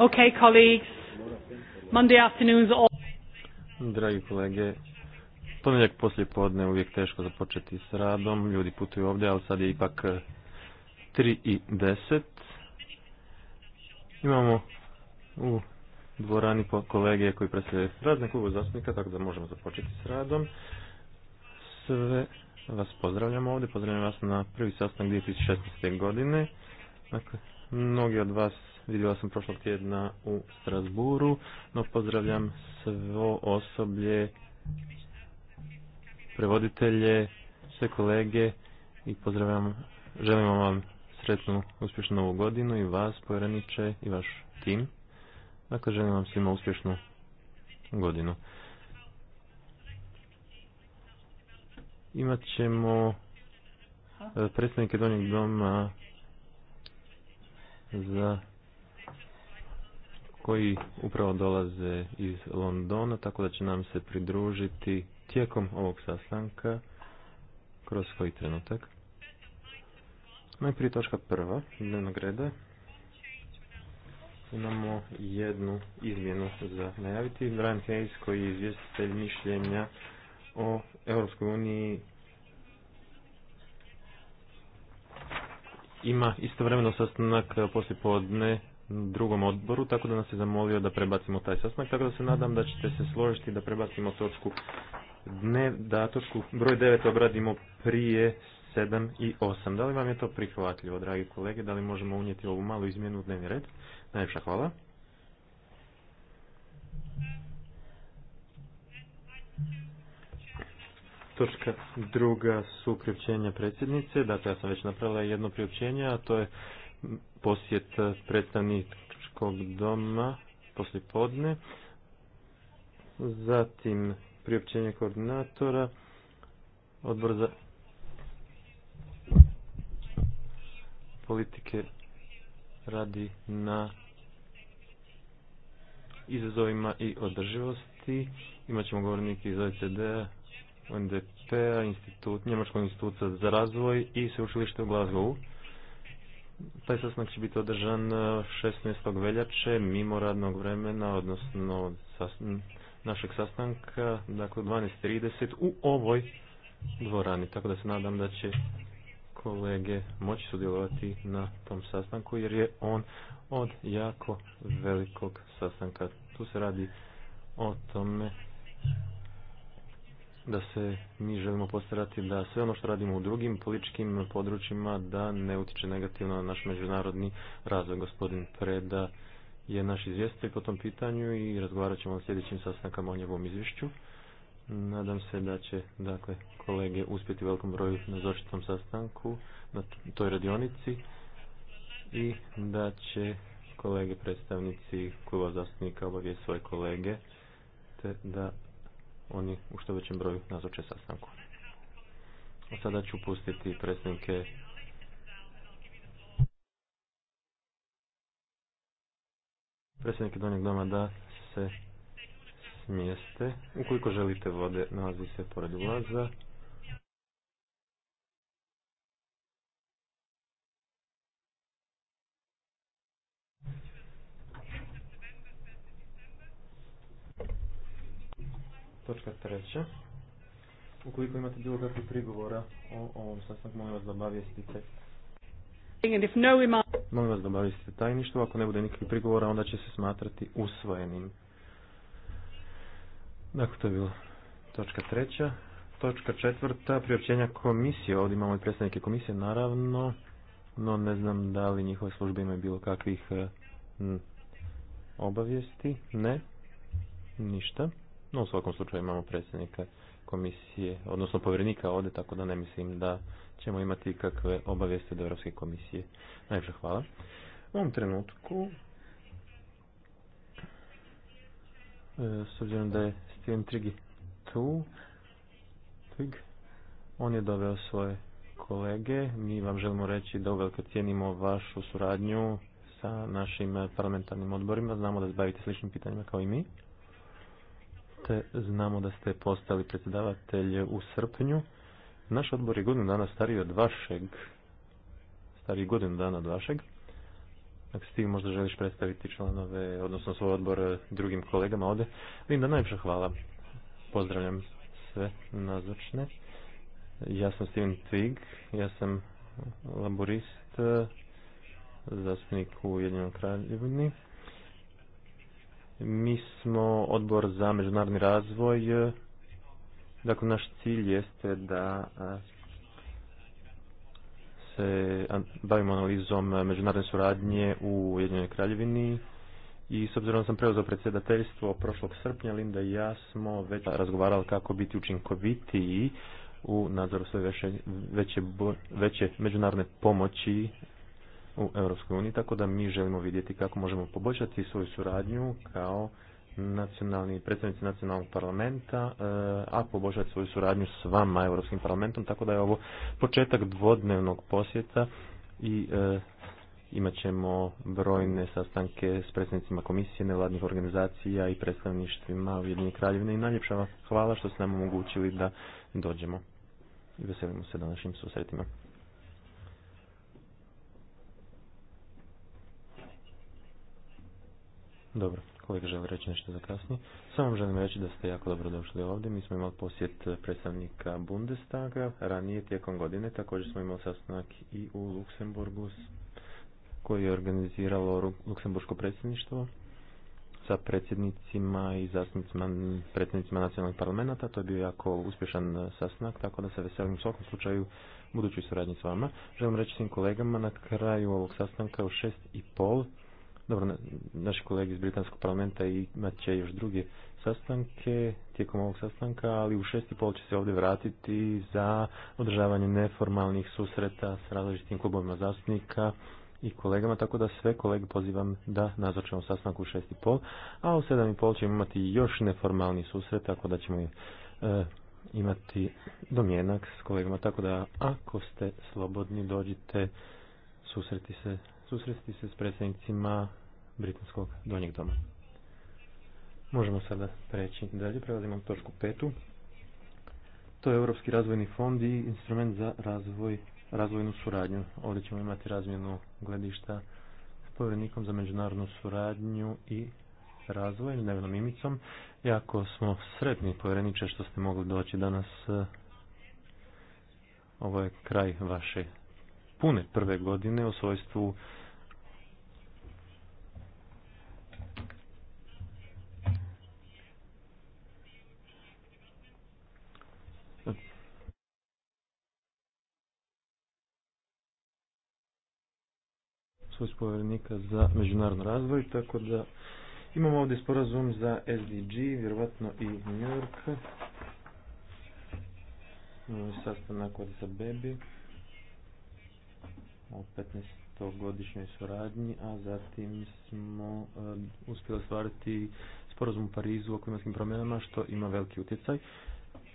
Okay, colleagues. Monday afternoons Dragi kolege, ponedjeljak poslije podne uvijek teško započeti s radom. Ljudi putuju ovdje, ali sad je ipak 3 eh, i 10. Imamo u dvorani kolege koji predstavljaju razne klubu zastupnika, tako da možemo započeti s radom. Sve vas pozdravljamo ovdje, pozdravljam vas na prvi sastanak 2016. godine. Dakle, Mnogi od vas vidio sam prošlog tjedna u Strasburu, no pozdravljam svo osoblje, prevoditelje, sve kolege i pozdravljam, želimo vam sretnu, uspješnu novu godinu i vas, povjereniče, i vaš tim. Dakle, želim vam svima uspješnu godinu. Imat ćemo eh, predstavnike Donjeg doma za koji upravo dolaze iz Londona, tako da će nam se pridružiti tijekom ovog sastanka kroz koji trenutak. Najprije točka prva dnevnog reda. Imamo jednu izmjenu za najaviti. Brian Hayes koji je izvjestitelj mišljenja o EU ima istovremeno sastanak e, poslije podne drugom odboru, tako da nas je zamolio da prebacimo taj sastanak, tako da se nadam da ćete se složiti da prebacimo točku dne, da točku broj 9 obradimo prije 7 i 8. Da li vam je to prihvatljivo, dragi kolege? Da li možemo unijeti ovu malu izmjenu u dnevni red? Najljepša hvala. Točka druga su priopćenja predsjednice. Dakle, ja sam već napravila jedno priopćenje, a to je posjet predstavničkog doma poslije podne. Zatim priopćenje koordinatora, odbor za politike radi na izazovima i održivosti. Imaćemo govornike iz OECD-a, UNDP-a, institut, Njemačkog instituta za razvoj i sveučilište u Glasgowu. Taj sastanak će biti održan 16. E, veljače mimo radnog vremena, odnosno našeg sastanka, dakle 12.30 u ovoj dvorani. Tako da se nadam da će kolege moći sudjelovati na tom sastanku jer je on od jako velikog sastanka. Tu se radi o tome da se mi želimo postarati da sve ono što radimo u drugim političkim područjima da ne utiče negativno na naš međunarodni razvoj. Gospodin Preda je naš izvjestitelj po tom pitanju i razgovarat ćemo o sljedećim sastankama o njegovom izvješću. Nadam se da će dakle, kolege uspjeti velikom broju na zaštitnom sastanku na toj radionici i da će kolege predstavnici kluba zastupnika obavijest svoje kolege te da oni u što većem broju nazoče sastanku. A sada ću pustiti predstavnike predstavnike donjeg doma da se smijeste. Ukoliko želite vode, nalazi se pored ulaza. Točka treća. Ukoliko imate bilo kakvih prigovora o ovom sastanku, molim vas da obavijestite. Molim vas da obavijestite tajništvo, ako ne bude nikakvih prigovora, onda će se smatrati usvojenim. Dakle, to je bilo točka treća. Točka četvrta, priopćenja komisije. Ovdje imamo i predstavnike komisije, naravno, no ne znam da li njihove službe imaju bilo kakvih eh, obavijesti. Ne, ništa. No u svakom slučaju imamo predsjednika komisije, odnosno povjerenika ovdje, tako da ne mislim da ćemo imati kakve obavijesti od Europske komisije. Najviše hvala. U ovom trenutku, e, s obzirom da je Steven Trigi tu, on je doveo svoje kolege. Mi vam želimo reći da uvelike cijenimo vašu suradnju sa našim parlamentarnim odborima. Znamo da se bavite sličnim pitanjima kao i mi. Znamo da ste postali predsjedavatelj u srpnju. Naš odbor je godinu dana stariji od vašeg. Stariji godinu dana od vašeg. Ako ti možda želiš predstaviti članove, odnosno svoj odbor eh, drugim kolegama ovdje. Vidim da najviše hvala. Pozdravljam sve nazočne. Ja sam Steven Twig, ja sam laborist, eh, zastupnik u Jedinom kraljevini. Mi smo odbor za međunarodni razvoj. Dakle, naš cilj jeste da se bavimo analizom međunarodne suradnje u Ujedinjenoj kraljevini i s obzirom da sam preuzeo predsjedateljstvo prošlog srpnja, Linda i ja smo već razgovarali kako biti učinkovitiji u nadzoru sve veće, veće, veće međunarodne pomoći u Europskoj uniji, tako da mi želimo vidjeti kako možemo poboljšati svoju suradnju kao nacionalni predstavnici nacionalnog parlamenta, e, a poboljšati svoju suradnju s vama, Europskim parlamentom, tako da je ovo početak dvodnevnog posjeta i e, imat ćemo brojne sastanke s predstavnicima komisije, nevladnih organizacija i predstavništvima Ujedinje kraljevine i najljepša vam hvala što ste nam omogućili da dođemo i veselimo se današnjim susretima. Dobro, kolega želi reći nešto za kasnije. Samo želim reći da ste jako dobro došli ovdje. Mi smo imali posjet predstavnika Bundestaga ranije tijekom godine. Također smo imali sastanak i u Luksemburgu koji je organiziralo Luksemburško predsjedništvo sa predsjednicima i zastupnicima predsjednicima nacionalnih parlamenta. To je bio jako uspješan e, sastanak, tako da se veselim u svakom slučaju budućoj suradnji s vama. Želim reći svim kolegama na kraju ovog sastanka u šest i pol dobro, naši kolege iz Britanskog parlamenta imat će još druge sastanke tijekom ovog sastanka, ali u šesti i pol će se ovdje vratiti za održavanje neformalnih susreta s različitim klubovima zastupnika i kolegama, tako da sve kolege pozivam da nazočemo sastanku u šest i pol, a u sedam i pol ćemo imati još neformalni susret, tako da ćemo e, imati domjenak s kolegama, tako da ako ste slobodni dođite susreti se susresti se s predsjednicima Britanskog donjeg doma. Možemo sada preći dalje, prelazimo točku petu. To je Europski razvojni fond i instrument za razvoj, razvojnu suradnju. Ovdje ćemo imati razmjenu gledišta s povjerenikom za međunarodnu suradnju i razvoj, Nevenom Imicom. Jako smo sretni povjereniče što ste mogli doći danas. Ovo je kraj vaše pune prve godine u svojstvu iz povjerenika za međunarodno razvoj, tako da imamo ovdje sporazum za SDG, vjerovatno i New York. Imamo sastanak od za bebi o 15-godišnjoj suradnji, a zatim smo eh, uspjeli ostvariti sporazum u Parizu o klimatskim promjenama, što ima veliki utjecaj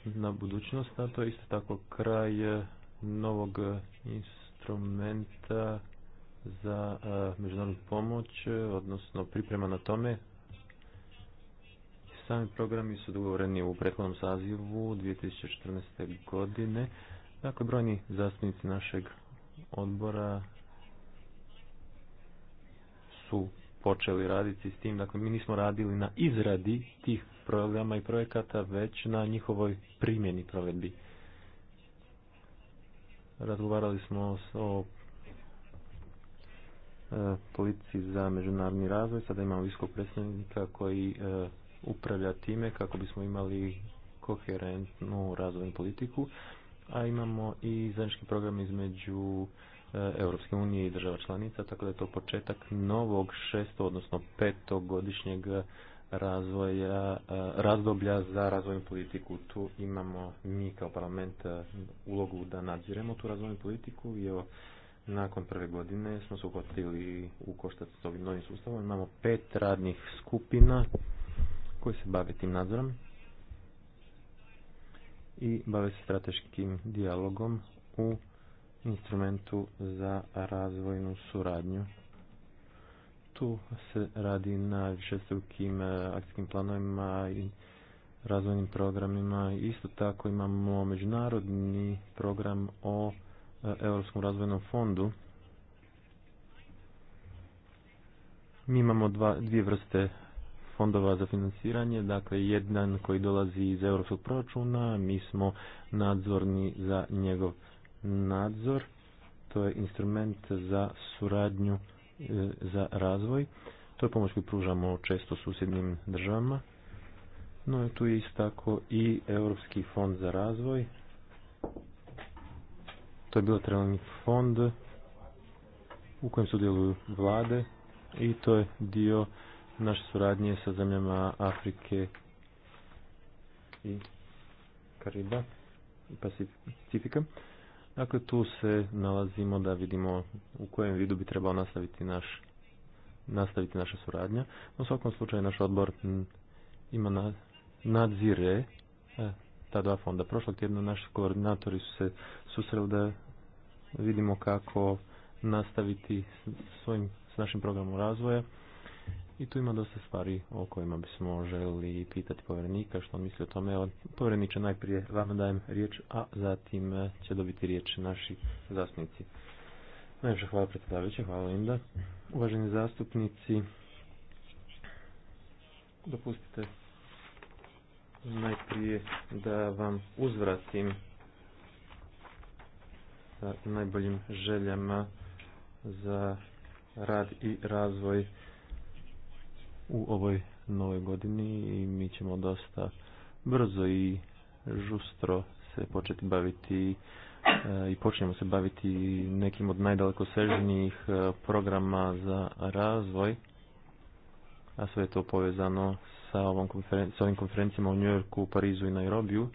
na budućnost, a to je isto tako kraj eh, novog eh, instrumenta za e, međunarodnu pomoć, e, odnosno priprema na tome. Sami programi su dogovoreni u prethodnom sazivu 2014. godine. Dakle, brojni zastupnici našeg odbora su počeli raditi s tim. Dakle, mi nismo radili na izradi tih programa i projekata, već na njihovoj primjeni provedbi. Razgovarali smo o E, politici za međunarodni razvoj. Sada imamo viskog predstavnika koji e, upravlja time kako bismo imali koherentnu razvojnu politiku, a imamo i zajednički program između e, Europske unije i država članica, tako da je to početak novog šesto, odnosno petogodišnjeg razvoja, razdoblja za razvojnu politiku. Tu imamo mi kao parlament ulogu da nadziremo tu razvojnu politiku i evo nakon prve godine smo se uhvatili u koštac s ovim novim sustavom. Imamo pet radnih skupina koji se bave tim nadzorom i bave se strateškim dijalogom u instrumentu za razvojnu suradnju. Tu se radi na višestrukim eh, akcijskim planovima i razvojnim programima. Isto tako imamo međunarodni program o E, Europskom razvojnom fondu, mi imamo dva, dvije vrste fondova za financiranje, dakle jedan koji dolazi iz europskog proračuna, mi smo nadzorni za njegov nadzor, to je instrument za suradnju e, za razvoj, to je pomoć koju pružamo često susjednim državama, no tu je isto tako i Europski fond za razvoj, to je bilateralni fond u kojem sudjeluju vlade i to je dio naše suradnje sa zemljama Afrike i Kariba i Pacifika. Dakle, tu se nalazimo da vidimo u kojem vidu bi trebao nastaviti naš nastaviti naša suradnja. U svakom slučaju naš odbor ima nadzire e, ta dva fonda. Prošlog tjedna naši koordinatori su se susreli da vidimo kako nastaviti svojim, s našim programom razvoja. I tu ima dosta stvari o kojima bismo želi pitati povjerenika što on misli o tome. Evo, će najprije vam dajem riječ, a zatim eh, će dobiti riječ naši zastupnici. Najviše hvala predsjedavajuće, hvala Linda. Uvaženi zastupnici, dopustite najprije da vam uzvratim sa najboljim željama za rad i razvoj u ovoj novoj godini i mi ćemo dosta brzo i žustro se početi baviti e, i počnemo se baviti nekim od najdalekosežnijih e, programa za razvoj, a sve je to povezano sa, ovom konferen sa ovim konferencijama u Njujorku, Parizu i Nairobiju.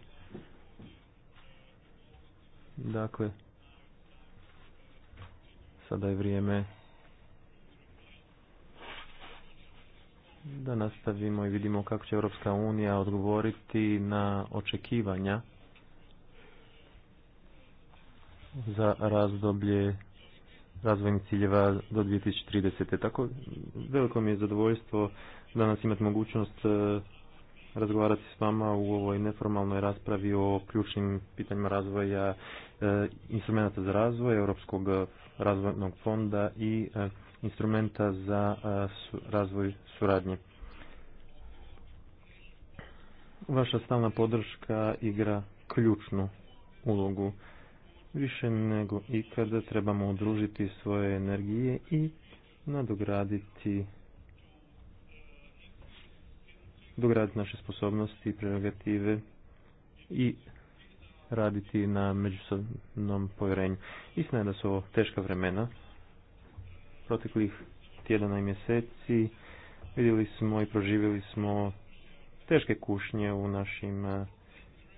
Dakle, Sada je vrijeme da nastavimo i vidimo kako će Europska unija odgovoriti na očekivanja za razdoblje razvojnih ciljeva do 2030. Tako veliko mi je zadovoljstvo danas imati mogućnost e, razgovarati s vama u ovoj neformalnoj raspravi o ključnim pitanjima razvoja e, instrumenta za razvoj Europskog razvojnog fonda i e, instrumenta za e, razvoj suradnje. Vaša stalna podrška igra ključnu ulogu. Više nego ikada trebamo udružiti svoje energije i nadograditi dograditi naše sposobnosti i prerogative i raditi na međusobnom povjerenju. Istina je da su ovo teška vremena. Proteklih tjedana i mjeseci vidjeli smo i proživjeli smo teške kušnje u našim e,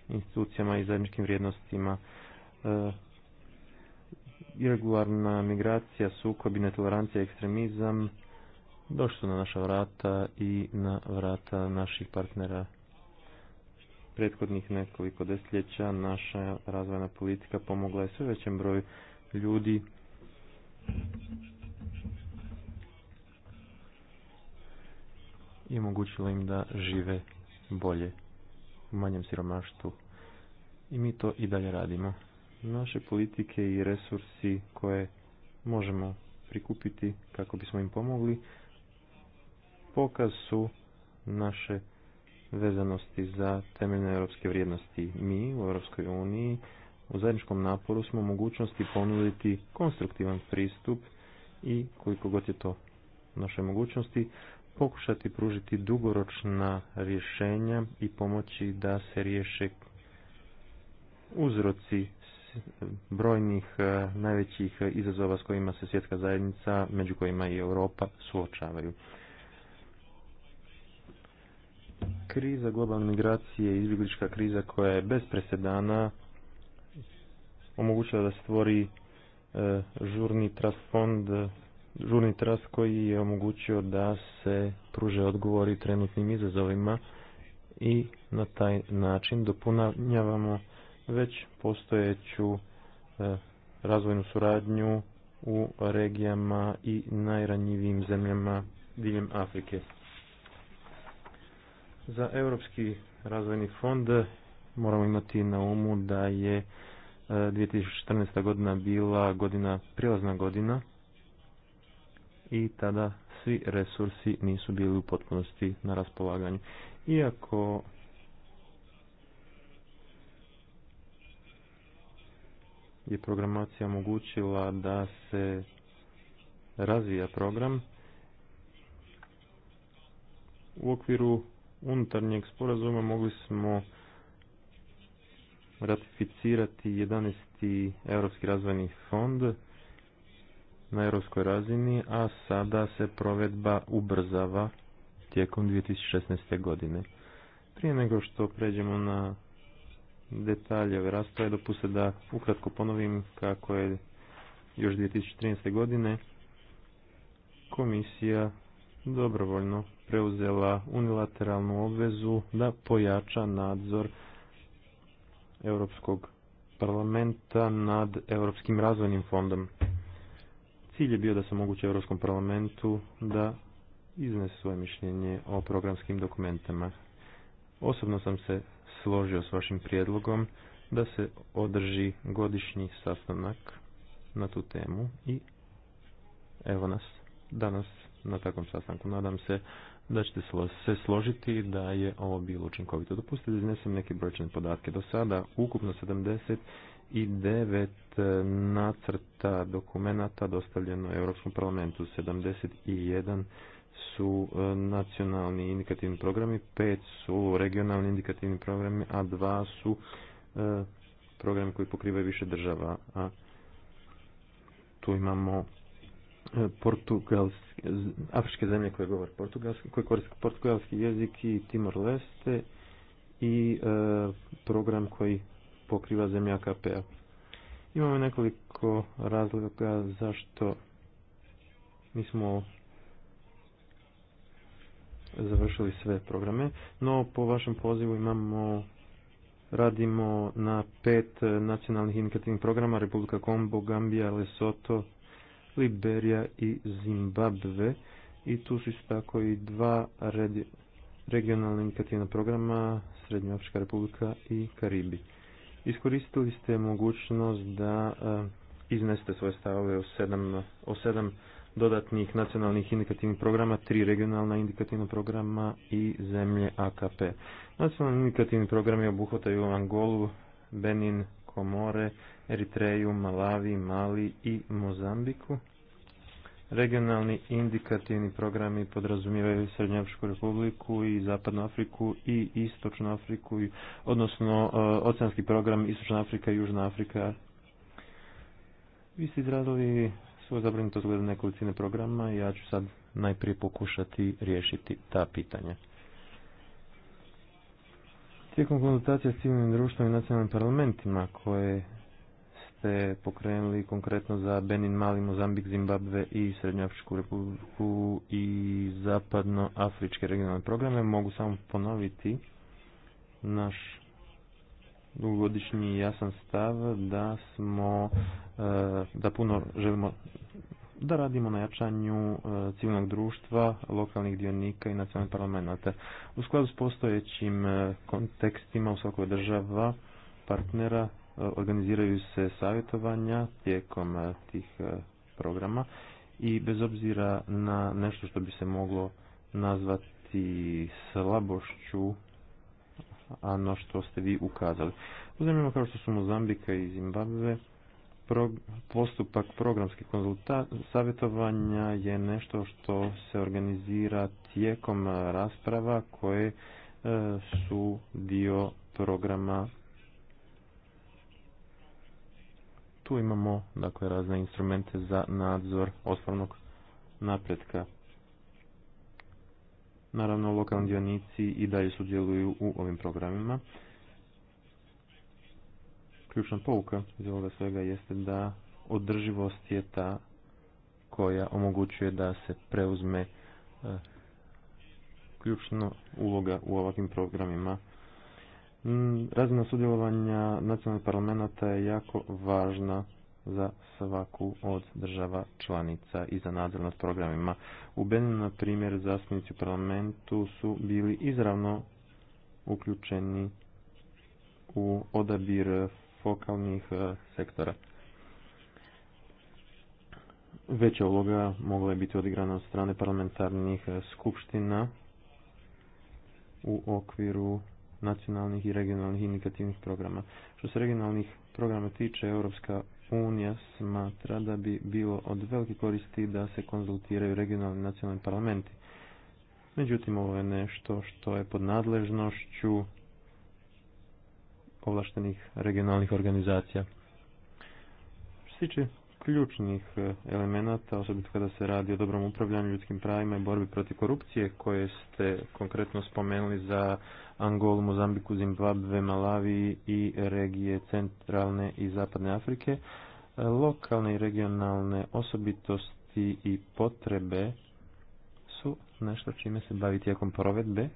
institucijama i zajedničkim vrijednostima. E, irregularna migracija, sukobi, netolerancija, ekstremizam došli su na naša vrata i na vrata naših partnera prethodnih nekoliko desetljeća naša razvojna politika pomogla je sve većem broju ljudi i omogućila im da žive bolje u manjem siromaštvu i mi to i dalje radimo. Naše politike i resursi koje možemo prikupiti kako bismo im pomogli pokaz su naše vezanosti za temeljne europske vrijednosti. Mi u Europskoj uniji u zajedničkom naporu smo mogućnosti ponuditi konstruktivan pristup i koliko god je to naše mogućnosti pokušati pružiti dugoročna rješenja i pomoći da se riješe uzroci brojnih e, najvećih izazova s kojima se svjetska zajednica, među kojima i Europa, suočavaju. kriza globalne migracije, izbjeglička kriza koja je bez presedana omogućila da stvori e, žurni trust fond, žurni trust koji je omogućio da se pruže odgovori trenutnim izazovima i na taj način dopunjavamo već postojeću e, razvojnu suradnju u regijama i najranjivijim zemljama diljem Afrike. Za Europski razvojni fond moramo imati na umu da je 2014. E, godina bila godina, prijelazna godina i tada svi resursi nisu bili u potpunosti na raspolaganju. Iako je programacija omogućila da se razvija program, u okviru unutarnjeg sporazuma mogli smo ratificirati 11. Europski razvojni fond na europskoj razini, a sada se provedba ubrzava tijekom 2016. godine. Prije nego što pređemo na detalje ove rasprave, dopuste da ukratko ponovim kako je još 2013. godine komisija dobrovoljno preuzela unilateralnu obvezu da pojača nadzor Europskog parlamenta nad Europskim razvojnim fondom. Cilj je bio da se moguće Europskom parlamentu da iznese svoje mišljenje o programskim dokumentima. Osobno sam se složio s vašim prijedlogom da se održi godišnji sastanak na tu temu i evo nas danas na takvom sastanku. Nadam se da ćete se složiti da je ovo bilo učinkovito. Dopustite da iznesem neke brojčane podatke. Do sada ukupno 79 e, nacrta dokumenata dostavljeno Europskom parlamentu, 71 su e, nacionalni indikativni programi, 5 su regionalni indikativni programi, a 2 su e, programi koji pokrivaju više država, a tu imamo E, portugalski, afričke zemlje koje govore portugalski, koje koriste portugalski jezik i Timor Leste i e, program koji pokriva zemlja KPA. Imamo nekoliko razloga zašto mi smo završili sve programe, no po vašem pozivu imamo radimo na pet nacionalnih indikativnih programa Republika Kombo, Gambija, Lesoto, Liberija i Zimbabve i tu su isto tako i dva regionalna indikativna programa Srednjoafrička republika i Karibi. Iskoristili ste mogućnost da e, iznesete svoje stavove o sedam, o sedam dodatnih nacionalnih indikativnih programa, tri regionalna indikativna programa i zemlje AKP. Nacionalni indikativni programi obuhvataju Angolu, Benin, Komore, Eritreju, Malavi, Mali i Mozambiku. Regionalni indikativni programi podrazumijevaju Srednjoafričku republiku i Zapadnu Afriku i Istočnu Afriku, odnosno e, oceanski program Istočna Afrika i Južna Afrika. Vi ste izradili svoju zabrinutost nekolicine programa i ja ću sad najprije pokušati riješiti ta pitanja. Tijekom konzultacija s civilnim društvom i nacionalnim parlamentima koje ste pokrenuli konkretno za Benin, Mali, Mozambik, Zimbabwe i Srednjoafričku republiku i zapadnoafričke regionalne programe, mogu samo ponoviti naš dugogodišnji jasan stav da smo e, da puno želimo da radimo na jačanju e, civilnog društva, lokalnih dionika i nacionalnih parlamenta. U skladu s postojećim e, kontekstima u svakoj država partnera e, organiziraju se savjetovanja tijekom tih programa i bez obzira na nešto što bi se moglo nazvati slabošću, a na što ste vi ukazali. U kao što su Mozambika i Zimbabve, postupak programskih savjetovanja je nešto što se organizira tijekom rasprava koje e, su dio programa. Tu imamo dakle razne instrumente za nadzor osnovnog napretka. Naravno, lokalni dionici i dalje sudjeluju u ovim programima. Ključna pouka iz ovoga svega jeste da održivost je ta koja omogućuje da se preuzme e, ključna uloga u ovakvim programima. Mm, razina sudjelovanja nacionalnih parlamenta je jako važna za svaku od država članica i za nadzor nad programima. U Beninu, na primjer, zastupnici u parlamentu su bili izravno uključeni u odabir fokalnih e, sektora. Veća uloga mogla je biti odigrana od strane parlamentarnih e, skupština u okviru nacionalnih i regionalnih indikativnih programa. Što se regionalnih programa tiče, Europska unija smatra da bi bilo od velike koristi da se konzultiraju regionalni nacionalni parlamenti. Međutim, ovo je nešto što je pod nadležnošću ovlaštenih regionalnih organizacija. Što se tiče ključnih e, elemenata, osobito kada se radi o dobrom upravljanju ljudskim pravima i borbi protiv korupcije, koje ste konkretno spomenuli za Angolu, Mozambiku, Zimbabwe, Malaviji i regije centralne i zapadne Afrike, e, lokalne i regionalne osobitosti i potrebe su nešto čime se bavi tijekom provedbe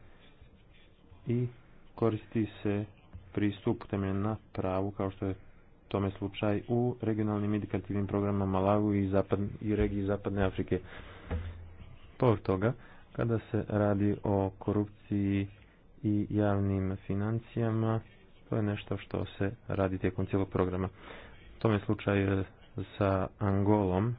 i koristi se pristup temeljen na pravu kao što je tome slučaj u regionalnim indikativnim programima Malagu i, zapad, i regiji Zapadne Afrike. od toga, kada se radi o korupciji i javnim financijama, to je nešto što se radi tijekom cijelog programa. Tome je slučaj sa Angolom.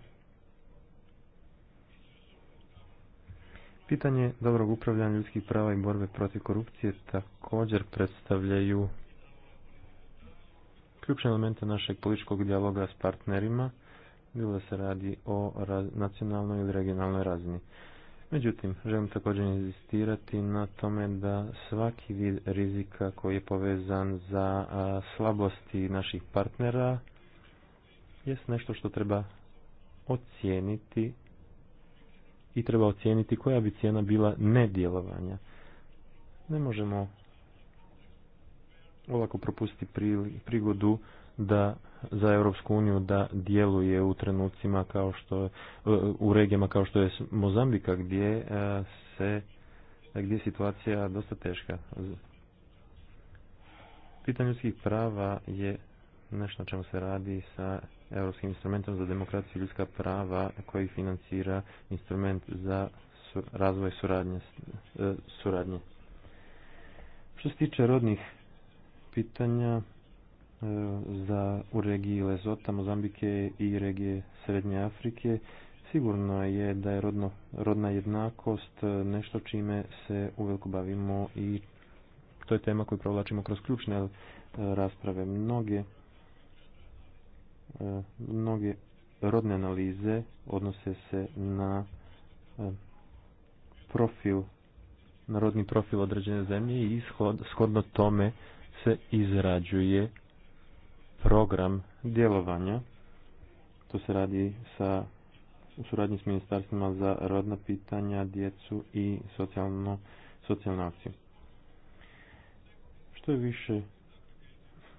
Pitanje dobrog upravljanja ljudskih prava i borbe protiv korupcije također predstavljaju ključne elemente našeg političkog dijaloga s partnerima, bilo da se radi o nacionalnoj ili regionalnoj razini. Međutim, želim također insistirati na tome da svaki vid rizika koji je povezan za slabosti naših partnera jest nešto što treba ocijeniti i treba ocijeniti koja bi cijena bila nedjelovanja. Ne možemo olako propustiti prigodu da za Europsku uniju da djeluje u trenucima kao što e, u regijama kao što je Mozambika gdje e, se gdje je situacija dosta teška. Pitanje ljudskih prava je nešto na čemu se radi sa Europskim instrumentom za demokraciju i ljudska prava koji financira instrument za razvoj suradnje. E, suradnje. Što se tiče rodnih pitanja e, za u regiji Lesota, Mozambike i regije Srednje Afrike. Sigurno je da je rodno, rodna jednakost e, nešto čime se uveliko bavimo i to je tema koju provlačimo kroz ključne e, rasprave. Mnoge, mnoge rodne analize odnose se na profil, narodni profil određene zemlje i shodno tome se izrađuje program djelovanja. To se radi sa, u suradnji s ministarstvima za rodna pitanja, djecu i socijalnu, socijalnu akciju. Što je više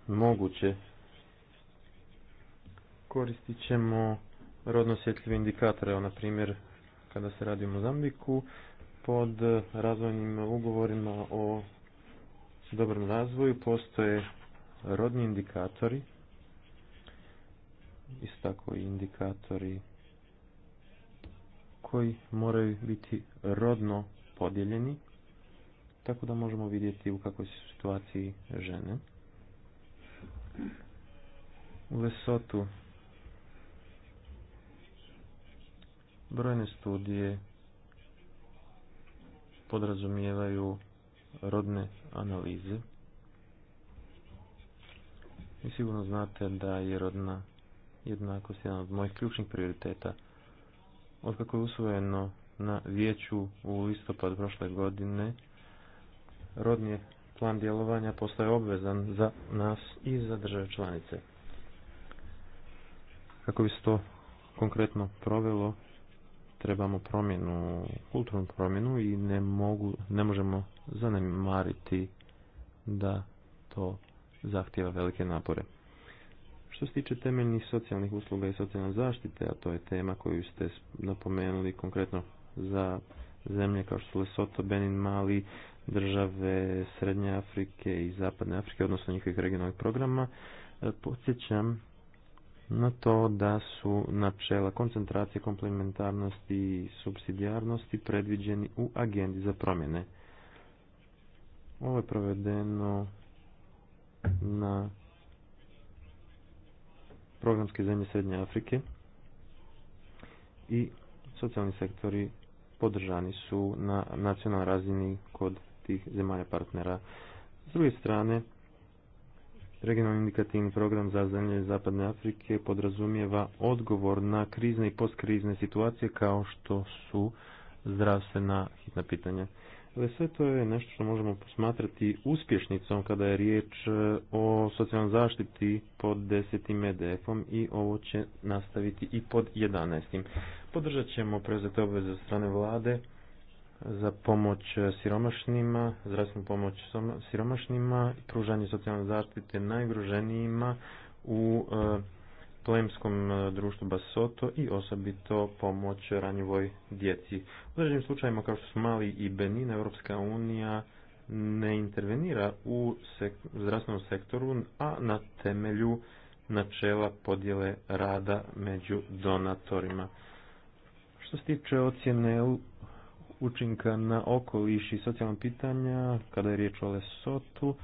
moguće, koristit ćemo rodno osjetljive indikatore, na primjer kada se radi o Mozambiku, pod razvojnim ugovorima o dobrom razvoju postoje rodni indikatori, isto tako i indikatori koji moraju biti rodno podijeljeni, tako da možemo vidjeti u kakvoj su situaciji žene. U Lesotu brojne studije podrazumijevaju rodne analize. Vi sigurno znate da je rodna jednakost jedan od mojih ključnih prioriteta. kako je usvojeno na vijeću u listopad prošle godine, rodni plan djelovanja postaje obvezan za nas i za države članice. Kako bi se to konkretno provelo, trebamo promjenu, kulturnu promjenu i ne, mogu, ne možemo zanemariti da to zahtjeva velike napore. Što se tiče temeljnih socijalnih usluga i socijalne zaštite, a to je tema koju ste napomenuli konkretno za zemlje kao što su Lesotho, Benin, Mali, države Srednje Afrike i Zapadne Afrike, odnosno njihovih regionalnih programa, e, podsjećam na to da su načela koncentracije, komplementarnosti i subsidijarnosti predviđeni u agendi za promjene. Ovo je provedeno na programske zemlje Srednje Afrike i socijalni sektori podržani su na nacionalnoj razini kod tih zemalja partnera. S druge strane, Regionalni indikativni program za zemlje Zapadne Afrike podrazumijeva odgovor na krizne i postkrizne situacije kao što su zdravstvena hitna pitanja. sve to je nešto što možemo posmatrati uspješnicom kada je riječ e, o socijalnoj zaštiti pod 10. EDF-om i ovo će nastaviti i pod 11. Podržat ćemo preuzete obveze strane vlade za pomoć siromašnima, zdravstvenu pomoć siromašnima i pružanje socijalne zaštite najugroženijima u e, plemskom e, društvu Basoto i osobito pomoć ranjivoj djeci. U određenim slučajima kao što su Mali i Benin, Europska unija ne intervenira u zdravstvenom sektoru, a na temelju načela podjele rada među donatorima. Što se tiče ocjene učinka na okoliš i socijalna pitanja, kada je riječ o Lesotu,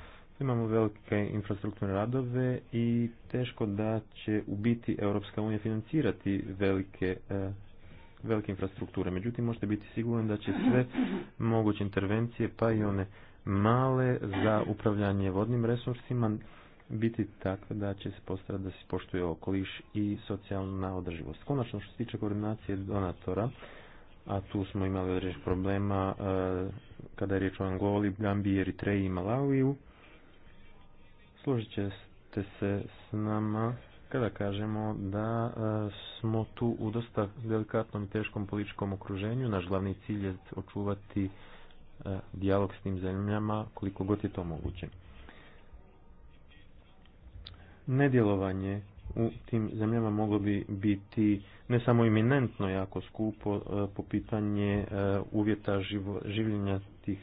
imamo velike infrastrukturne radove i teško da će u biti Europska unija financirati velike, e, velike infrastrukture. Međutim, možete biti sigurni da će sve moguće intervencije, pa i one male za upravljanje vodnim resursima, biti takve da će se postarati da se poštuje okoliš i socijalna održivost. Konačno što se tiče koordinacije donatora, a tu smo imali određenih problema e, kada je riječ o Angoli, Gambiji, Eritreji i Malaviju. Složit ćete se s nama kada kažemo da e, smo tu u dosta delikatnom i teškom političkom okruženju. Naš glavni cilj je očuvati e, dijalog s tim zemljama koliko god je to moguće. Nedjelovanje u tim zemljama moglo bi biti ne samo iminentno jako skupo e, po pitanje e, uvjeta življenja tih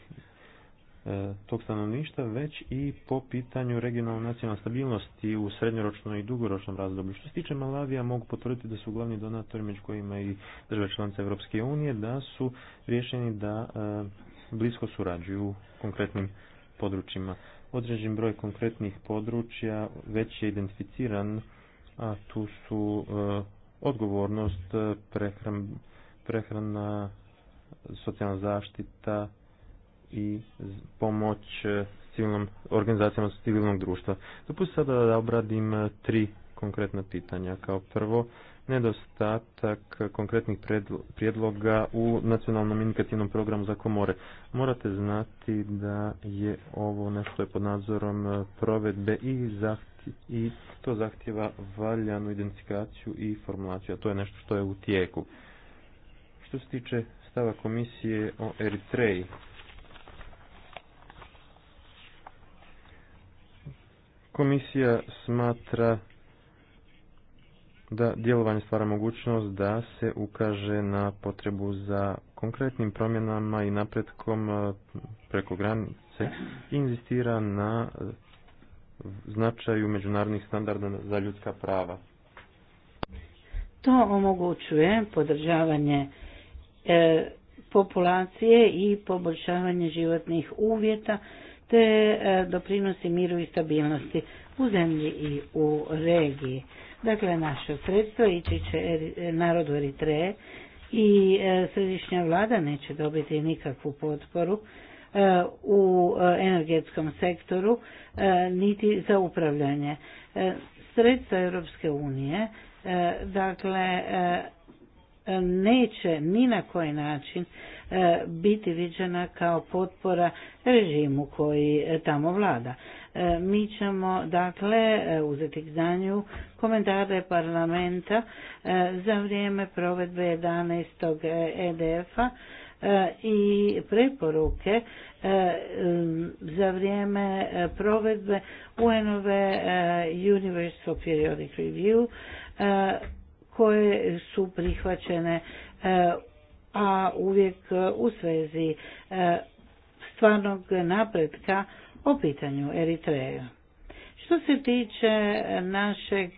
e, tog stanovništva, već i po pitanju regionalne nacionalne stabilnosti u srednjoročnom i dugoročnom razdoblju. Što se tiče Malavija, mogu potvrditi da su glavni donatori, među kojima i države članice Europske unije, da su rješeni da blisko surađuju u konkretnim područjima. Određen broj konkretnih područja već je identificiran a tu su e, odgovornost e, prehran, prehrana, socijalna zaštita i pomoć e, civilnom, organizacijama civilnog društva. Dopustite sada da obradim tri konkretna pitanja. Kao prvo, nedostatak konkretnih prijedloga u nacionalnom indikativnom programu za komore. Morate znati da je ovo nešto je pod nadzorom provedbe i zahtjeva i to zahtjeva valjanu identifikaciju i formulaciju, a to je nešto što je u tijeku. Što se tiče stava komisije o Eritreji, komisija smatra da djelovanje stvara mogućnost da se ukaže na potrebu za konkretnim promjenama i napretkom eh, preko granice i inzistira na eh, značaju međunarodnih standarda za ljudska prava. To omogućuje podržavanje e, populacije i poboljšavanje životnih uvjeta te e, doprinosi miru i stabilnosti u zemlji i u regiji. Dakle, naše sredstvo ići će e, narodu Eritreje i središnja vlada neće dobiti nikakvu potporu E, u e, energetskom sektoru e, niti za upravljanje. Sredstva Europske unije dakle neće ni na koji način biti viđena kao potpora režimu koji tamo vlada. Mi ćemo dakle uzeti k znanju komentare parlamenta za vrijeme provedbe 11. EDF-a E, i preporuke e, za vrijeme e, provedbe UN-ove Universal Periodic Review koje su prihvaćene a uvijek u svezi stvarnog napretka o pitanju Eritreja. Što se tiče našeg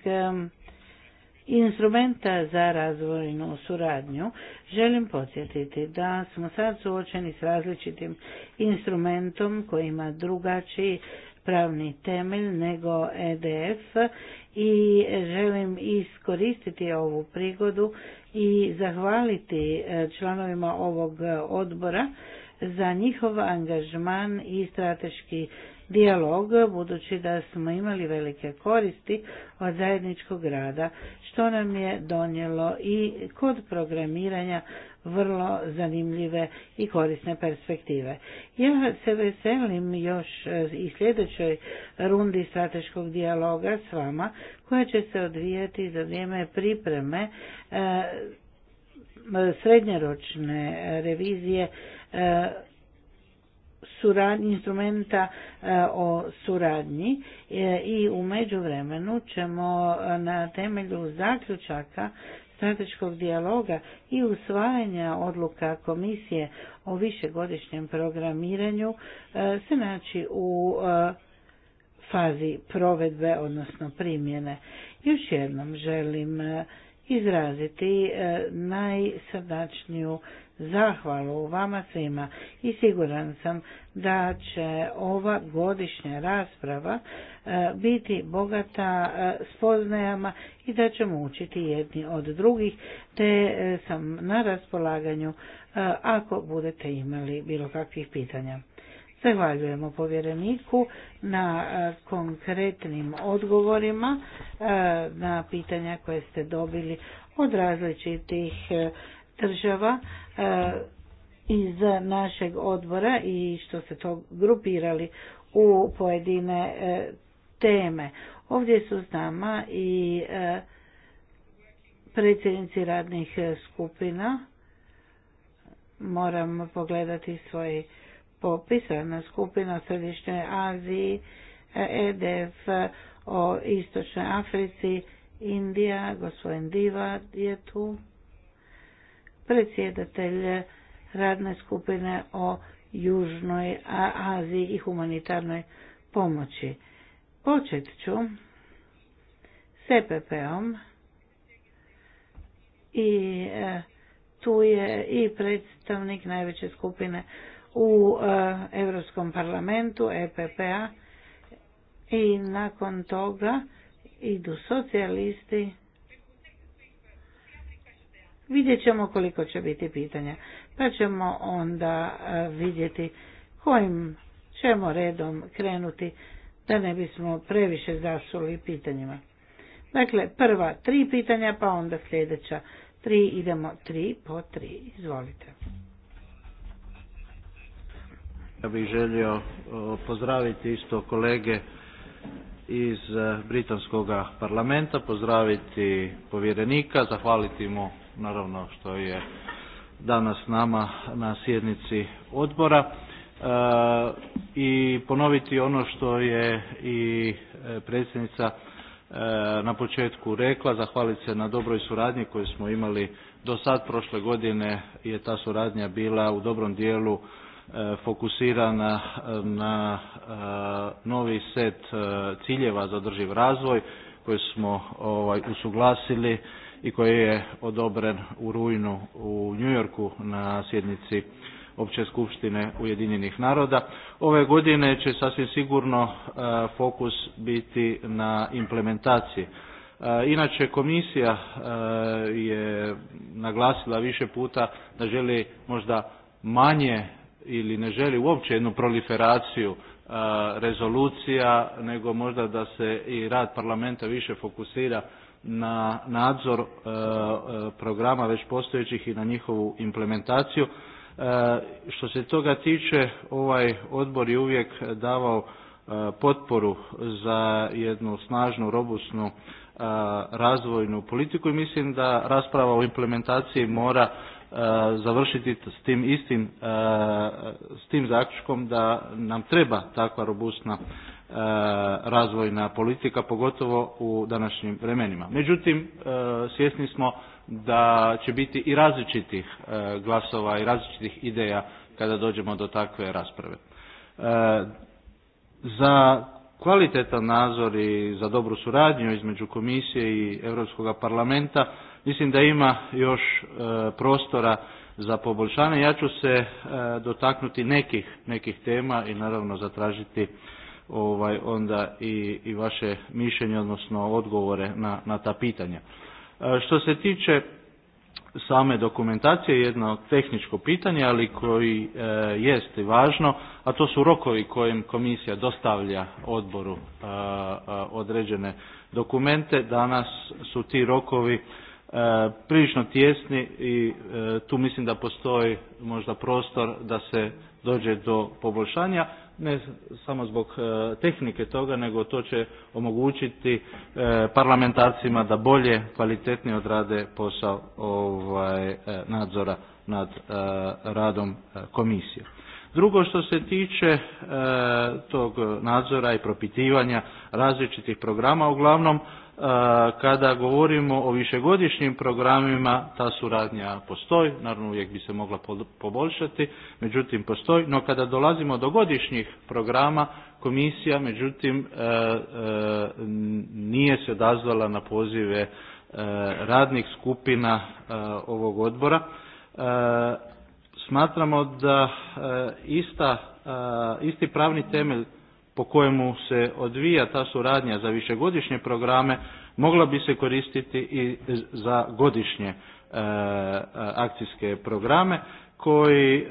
instrumenta za razvojnu suradnju, želim podsjetiti da smo sad suočeni s različitim instrumentom koji ima drugačiji pravni temelj nego EDF i želim iskoristiti ovu prigodu i zahvaliti e, članovima ovog odbora za njihov angažman i strateški dijalog, budući da smo imali velike koristi od zajedničkog rada, što nam je donijelo i kod programiranja vrlo zanimljive i korisne perspektive. Ja se veselim još i sljedećoj rundi strateškog dijaloga s vama, koja će se odvijati za vrijeme pripreme e, srednjeročne revizije e, suradnji, instrumenta e, o suradnji e, i u međuvremenu ćemo e, na temelju zaključaka strateškog dijaloga i usvajanja odluka komisije o višegodišnjem programiranju se naći u fazi provedbe, odnosno primjene. Još jednom želim izraziti najsrdačniju zahvalu vama svima i siguran sam da će ova godišnja rasprava e, biti bogata e, spoznajama i da ćemo učiti jedni od drugih, te e, sam na raspolaganju ako budete imali bilo kakvih pitanja. Zahvaljujemo povjereniku na konkretnim odgovorima na pitanja koje ste dobili od različitih država E, iz našeg odbora i što se to grupirali u pojedine e, teme. Ovdje su s nama i e, predsjednici radnih skupina. Moram pogledati svoj popis, radna skupina Središnjoj Aziji, EDF o Istočnoj Africi, Indija, gospodin Diva je tu predsjedatelj radne skupine o Južnoj Aziji i humanitarnoj pomoći. Počet ću s EPP-om i e, tu je i predstavnik najveće skupine u e, Europskom parlamentu EPP-a i nakon toga idu socijalisti Vidjet ćemo koliko će biti pitanja, pa ćemo onda e, vidjeti kojim ćemo redom krenuti da ne bismo previše zasuli pitanjima. Dakle, prva tri pitanja, pa onda sljedeća tri, idemo tri po tri, izvolite. Ja bih želio pozdraviti isto kolege iz e, Britanskog parlamenta, pozdraviti povjerenika, zahvaliti mu naravno što je danas nama na sjednici odbora e, i ponoviti ono što je i e, predsjednica e, na početku rekla, zahvaliti se na dobroj suradnji koju smo imali do sad prošle godine je ta suradnja bila u dobrom dijelu fokusirana na novi set ciljeva za održiv razvoj koji smo ovaj, usuglasili i koji je odobren u rujnu u New Yorku na sjednici Opće skupštine Ujedinjenih naroda. Ove godine će sasvim sigurno e, fokus biti na implementaciji. E, inače, komisija e, je naglasila više puta da želi možda manje ili ne želi uopće jednu proliferaciju rezolucija, nego možda da se i rad parlamenta više fokusira na nadzor e, e, programa već postojećih i na njihovu implementaciju. E, što se toga tiče, ovaj odbor je uvijek davao potporu za jednu snažnu, robustnu razvojnu politiku i mislim da rasprava o implementaciji mora završiti s tim istim, s tim zaključkom da nam treba takva robustna E, razvojna politika, pogotovo u današnjim vremenima. Međutim, e, svjesni smo da će biti i različitih e, glasova i različitih ideja kada dođemo do takve rasprave. Za kvalitetan nadzor i za dobru suradnju između komisije i Europskog parlamenta mislim da ima još prostora za poboljšanje. Ja ću se dotaknuti nekih, nekih tema i naravno zatražiti ovaj, onda i, i vaše mišljenje, odnosno odgovore na, na ta pitanja. E, što se tiče same dokumentacije jedno tehničko pitanje, ali koji e, jest važno, a to su rokovi kojim komisija dostavlja odboru e, e, određene dokumente. Danas su ti rokovi e, prilično tjesni i tu mislim da postoji možda prostor da se dođe do poboljšanja, ne samo zbog e, tehnike toga, nego to će omogućiti e, parlamentarcima da bolje, kvalitetnije odrade posao ovaj, e, nadzora nad radom komisije. Drugo što se tiče tog nadzora i propitivanja različitih programa, uglavnom kada govorimo o višegodišnjim programima ta suradnja postoji, naravno uvijek bi se mogla poboljšati, međutim postoji, no kada dolazimo do godišnjih programa komisija međutim e, e, nije se odazvala na pozive e, radnih skupina ovog odbora. Smatramo da ista, isti pravni temelj po kojemu se odvija ta suradnja za višegodišnje programe mogla bi se koristiti i za godišnje e, akcijske programe koji e,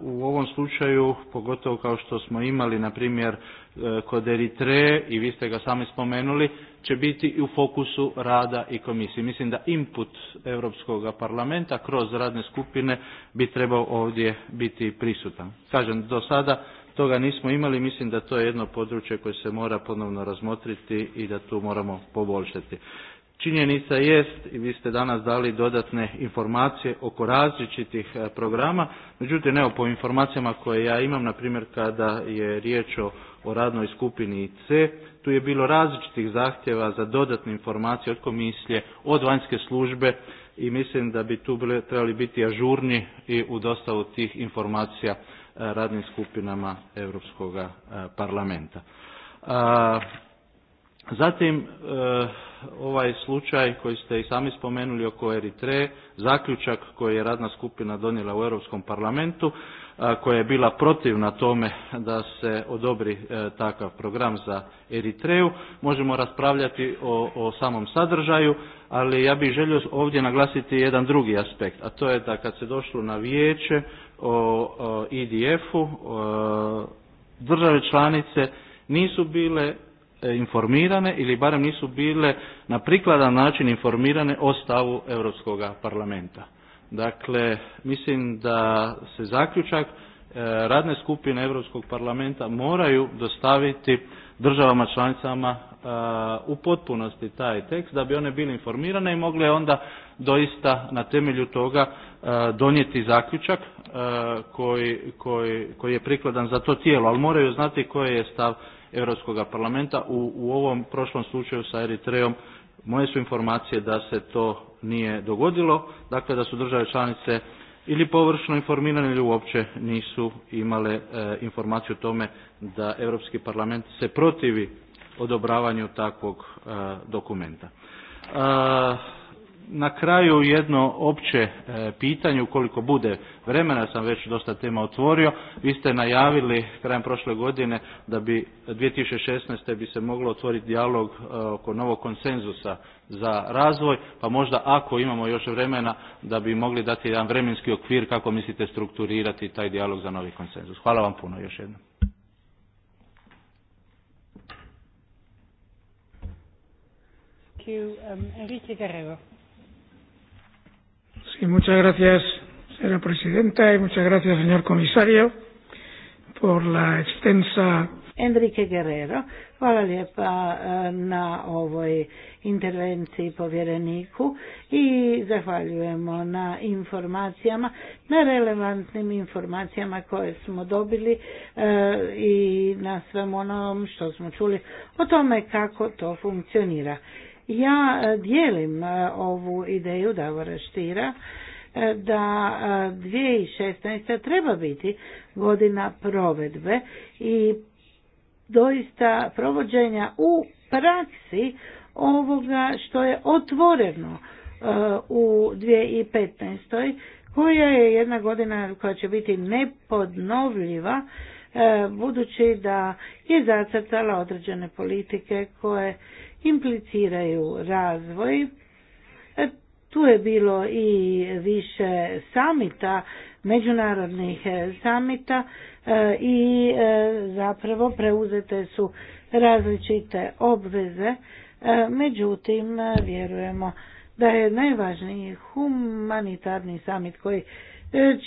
u ovom slučaju, pogotovo kao što smo imali na primjer e, kod Eritre i vi ste ga sami spomenuli, će biti i u fokusu rada i komisije. Mislim da input Europskog parlamenta kroz radne skupine bi trebao ovdje biti prisutan. Kažem, do sada toga nismo imali, mislim da to je jedno područje koje se mora ponovno razmotriti i da tu moramo poboljšati. Činjenica jest, i vi ste danas dali dodatne informacije oko različitih e, programa, međutim, evo, po informacijama koje ja imam, na primjer, kada je riječ o, radnoj skupini C, tu je bilo različitih zahtjeva za dodatne informacije od komisije, od vanjske službe, i mislim da bi tu trebali biti ažurni i u dostavu tih informacija radnim skupinama Europskog e, parlamenta. E, zatim, e, ovaj slučaj koji ste i sami spomenuli oko Eritre, zaključak koji je radna skupina donijela u Europskom parlamentu, koja je bila protivna tome da se odobri takav program za Eritreju. Možemo raspravljati o, o samom sadržaju, ali ja bih želio ovdje naglasiti jedan drugi aspekt, a to je da kad se došlo na vijeće, o IDF-u e države članice nisu bile e, informirane ili barem nisu bile na prikladan način informirane o stavu Europskog parlamenta. Dakle, mislim da se zaključak e, radne skupine Europskog parlamenta moraju dostaviti državama članicama u potpunosti taj tekst da bi one bile informirane i mogle onda doista na temelju toga E, donijeti zaključak e, koji, koji, koji je prikladan za to tijelo, ali moraju znati koji je stav Europskog parlamenta. U, u ovom prošlom slučaju sa Eritreom moje su informacije da se to nije dogodilo, dakle da su države članice ili površno informirane ili uopće nisu imale e, informaciju o tome da Europski parlament se protivi odobravanju takvog dokumenta na kraju jedno opće e, pitanje, ukoliko bude vremena, sam već dosta tema otvorio, vi ste najavili krajem prošle godine da bi 2016. bi se moglo otvoriti dijalog e, oko novog konsenzusa za razvoj, pa možda ako imamo još vremena da bi mogli dati jedan vremenski okvir kako mislite strukturirati taj dijalog za novi konsenzus. Hvala vam puno još jednom. you. Um, Enrique Guerrero. Sí, muchas gracias, señora presidenta, y muchas gracias, señor comisario, por la extensa... Enrique Guerrero, hvala lijepa eh, na ovoj intervenciji povjereniku i zahvaljujemo na informacijama, na relevantnim informacijama koje smo dobili eh, i na svem onom što smo čuli o tome kako to funkcionira. Ja e, dijelim e, ovu ideju Davora Štira e, da 2016. treba biti godina provedbe i doista provođenja u praksi ovoga što je otvoreno u 2015. koja je jedna godina koja će biti nepodnovljiva budući da je zacrtala određene politike koje impliciraju razvoj. E, tu je bilo i više samita, međunarodnih e, samita e, i zapravo preuzete su različite obveze, međutim vjerujemo da je najvažniji humanitarni samit koji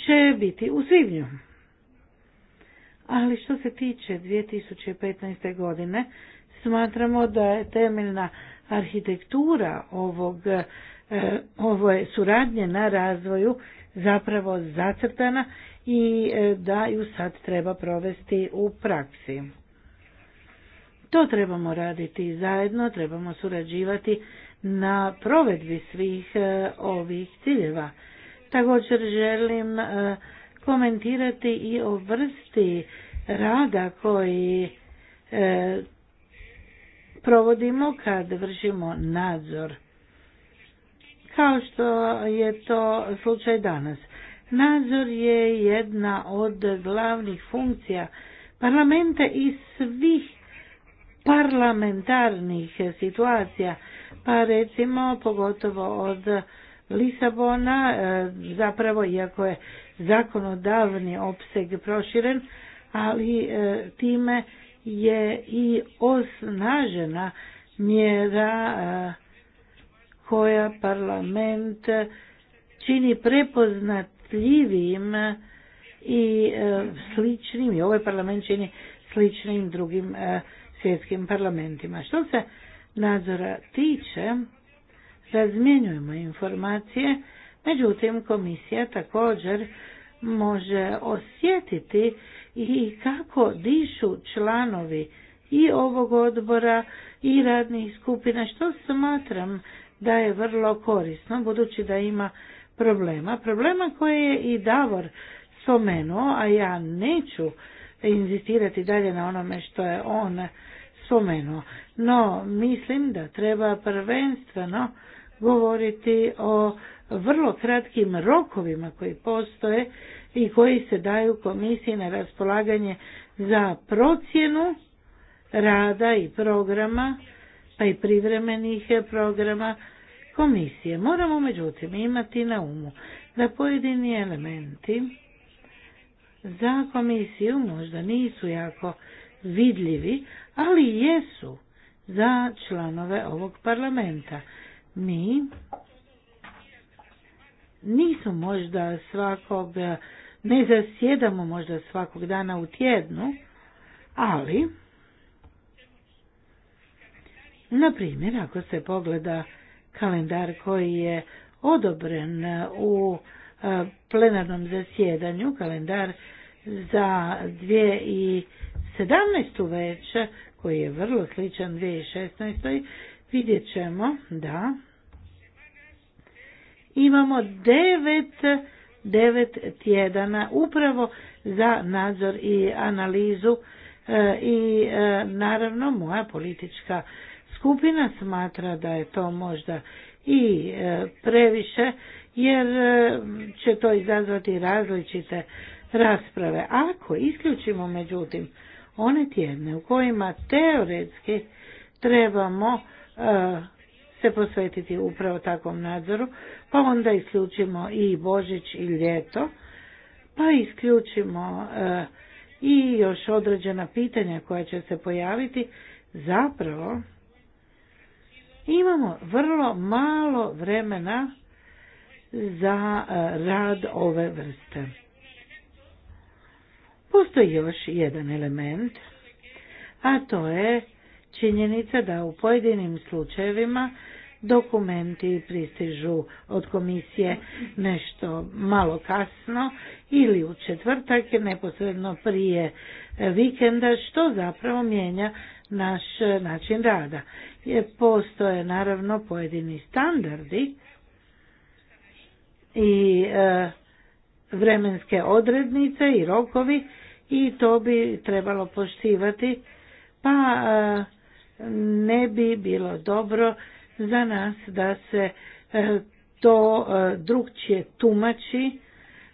će biti u svibnju. Ali što se tiče 2015. godine, Smatramo da je temeljna arhitektura ovog, e, ove suradnje na razvoju zapravo zacrtana i e, da ju sad treba provesti u praksi. To trebamo raditi zajedno, trebamo surađivati na provedbi svih e, ovih ciljeva. Također želim komentirati i o vrsti rada koji provodimo kad vršimo nadzor. Kao što je to slučaj danas. Nadzor je jedna od glavnih funkcija parlamenta i svih parlamentarnih situacija, pa recimo pogotovo od Lisabona, e, zapravo iako je zakonodavni opseg proširen, ali e, time je i osnažena mjera koja parlament čini prepoznatljivim i e, sličnim, i ovaj parlament čini sličnim drugim e, svjetskim parlamentima. Što se nadzora tiče, razmjenjujemo informacije, međutim komisija također može osjetiti i kako dišu članovi i ovog odbora i radnih skupina, što smatram da je vrlo korisno, budući da ima problema. Problema koje je i Davor spomenuo, a ja neću inzistirati dalje na onome što je on spomenuo. No, mislim da treba prvenstveno govoriti o vrlo kratkim rokovima koji postoje i koji se daju komisiji na raspolaganje za procjenu rada i programa, pa i privremenih programa komisije. Moramo međutim imati na umu da pojedini elementi za komisiju možda nisu jako vidljivi, ali jesu za članove ovog parlamenta. Mi nisu možda svakog ne zasjedamo možda svakog dana u tjednu, ali, na primjer, ako se pogleda kalendar koji je odobren u e, plenarnom zasjedanju, kalendar za 2017. već, koji je vrlo sličan 2016. vidjet ćemo da imamo devet devet tjedana upravo za nadzor i analizu e, i e, naravno moja politička skupina smatra da je to možda i e, previše jer će to izazvati različite rasprave. Ako isključimo međutim one tjedne u kojima teoretski trebamo se posvetiti upravo takvom nadzoru, pa onda isključimo i Božić i ljeto, pa isključimo e, i još određena pitanja koja će se pojaviti, zapravo imamo vrlo malo vremena za e, rad ove vrste. Postoji još jedan element, a to je činjenica da u pojedinim slučajevima dokumenti pristižu od komisije nešto malo kasno ili u četvrtak neposredno prije vikenda što zapravo mijenja naš način rada. Jer postoje naravno pojedini standardi i e, vremenske odrednice i rokovi i to bi trebalo poštivati pa e, ne bi bilo dobro za nas da se e, to e, drugčije tumači,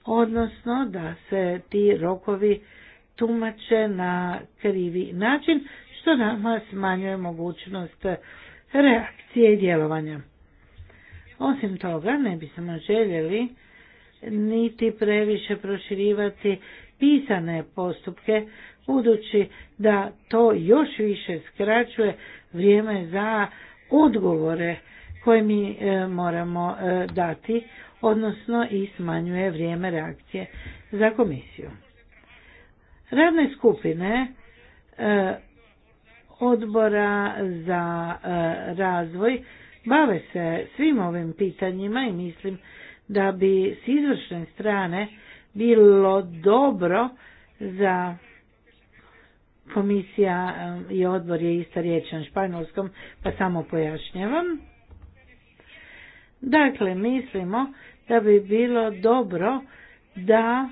odnosno da se ti rokovi tumače na krivi način, što nama smanjuje mogućnost reakcije i djelovanja. Osim toga, ne bismo željeli niti previše proširivati pisane postupke, budući da to još više skraćuje vrijeme za odgovore koje mi e, moramo e, dati, odnosno i smanjuje vrijeme reakcije za komisiju. Radne skupine e, odbora za razvoj bave se svim ovim pitanjima i mislim da bi s izvršne strane bilo dobro za komisija e, i odbor je ista riječ na španjolskom, pa samo pojašnjavam. Dakle, mislimo da bi bilo dobro da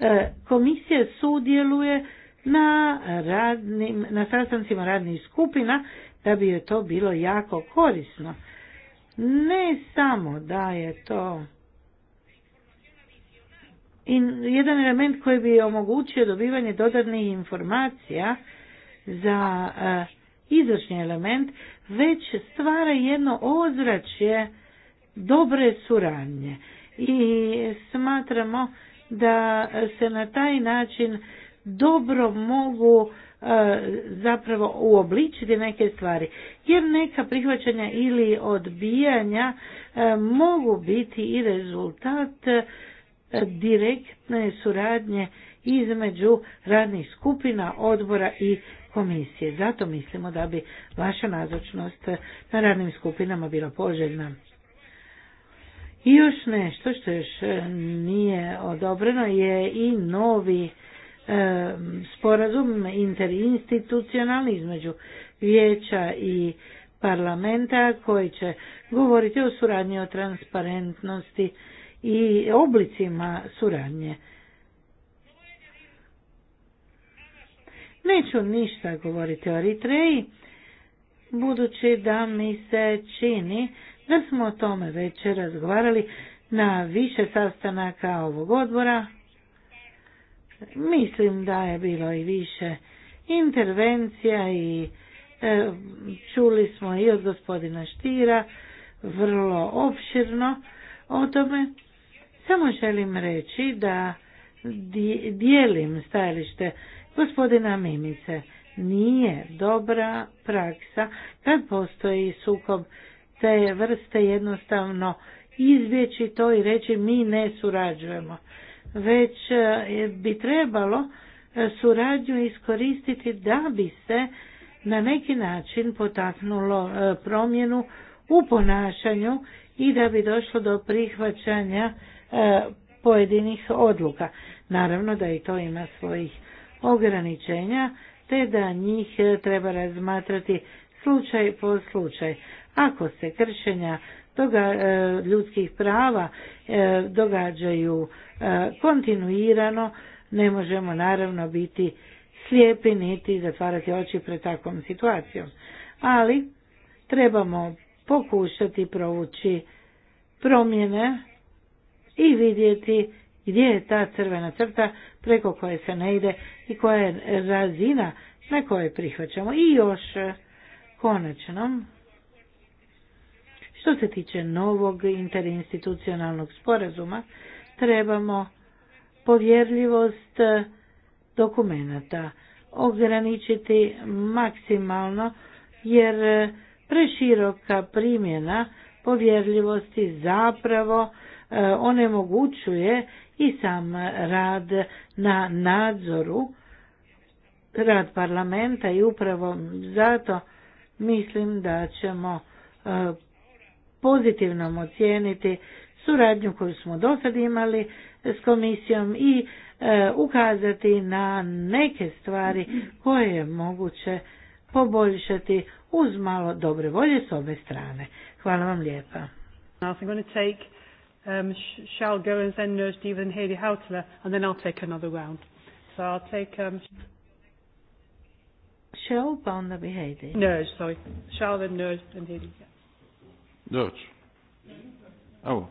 e, komisija sudjeluje na, radnim, na sastancima radnih skupina, da bi je to bilo jako korisno. Ne samo da je to jedan element koji bi omogućio dobivanje dodatnih informacija za e, izvršni element, već stvara jedno ozračje dobre suradnje. I smatramo da se na taj način dobro mogu e, zapravo uobličiti neke stvari. Jer neka prihvaćanja ili odbijanja e, mogu biti i rezultat direktne suradnje između radnih skupina, odbora i komisije. Zato mislimo da bi vaša nazočnost na radnim skupinama bila poželjna. I još nešto što još e, nije odobreno je i novi e, sporazum interinstitucionalni između vijeća i parlamenta koji će govoriti o suradnji o transparentnosti i oblicima suradnje. Neću ništa govoriti o Eritreji, budući da mi se čini da smo o tome već razgovarali na više sastanaka ovog odbora. Mislim da je bilo i više intervencija i e, čuli smo i od gospodina Štira vrlo opširno o tome. Samo želim reći da dijelim stajalište gospodina Mimice. Nije dobra praksa kad postoji sukob te vrste jednostavno izbjeći to i reći mi ne surađujemo. Već e, bi trebalo e, suradnju iskoristiti da bi se na neki način potaknulo e, promjenu u ponašanju i da bi došlo do prihvaćanja E, pojedinih odluka. Naravno da i to ima svojih ograničenja, te da njih e, treba razmatrati slučaj po slučaj. Ako se kršenja toga e, ljudskih prava događaju kontinuirano, ne možemo naravno biti slijepi niti zatvarati oči pred takvom situacijom. Ali trebamo pokušati provući promjene i vidjeti gdje je ta crvena crta preko koje se ne ide i koja je razina na koje prihvaćamo. I još konačno, što se tiče novog interinstitucionalnog sporazuma, trebamo povjerljivost dokumenata ograničiti maksimalno jer preširoka primjena povjerljivosti zapravo E, onemogućuje i sam rad na nadzoru, rad parlamenta i upravo zato mislim da ćemo e, pozitivnom ocijeniti suradnju koju smo do sad imali s komisijom i e, ukazati na neke stvari koje je moguće poboljšati uz malo dobre volje s obje strane. Hvala vam lijepa um, Charles and then Nurse Diva and Haley Houtler, and then I'll take another round. So I'll take... Um, Shell, Banda, be Haley. Nurse, sorry. Charles, and Nurse and Haley. Nurse. Oh,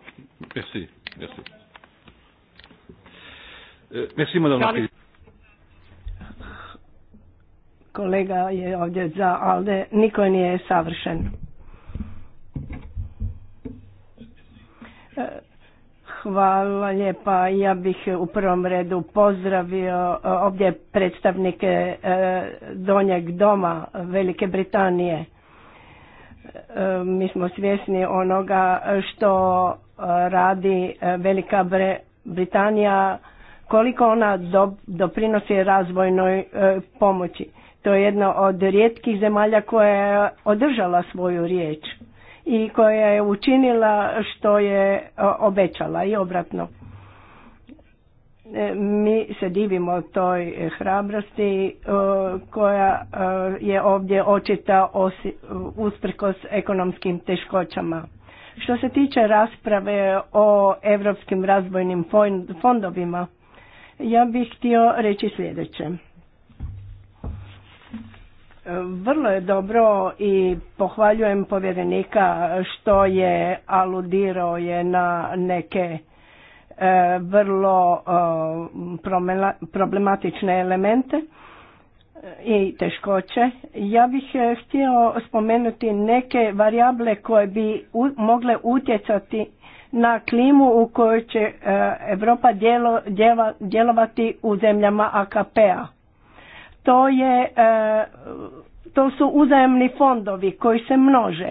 merci, merci. Uh, merci Madame la Présidente. Kolega je ovdje za, ali niko nije savršen. E, hvala lijepa. Ja bih u prvom redu pozdravio e, ovdje predstavnike e, Donjeg doma Velike Britanije. Mi smo svjesni onoga što radi Velika Britanija, koliko ona doprinosi razvojnoj pomoći. To je jedna od rijetkih zemalja koja je održala svoju riječ i koja je učinila što je obećala i obratno. E, mi se divimo toj hrabrosti e, koja e, je ovdje očita usprkos ekonomskim teškoćama. Što se tiče rasprave o europskim razvojnim fondovima, ja bih htio reći sljedeće. Vrlo je dobro i pohvaljujem povjerenika što je aludirao je na neke e, vrlo e, problematične elemente e, i teškoće. Ja bih htio spomenuti neke varijable koje bi mogle utjecati na klimu u kojoj će Europa djelovati u zemljama AKP-a to je e, to su uzajemni fondovi koji se množe.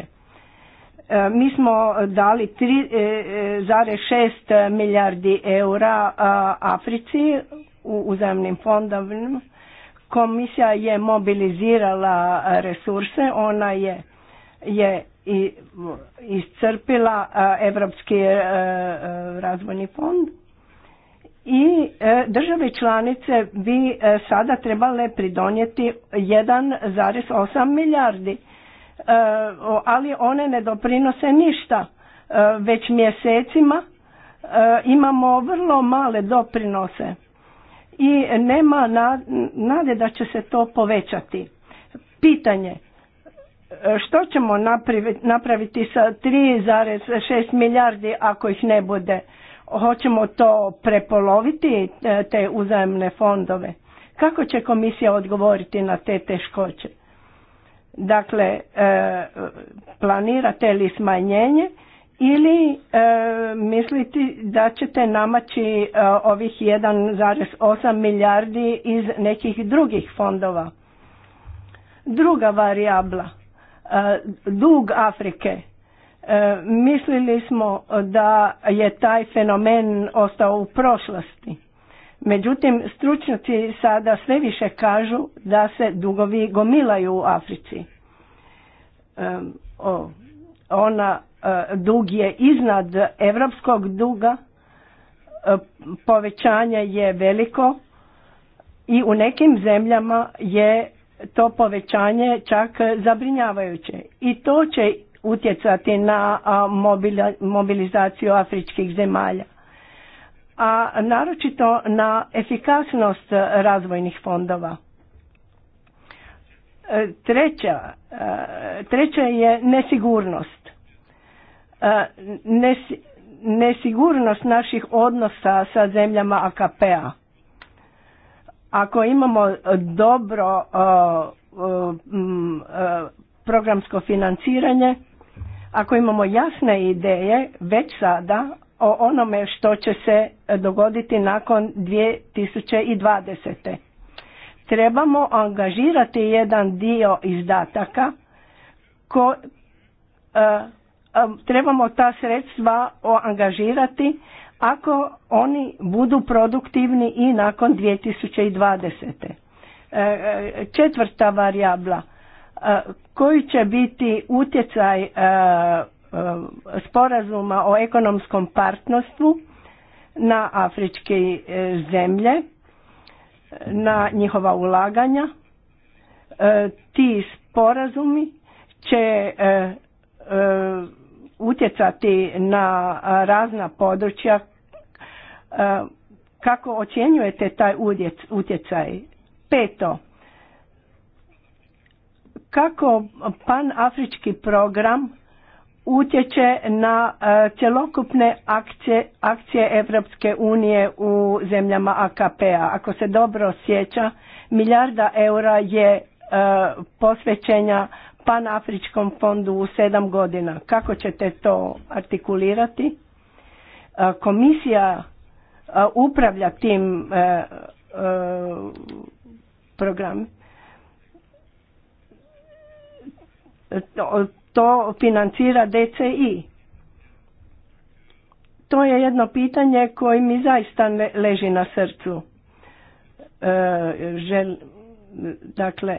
E, mi smo dali 3,6 e, milijardi eura Africi u uzajemnim fondovima. Komisija je mobilizirala resurse, ona je, je iscrpila Europski razvojni fond i e, države članice bi e, sada trebale pridonijeti 1,8 milijardi, e, ali one ne doprinose ništa već mjesecima, imamo vrlo male doprinose i nema nade da će se to povećati. Pitanje, što ćemo napraviti sa 3,6 milijardi ako ih ne bude? Hoćemo to prepoloviti, e, te uzajemne fondove? Kako će komisija odgovoriti na te teškoće? Dakle, e, planirate li smanjenje ili e, misliti da ćete namaći ovih 1,8 milijardi iz nekih drugih fondova? Druga varijabla, dug Afrike E, mislili smo da je taj fenomen ostao u prošlosti. Međutim, stručnjaci sada sve više kažu da se dugovi gomilaju u Africi. E, ona e, dug je iznad evropskog duga, povećanje je veliko i u nekim zemljama je to povećanje čak zabrinjavajuće. I to će utjecati na mobilizaciju afričkih zemalja a naročito na efikasnost razvojnih fondova. E, treća, e, treća je nesigurnost. E, nesigurnost naših odnosa sa zemljama AKP-a. Ako imamo dobro programsko financiranje, ako imamo jasne ideje već sada o onome što će se dogoditi nakon 2020. Trebamo angažirati jedan dio izdataka ko, e, e, trebamo ta sredstva angažirati ako oni budu produktivni i nakon 2020. E, četvrta varijabla E, koji će biti utjecaj e, e, sporazuma o ekonomskom partnerstvu na afričke zemlje, na njihova ulaganja. Ti sporazumi će utjecati na razna područja. Kako ocjenjujete taj utjecaj? Peto, kako panafrički program utječe na e, cjelokupne akcije, akcije Evropske unije u zemljama AKP-a. Ako se dobro sjeća, milijarda eura je e, posvećenja panafričkom fondu u sedam godina. Kako ćete to artikulirati? E, komisija upravlja tim programom. To, to financira DCI. To je jedno pitanje koje mi zaista leži na srcu. E, žel, dakle,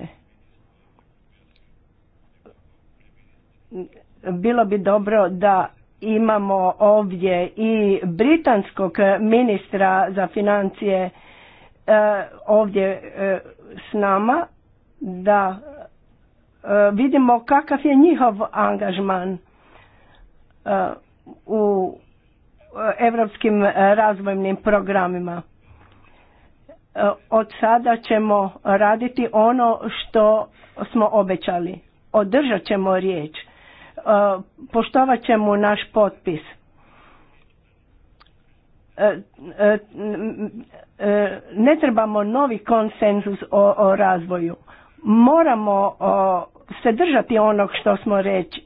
bilo bi dobro da imamo ovdje i britanskog ministra za financije e, ovdje e, s nama da Eh, vidimo kakav je njihov angažman eh, u europskim eh, razvojnim programima. Od sada ćemo raditi ono što smo obećali. Održat ćemo riječ. Poštovat ćemo naš potpis. Ne trebamo novi konsenzus o, razvoju. Moramo držati onog što smo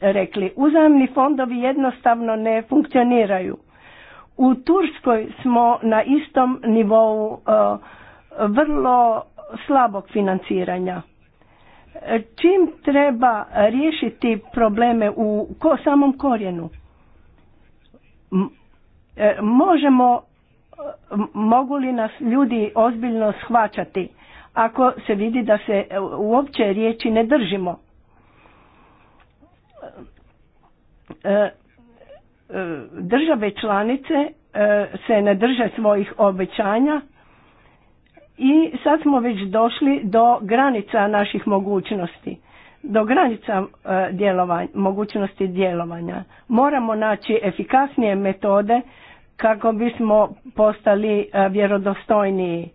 rekli. Uzajemni fondovi jednostavno ne funkcioniraju. U Turskoj smo na istom nivou e, vrlo slabog financiranja. E, čim treba riješiti probleme u ko, samom korijenu? E, možemo, mogu li nas ljudi ozbiljno shvaćati ako se vidi da se uopće riječi ne držimo? E, e, države članice e, se ne drže svojih obećanja i sad smo već došli do granica naših mogućnosti do granica djelovanja, mogućnosti djelovanja. Moramo naći efikasnije metode kako bismo postali vjerodostojniji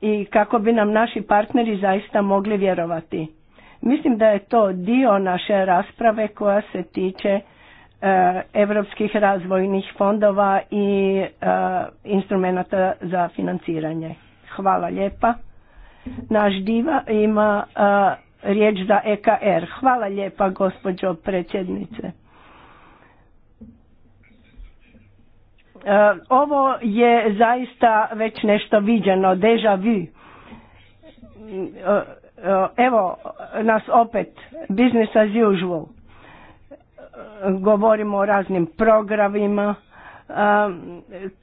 i kako bi nam naši partneri zaista mogli vjerovati. Mislim da je to dio naše rasprave koja se tiče europskih razvojnih fondova i e, instrumenta za financiranje. Hvala lijepa. Naš diva ima e, riječ za EKR. Hvala lijepa gospođo predsjednice. E, ovo je zaista već nešto viđeno, deja vu Eh, evo nas opet, business as usual. Eh, govorimo o raznim programima, eh,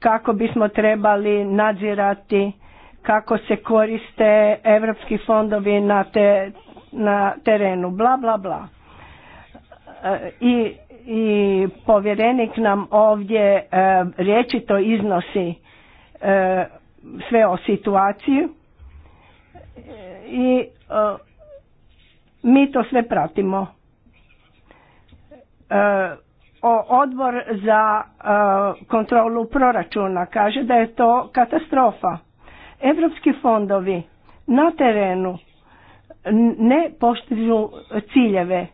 kako bismo trebali nadzirati kako se koriste evropski fondovi na, te, na terenu, bla, bla, bla. I, i povjerenik nam ovdje rječito iznosi sve o situaciji i e, mi to sve pratimo. E, Odbor za e, kontrolu proračuna kaže da je to katastrofa. Evropski fondovi na terenu ne poštuju ciljeve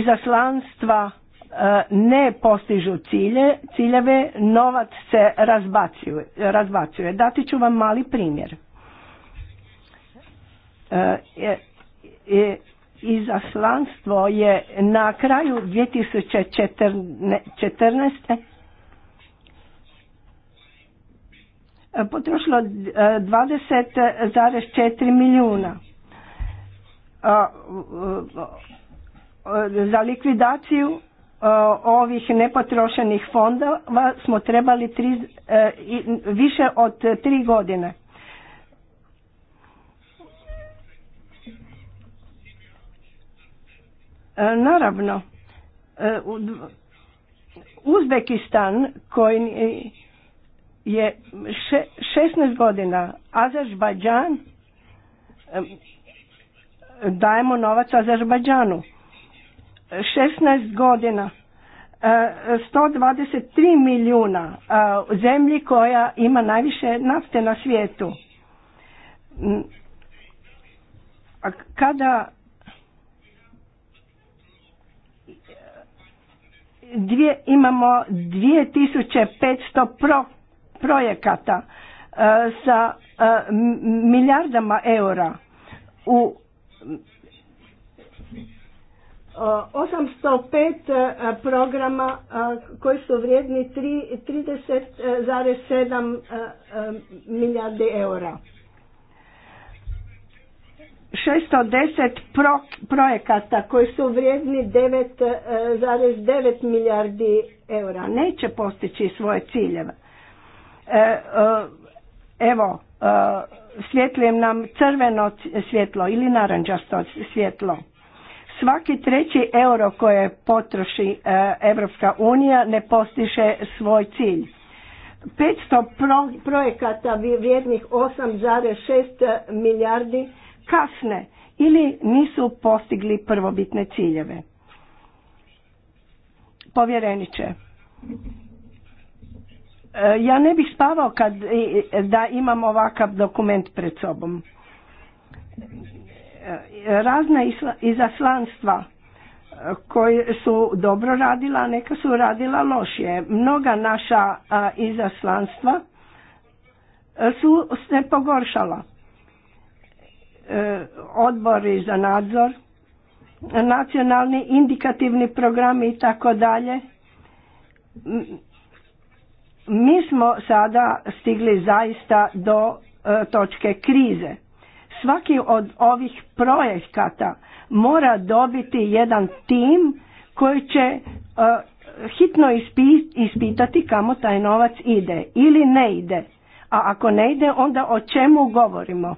izaslanstva E, ne postižu cilje, ciljeve, novac se razbacuje, razbacuje. Dati ću vam mali primjer. E, e, izaslanstvo je na kraju 2014. potrošilo 20,4 milijuna za likvidaciju Eh, ovih nepotrošenih fondova smo trebali tri, eh, više od tri godine. Eh, naravno, Uzbekistan koji je 16 godina, Azerbajdžan, dajemo novac Azerbajdžanu 16 godina 123 e, milijuna e, zemlji koja ima najviše nafte na svijetu. Mm. a Kada dvije, imamo 2500 pro, projekata e, sa milijardama eura u 805 e, programa e, koji su vrijedni 30,7 e, milijardi eura. 610 projekata koji su vrijedni 9,9 milijardi eura neće postići svoje ciljeve. Evo, svjetlijem nam crveno svjetlo ili naranđasto svjetlo. Svaki treći euro koje potroši Europska unija ne postiže svoj cilj. 500 projekata vrijednih 8,6 milijardi kasne ili nisu postigli prvobitne ciljeve. Povjereniče, e, ja ne bih spavao kad, da imam ovakav dokument pred sobom razna izaslanstva e, koje su dobro radila, neka su radila lošije. Mnoga naša izaslanstva e, su se pogoršala. E, odbori za nadzor, nacionalni indikativni programi i tako dalje. Mi smo sada stigli zaista do točke krize. Svaki od ovih projekata mora dobiti jedan tim koji će e, hitno ispitati kamo taj novac ide ili ne ide. A ako ne ide, onda o čemu govorimo?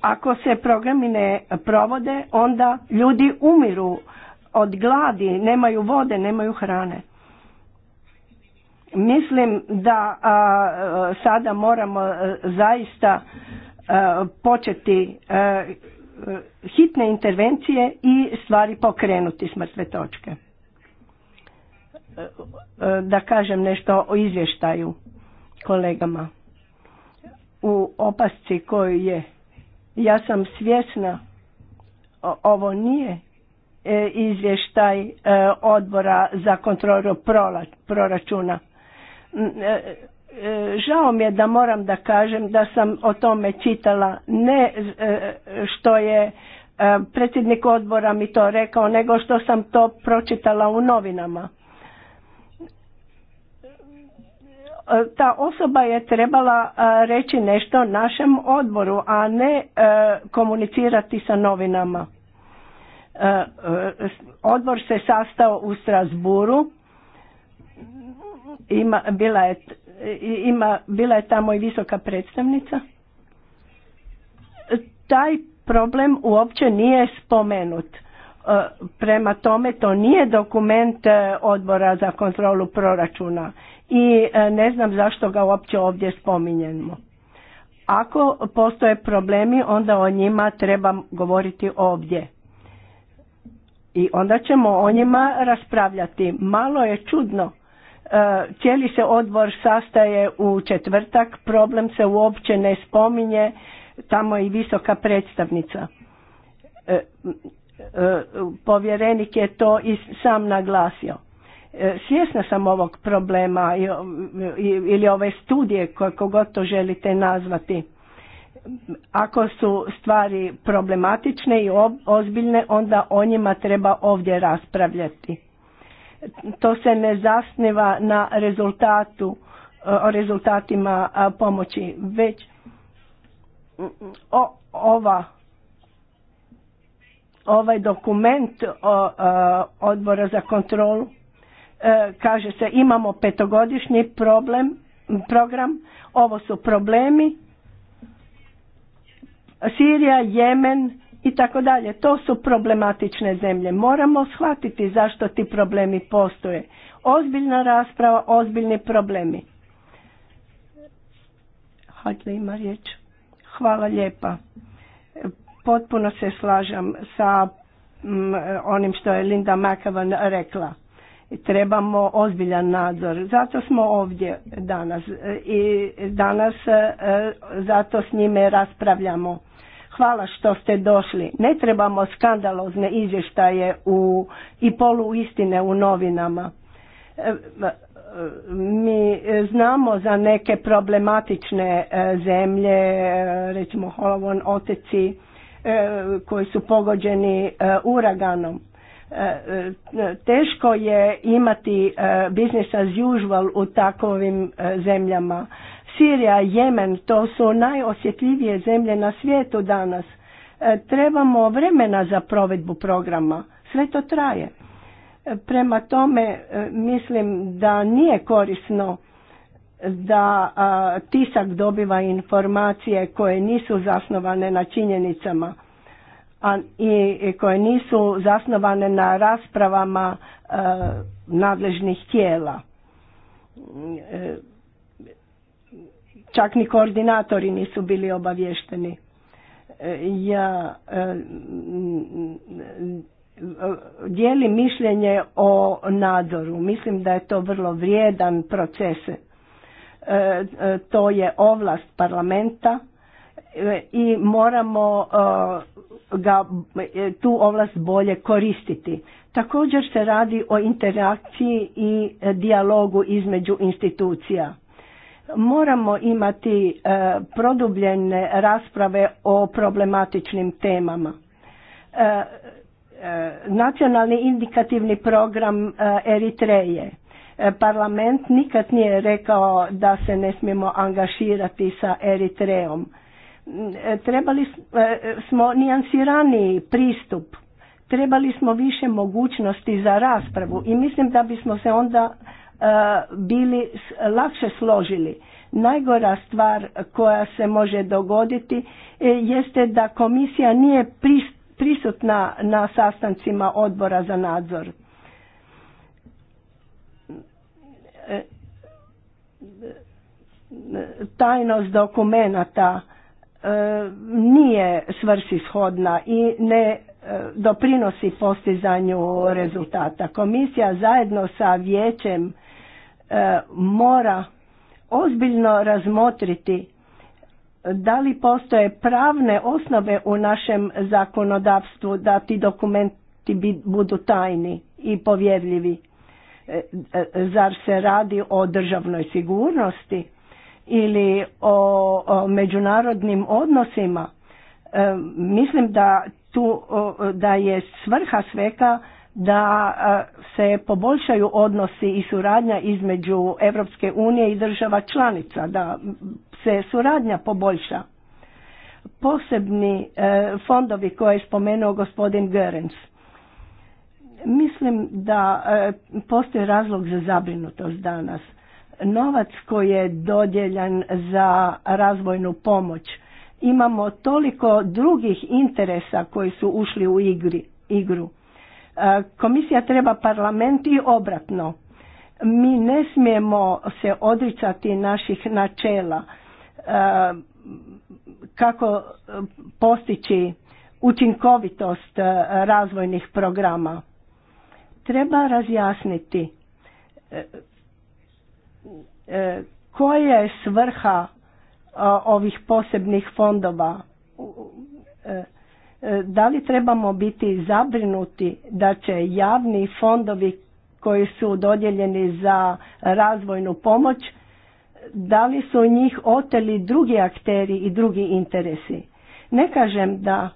Ako se programi ne provode, onda ljudi umiru od gladi, nemaju vode, nemaju hrane. Mislim da e, sada moramo e, zaista E, početi e, hitne intervencije i stvari pokrenuti s mrtve točke. E, da kažem nešto o izvještaju kolegama. U opasci koju je, ja sam svjesna, ovo nije izvještaj odbora za kontrolu proračuna žao mi je da moram da kažem da sam o tome čitala ne e, što je e, predsjednik odbora mi to rekao nego što sam to pročitala u novinama. E, ta osoba je trebala reći nešto našem odboru, a ne komunicirati sa novinama. Odbor se sastao u Strasburu, ima, bila je ima, bila je tamo i visoka predstavnica. Taj problem uopće nije spomenut. E, prema tome to nije dokument e, odbora za kontrolu proračuna i e, ne znam zašto ga uopće ovdje spominjemo. Ako postoje problemi onda o njima treba govoriti ovdje. I onda ćemo o njima raspravljati. Malo je čudno E, cijeli se odbor sastaje u četvrtak, problem se uopće ne spominje, tamo je i visoka predstavnica. E, e, povjerenik je to i sam naglasio. Svjesna sam ovog problema ili ove studije kako god to želite nazvati. Ako su stvari problematične i ozbiljne, onda o njima treba ovdje raspravljati to se ne zasniva na rezultatu, e, o rezultatima pomoći, već o, ova ovaj dokument o, e, odbora za kontrolu e, kaže se imamo petogodišnji problem, program, ovo su problemi Sirija, Jemen, i tako dalje. To su problematične zemlje. Moramo shvatiti zašto ti problemi postoje. Ozbiljna rasprava, ozbiljni problemi. Hajde ima riječ. Hvala lijepa. Potpuno se slažem sa mm, onim što je Linda Makavan rekla. Trebamo ozbiljan nadzor. Zato smo ovdje danas i danas e, zato s njime raspravljamo Hvala što ste došli. Ne trebamo skandalozne izvještaje u, i poluistine u novinama. E, mi znamo za neke problematične e, zemlje, e, recimo Holovon oteci, koji su pogođeni uraganom. Teško je imati business as usual u takovim zemljama. Sirija, Jemen, to su najosjetljivije zemlje na svijetu danas. E, trebamo vremena za provedbu programa, sve to traje. E, prema tome e, mislim da nije korisno da tisak dobiva informacije koje nisu zasnovane na činjenicama a, i, koje nisu zasnovane na raspravama nadležnih tijela. E, čak ni koordinatori nisu bili obavješteni. E, ja e, dijelim mišljenje o nadzoru. Mislim da je to vrlo vrijedan proces. E, to je ovlast parlamenta i moramo ga tu ovlast bolje koristiti. Također se radi o interakciji i dijalogu između institucija moramo imati e, produbljene rasprave o problematičnim temama. E, e, nacionalni indikativni program Eritreje. Parlament nikad nije rekao da se ne smijemo angažirati sa Eritrejom. Trebali smo nijansirani pristup, trebali smo više mogućnosti za raspravu i mislim da bismo se onda E, bili lakše složili. Najgora stvar koja se može dogoditi e, jeste da komisija nije prisutna na sastancima odbora za nadzor. E, tajnost dokumenata nije svrsishodna i ne doprinosi postizanju rezultata. Komisija zajedno sa vijećem E, mora ozbiljno razmotriti da li postoje pravne osnove u našem zakonodavstvu da ti dokumenti budu tajni i povjerljivi. E, e, zar se radi o državnoj sigurnosti ili o, međunarodnim odnosima? mislim da tu da je svrha sveka da e, se poboljšaju odnosi i suradnja između Europske unije i država članica, da se suradnja poboljša. Posebni e, fondovi koje je spomenuo gospodin Görens. Mislim da e, postoji razlog za zabrinutost danas. Novac koji je dodjeljan za razvojnu pomoć. Imamo toliko drugih interesa koji su ušli u igru E, komisija treba parlament i obratno. Mi ne smijemo se odricati naših načela e, kako postići učinkovitost e, razvojnih programa. Treba razjasniti koja je svrha ovih posebnih fondova E, da li trebamo biti zabrinuti da će javni fondovi koji su dodijeljeni za razvojnu pomoć, da li su njih oteli drugi akteri i drugi interesi? Ne kažem da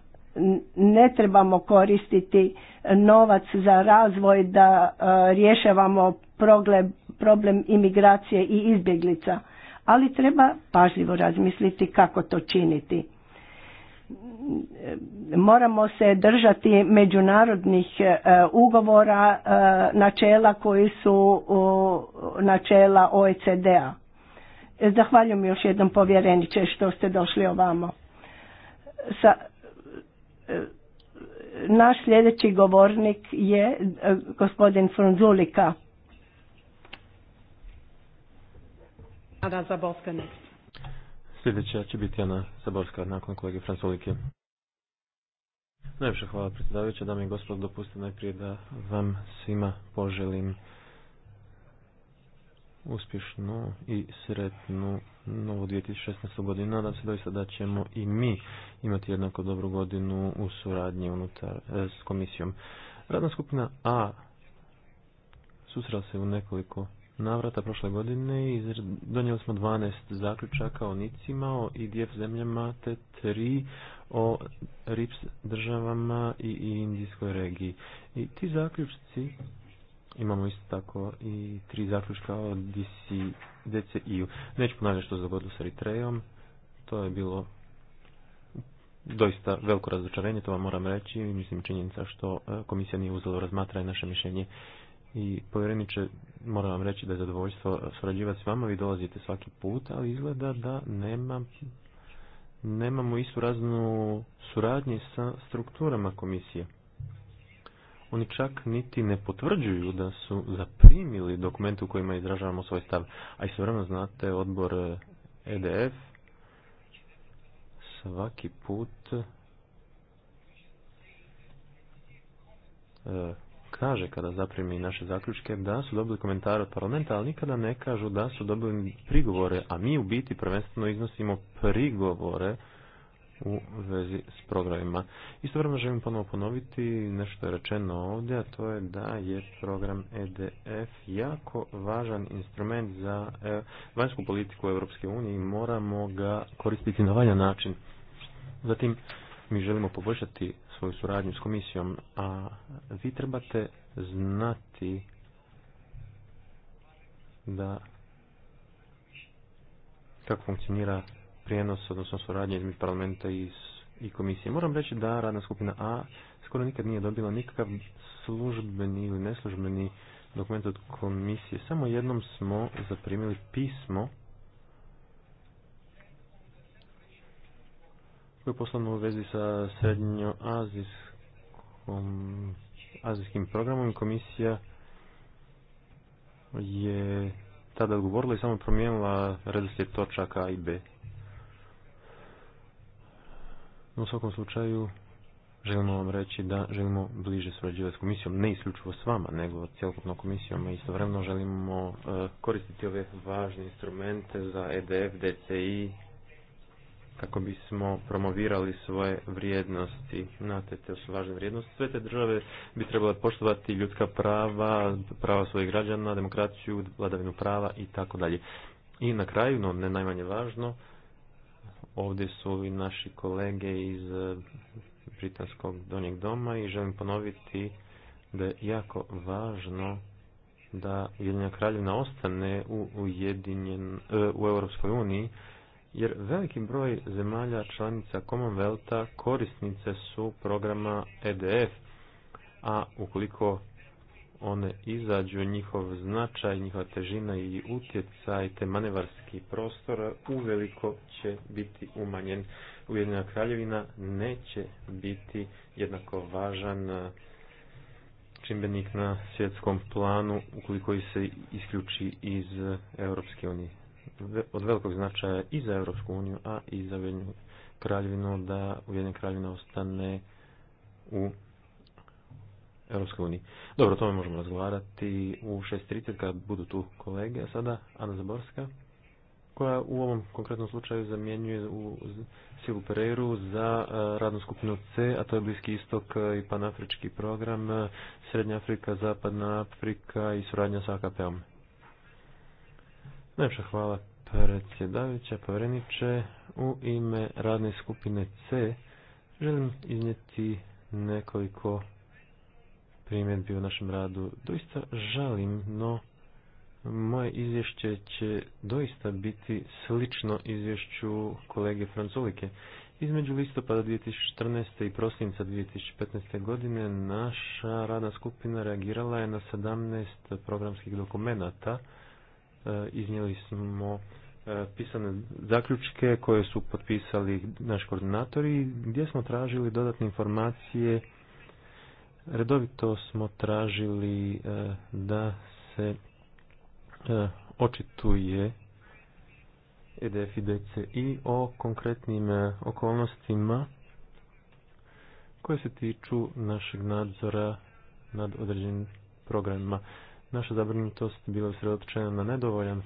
ne trebamo koristiti novac za razvoj da e, rješavamo problem imigracije i izbjeglica, ali treba pažljivo razmisliti kako to činiti. E, moramo se držati međunarodnih e, ugovora, e, načela koji su načela OECD-a. Zahvaljujem još jednom povjereniče što ste došli ovamo. Sa, naš sljedeći govornik je gospodin Frunzulika. Ada za Sljedeća će biti Ana Saborska nakon kolege Fransolike. Najviše hvala predsjedavajuća, dame i gospod, dopustite najprije da vam svima poželim uspješnu i sretnu novu 2016. godinu. Nadam se doista da ćemo i mi imati jednako dobru godinu u suradnji unutar e, s komisijom. Radna skupina A susrela se u nekoliko navrata prošle godine i donijeli smo 12 zaključaka o Nicima, o IDF e zemljama, te tri o RIPS državama i Indijskoj regiji. I ti zaključci, imamo isto tako i tri zaključka o DC, DCI-u. Neću ponavljati što se dogodilo s Eritrejom, to je bilo doista veliko razočarenje, to vam moram reći mislim činjenica što e, komisija nije uzela razmatraje naše mišljenje i povjereniče moram vam reći da je zadovoljstvo surađivati s vama, vi dolazite svaki put, ali izgleda da nema, nemamo istu raznu suradnje sa strukturama komisije. Oni čak niti ne potvrđuju da su zaprimili dokumente u kojima izražavamo svoj stav. A i istovremeno znate odbor EDF svaki put e, kaže kada zaprimi naše zaključke da su dobili komentare od parlamenta, ali nikada ne kažu da su dobili prigovore, a mi u biti prvenstveno iznosimo prigovore u vezi s programima. Istovremeno želim ponovo ponoviti nešto je rečeno ovdje, a to je da je program EDF jako važan instrument za e, vanjsku politiku Europske unije i moramo ga koristiti na valjan način. Zatim, mi želimo poboljšati svoju suradnju s komisijom, a vi trebate znati da kako funkcionira prijenos, odnosno suradnje između parlamenta i, i komisije. Moram reći da radna skupina A skoro nikad nije dobila nikakav službeni ili neslužbeni dokument od komisije. Samo jednom smo zaprimili pismo koji je poslovno u vezi sa srednjoazijskom azijskim programom komisija je tada odgovorila i samo promijenila redoslijed točaka A i B. No, u svakom slučaju želimo vam reći da želimo bliže surađivati s komisijom, ne isključivo s vama, nego cjelokupnom komisijom i istovremeno želimo e, koristiti ove važne instrumente za EDF, DCI, kako bismo promovirali svoje vrijednosti. Znate, te su važne vrijednosti. Sve te države bi trebale poštovati ljudska prava, prava svojih građana, demokraciju, vladavinu prava i tako dalje. I na kraju, no ne najmanje važno, ovdje su i naši kolege iz eh, Britanskog donjeg doma i želim ponoviti da je jako važno da Ujedinjena kraljevna ostane u, ujedinjen, eh, u Europskoj uniji, jer veliki broj zemalja članica Commonwealtha korisnice su programa EDF, a ukoliko one izađu, njihov značaj, njihova težina i utjecaj te manevarski prostor uveliko će biti umanjen. Ujedinjena kraljevina neće biti jednako važan e, čimbenik na svjetskom planu ukoliko se isključi iz Europske unije od velikog značaja i za Europsku uniju, a i za Ujedinu kraljevinu da Ujedinjena kraljevina ostane u Europskoj uniji. Dobro, o tome možemo razgovarati u 6.30 kad budu tu kolege, a sada Ana Zaborska koja u ovom konkretnom slučaju zamjenjuje u Silu Pereiru za e, radnu skupinu C, a to je Bliski istok i panafrički program, Srednja Afrika, Zapadna Afrika i suradnja sa AKP-om. Najpša hvala predsjedavića, povjereniče. U ime radne skupine C želim iznijeti nekoliko primjedbi u našem radu. Doista žalim, no moje izvješće će doista biti slično izvješću kolege Franculike. Između listopada 2014. i prosinca 2015. godine naša radna skupina reagirala je na 17 programskih dokumenata E, iznijeli smo e, pisane zaključke koje su potpisali naši koordinatori gdje smo tražili dodatne informacije. Redovito smo tražili e, da se očituje EDF i DCI o konkretnim okolnostima koje se tiču našeg nadzora nad određenim programima. Naša zabrinutost bila usredotočena na nedovoljan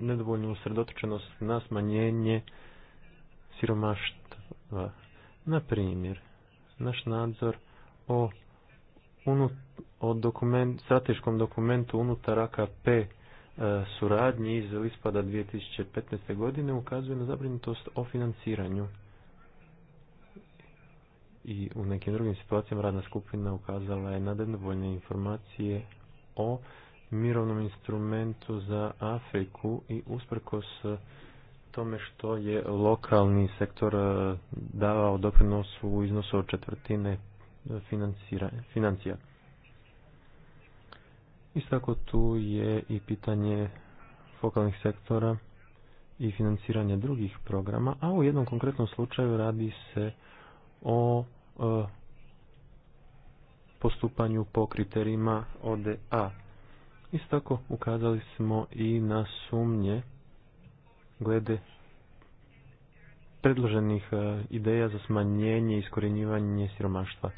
nedovoljnu usredotočenost na smanjenje siromaštva. Na primjer, naš nadzor o, unut, o dokument, strateškom dokumentu unutar AKP e, suradnji iz listopada 2015. godine ukazuje na zabrinutost o financiranju i u nekim drugim situacijama radna skupina ukazala je na nedovoljne informacije o mirovnom instrumentu za Afriku i usprkos tome što je lokalni sektor e, davao doprinos u iznosu od četvrtine financija. Isto tu je i pitanje fokalnih sektora i financiranja drugih programa, a u jednom konkretnom slučaju radi se o postupanju po kriterijima ODA. Isto tako ukazali smo i na sumnje glede predloženih e, ideja za smanjenje i iskorjenjivanje siromaštva.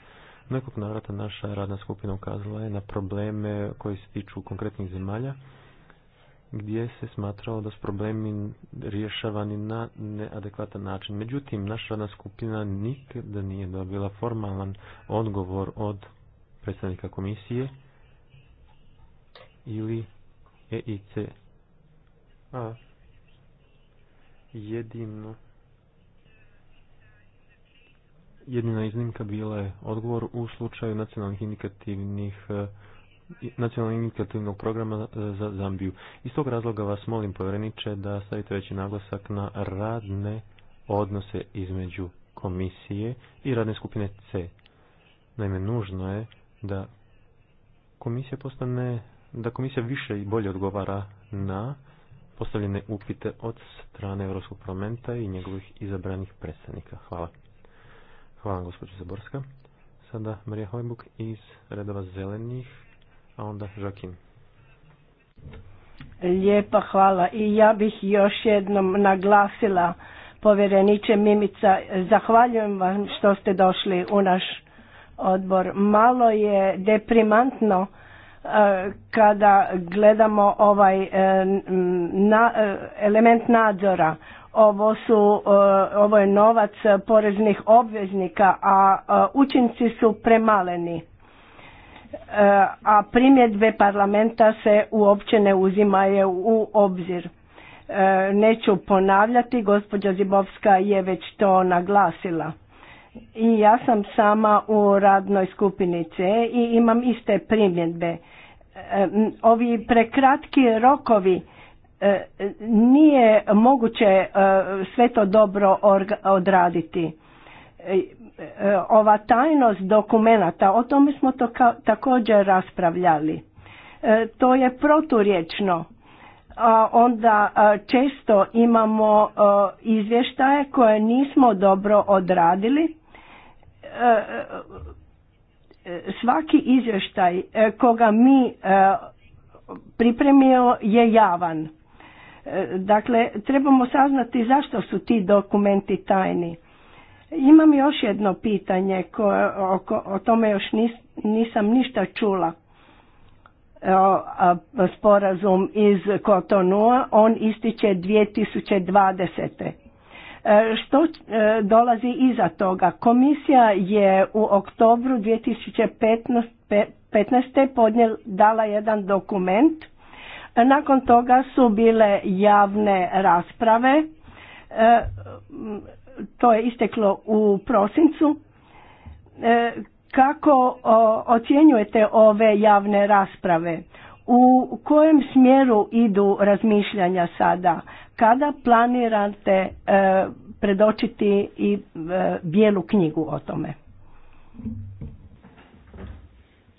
Nekog navrata naša radna skupina ukazala je na probleme koji se tiču konkretnih zemalja gdje se smatralo da su problemi rješavani na neadekvatan način. Međutim, naša radna skupina nikada nije dobila formalan odgovor od predstavnika komisije ili EIC. A jedino jedina iznimka bila je odgovor u slučaju nacionalnih indikativnih eh, nacionalnog inicijativnog programa e, za Zambiju. Iz tog razloga vas molim, povjereniče, da stavite veći naglasak na radne odnose između komisije i radne skupine C. Naime, nužno je da komisija postane, da komisija više i bolje odgovara na postavljene upite od strane Europskog parlamenta i njegovih izabranih predstavnika. Hvala. Hvala gospođo Zaborska. Sada Marija Hojbuk iz redova zelenih a onda Lijepa hvala i ja bih još jednom naglasila povjereniče Mimica, zahvaljujem vam što ste došli u naš odbor. Malo je deprimantno e, kada gledamo ovaj e, e, element nadzora. Ovo, su, ovo je novac poreznih obveznika, a učinci su premaleni. E, a primjedbe parlamenta se uopće ne uzimaju u obzir. E, neću ponavljati, gospođa Zibovska je već to naglasila. I ja sam sama u radnoj skupini C i imam iste primjedbe. E, ovi prekratki rokovi nije moguće sve to dobro odraditi E, ova tajnost dokumenata, o tome smo to također raspravljali. E, to je proturječno. A e, onda često imamo izvještaje koje nismo dobro odradili. svaki izvještaj koga mi pripremio je javan. Dakle, trebamo saznati zašto su ti dokumenti tajni imam još jedno pitanje, o tome još nisam ništa čula. E, sporazum iz Kotonua, on ističe 2020. E, što e, dolazi iza toga? Komisija je u oktobru 2015. podnijela dala jedan dokument. Nakon toga su bile javne rasprave to je isteklo u prosincu. E, kako ocjenjujete ove javne rasprave? U kojem smjeru idu razmišljanja sada? Kada planirate e, predočiti i e, bijelu knjigu o tome?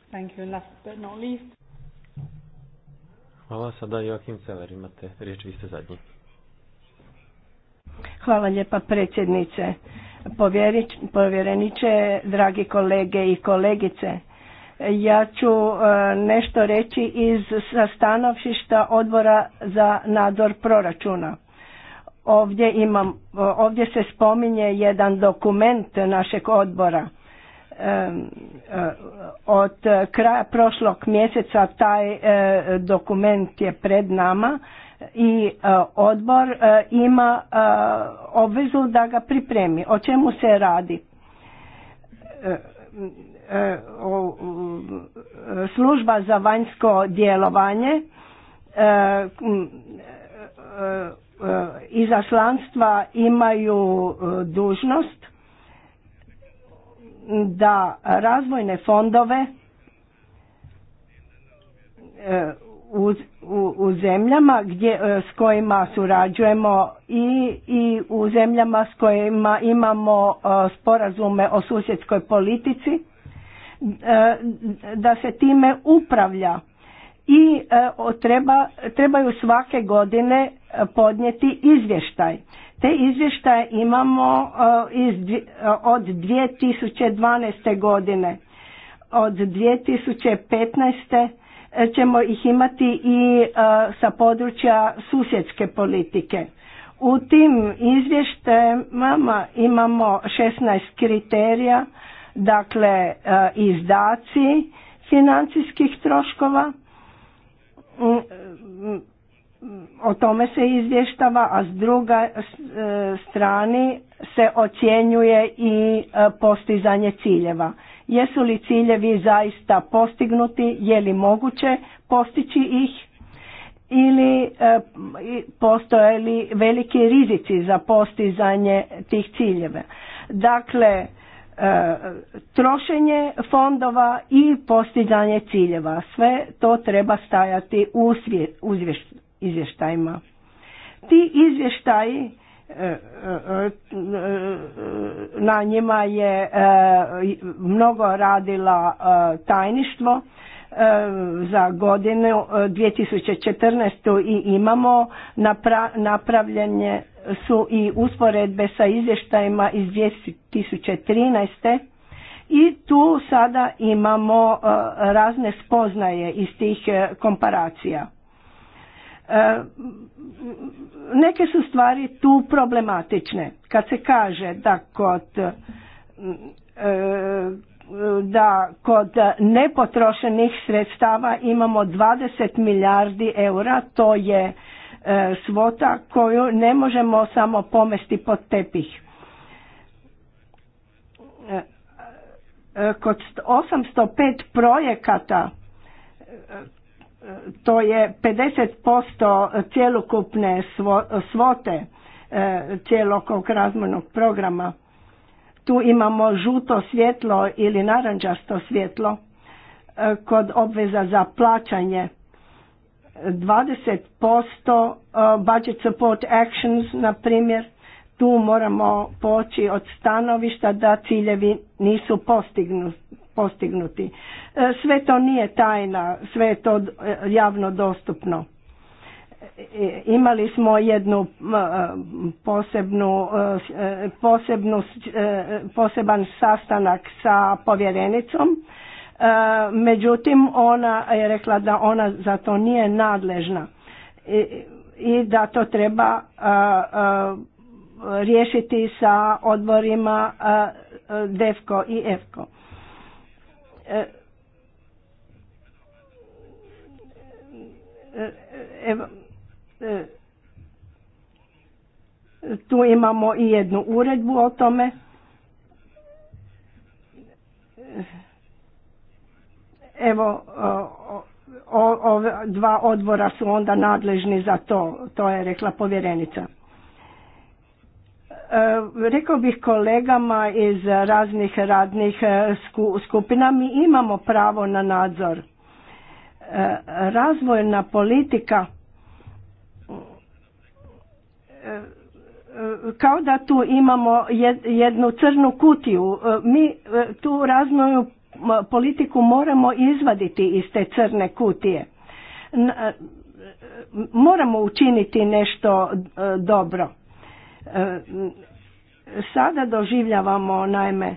Thank you. Hvala, sada Joakim Celer, imate riječ, vi ste zadnji. Hvala lijepa predsjednice. Povjereniče, dragi kolege i kolegice, ja ću e, nešto reći iz stanovišta odbora za nadzor proračuna. Ovdje, imam, ovdje se spominje jedan dokument našeg odbora. E, od kraja prošlog mjeseca taj e, dokument je pred nama i e, odbor e, ima e, obvezu da ga pripremi. O čemu se radi? Služba za vanjsko djelovanje izaslanstva imaju dužnost da razvojne fondove u, u, zemljama gdje, e, s kojima surađujemo i, i u zemljama s kojima imamo e, sporazume o susjedskoj politici, e, da se time upravlja i treba, trebaju svake godine podnijeti izvještaj. Te izvještaje imamo iz, od 2012. godine. Od 2015. E, ćemo ih imati i e, sa područja susjedske politike. U tim izvještajima imamo 16 kriterija, dakle e, izdaci financijskih troškova, mm, mm, o tome se izvještava, a s druga strani se ocjenjuje i postizanje ciljeva. Jesu li ciljevi zaista postignuti, je li moguće postići ih ili e, postoje li veliki rizici za postizanje tih ciljeva. Dakle, e, trošenje fondova i postizanje ciljeva. Sve to treba stajati u izvještajima. Ti izvještaji na njima je eh, mnogo radila eh, tajništvo eh, za godinu 2014. i imamo napravljanje su i usporedbe sa izvještajima iz 2013. I tu sada imamo razne spoznaje iz tih komparacija. E, neke su stvari tu problematične. Kad se kaže da kod e, da kod nepotrošenih sredstava imamo 20 milijardi eura, to je e, svota koju ne možemo samo pomesti pod tepih. Kod 805 projekata to je 50% cjelokupne svote e, cjelokog razvojnog programa. Tu imamo žuto svjetlo ili naranđasto svjetlo e, kod obveza za plaćanje. 20% e, budget support actions, na primjer, tu moramo poći od stanovišta da ciljevi nisu postignuti postignuti. E, sve to nije tajna, sve je to e, javno dostupno. E, imali smo jednu posebnu, posebnu, poseban sastanak sa povjerenicom, međutim ona je rekla da ona za to nije nadležna i da to treba riješiti sa odborima DEFKO i EFKO. E, e, evo, e, tu imamo i jednu uredbu o tome. Evo, ova dva odbora su onda nadležni za to, to je rekla povjerenica. E, rekao bih kolegama iz raznih radnih e, skupina, mi imamo pravo na nadzor. E, razvojna politika kao da tu imamo jednu crnu kutiju. Mi tu razvoju politiku moramo izvaditi iz te crne kutije. Moramo učiniti nešto dobro. E, sada doživljavamo naime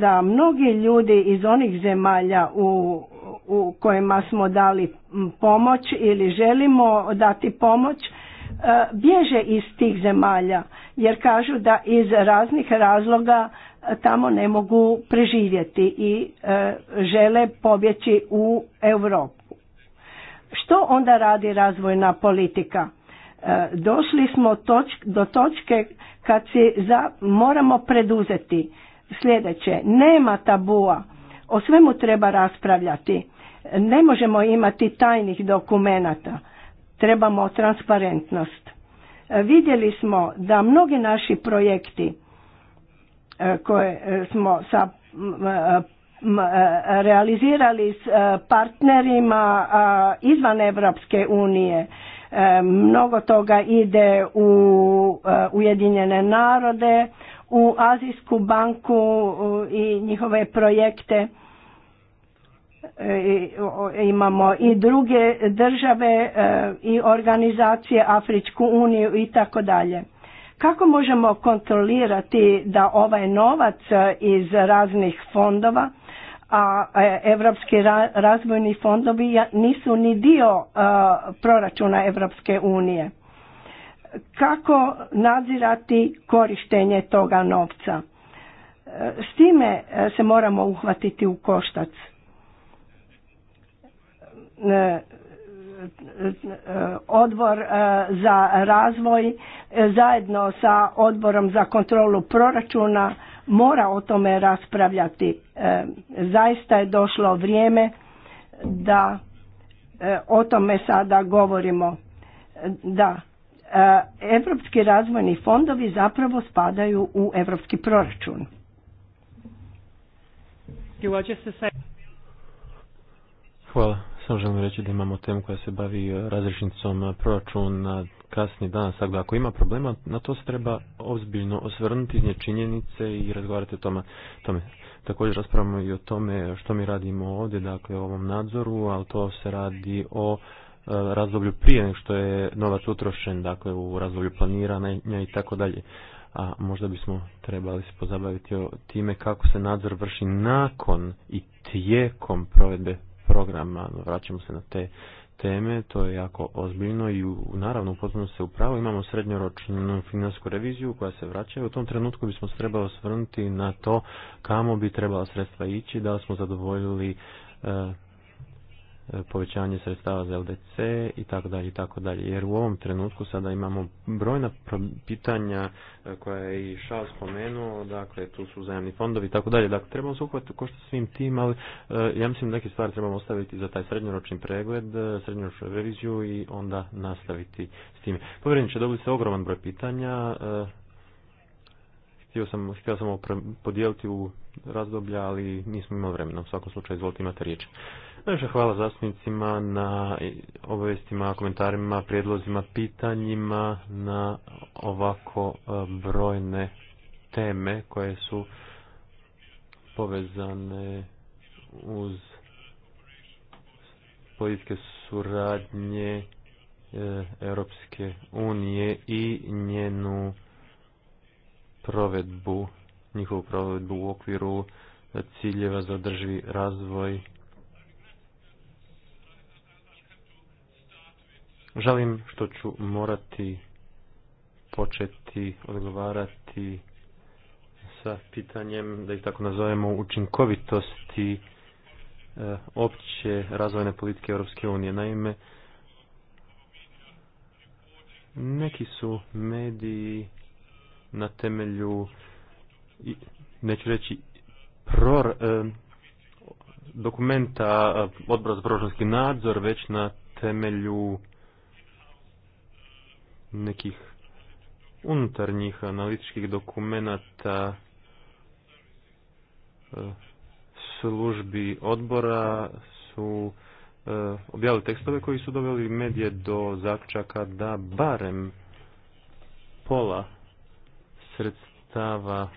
da mnogi ljudi iz onih zemalja u, kojima smo dali pomoć ili želimo dati pomoć e, bježe iz tih zemalja jer kažu da iz raznih razloga e, tamo ne mogu preživjeti i žele pobjeći u Europu. Što onda radi razvojna politika? E, došli smo do točke kad si za, moramo preduzeti sljedeće. Nema tabua, o svemu treba raspravljati. Ne možemo imati tajnih dokumenata, trebamo transparentnost. E, vidjeli smo da mnogi naši projekti e, koje smo sa realizirali s partnerima izvan Evropske unije E, mnogo toga ide u e, Ujedinjene narode, u Azijsku banku i njihove projekte. E, imamo i druge države i organizacije, Afričku uniju i tako dalje. Kako možemo kontrolirati da ovaj novac iz raznih fondova a Europski razvojni fondovi nisu ni dio e, proračuna Europske unije. Kako nadzirati korištenje toga novca? E, s time e, se moramo uhvatiti u koštac. Odbor za razvoj zajedno sa odborom za kontrolu proračuna mora o tome raspravljati. E, zaista je došlo vrijeme da e, o tome sada govorimo. Da, Europski razvojni fondovi zapravo spadaju u europski proračun. Hvala. Samo Želim reći da imamo temu koja se bavi e, razrešnicom e, proračuna kasni danas. ako ima problema, na to se treba ozbiljno osvrnuti iz činjenice i razgovarati o tome. tome. Također raspravljamo i o tome što mi radimo ovdje, dakle o ovom nadzoru, ali to se radi o e, razdoblju prije što je novac utrošen, dakle u razdoblju planiranja i tako dalje. A možda bismo trebali se pozabaviti o time kako se nadzor vrši nakon i tijekom provedbe programa. Vraćamo se na te teme, to je jako ozbiljno i u, naravno potpuno se upravo imamo srednjoročnu finansku reviziju koja se vraća i u tom trenutku bismo se trebali osvrnuti na to kamo bi trebala sredstva ići, da smo zadovoljili eh, povećanje sredstava za LDC i tako dalje i tako dalje. Jer u ovom trenutku sada imamo brojna pitanja e, koja je i Šal spomenuo, dakle tu su uzajamni fondovi i tako dalje. Dakle, trebamo se uhvatiti što svim tim, ali e, ja mislim neke stvari trebamo ostaviti za taj srednjoročni pregled, e, srednjoročnu reviziju i onda nastaviti s time. će dobili se ogroman broj pitanja. Htio sam, podijeliti u razdoblja, ali nismo imali vremena. U svakom slučaju, izvolite, imate riječ. Najviše hvala zastupnicima na obavestima, komentarima, prijedlozima, pitanjima na ovako e, brojne teme koje su povezane uz politike suradnje e, Europske unije i njenu provedbu, njihovu provedbu u okviru ciljeva za održivi razvoj Žalim što ću morati početi odgovarati sa pitanjem, da ih tako nazovemo, učinkovitosti e, opće razvojne politike Europske unije. Naime, neki su mediji na temelju neću reći pror, e, dokumenta e, odbora za proračunski nadzor već na temelju nekih unutarnjih analitičkih dokumenata e, službi odbora su e, objavili tekstove koji su doveli medije do zakčaka da barem pola sredstava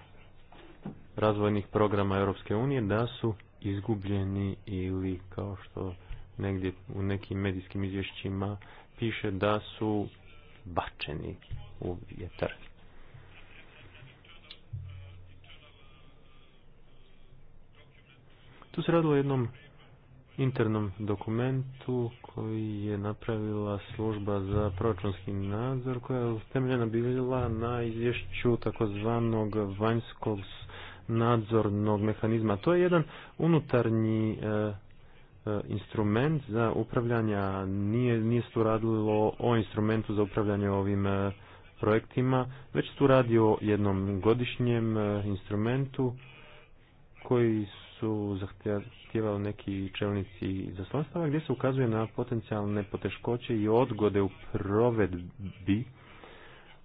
razvojnih programa Europske unije da su izgubljeni ili kao što negdje u nekim medijskim izvješćima piše da su bačeni u vjetar. Tu se radilo o jednom internom dokumentu koji je napravila služba za proračunski nadzor koja je utemljena bila na izvješću takozvanog vanjskog nadzornog mehanizma. To je jedan unutarnji eh, E, instrument za upravljanja, nije, nije se tu radilo o instrumentu za upravljanje ovim e, projektima, već se tu radi o jednom godišnjem e, instrumentu koji su zahtjevali neki čelnici zaslanstava gdje se ukazuje na potencijalne poteškoće i odgode u provedbi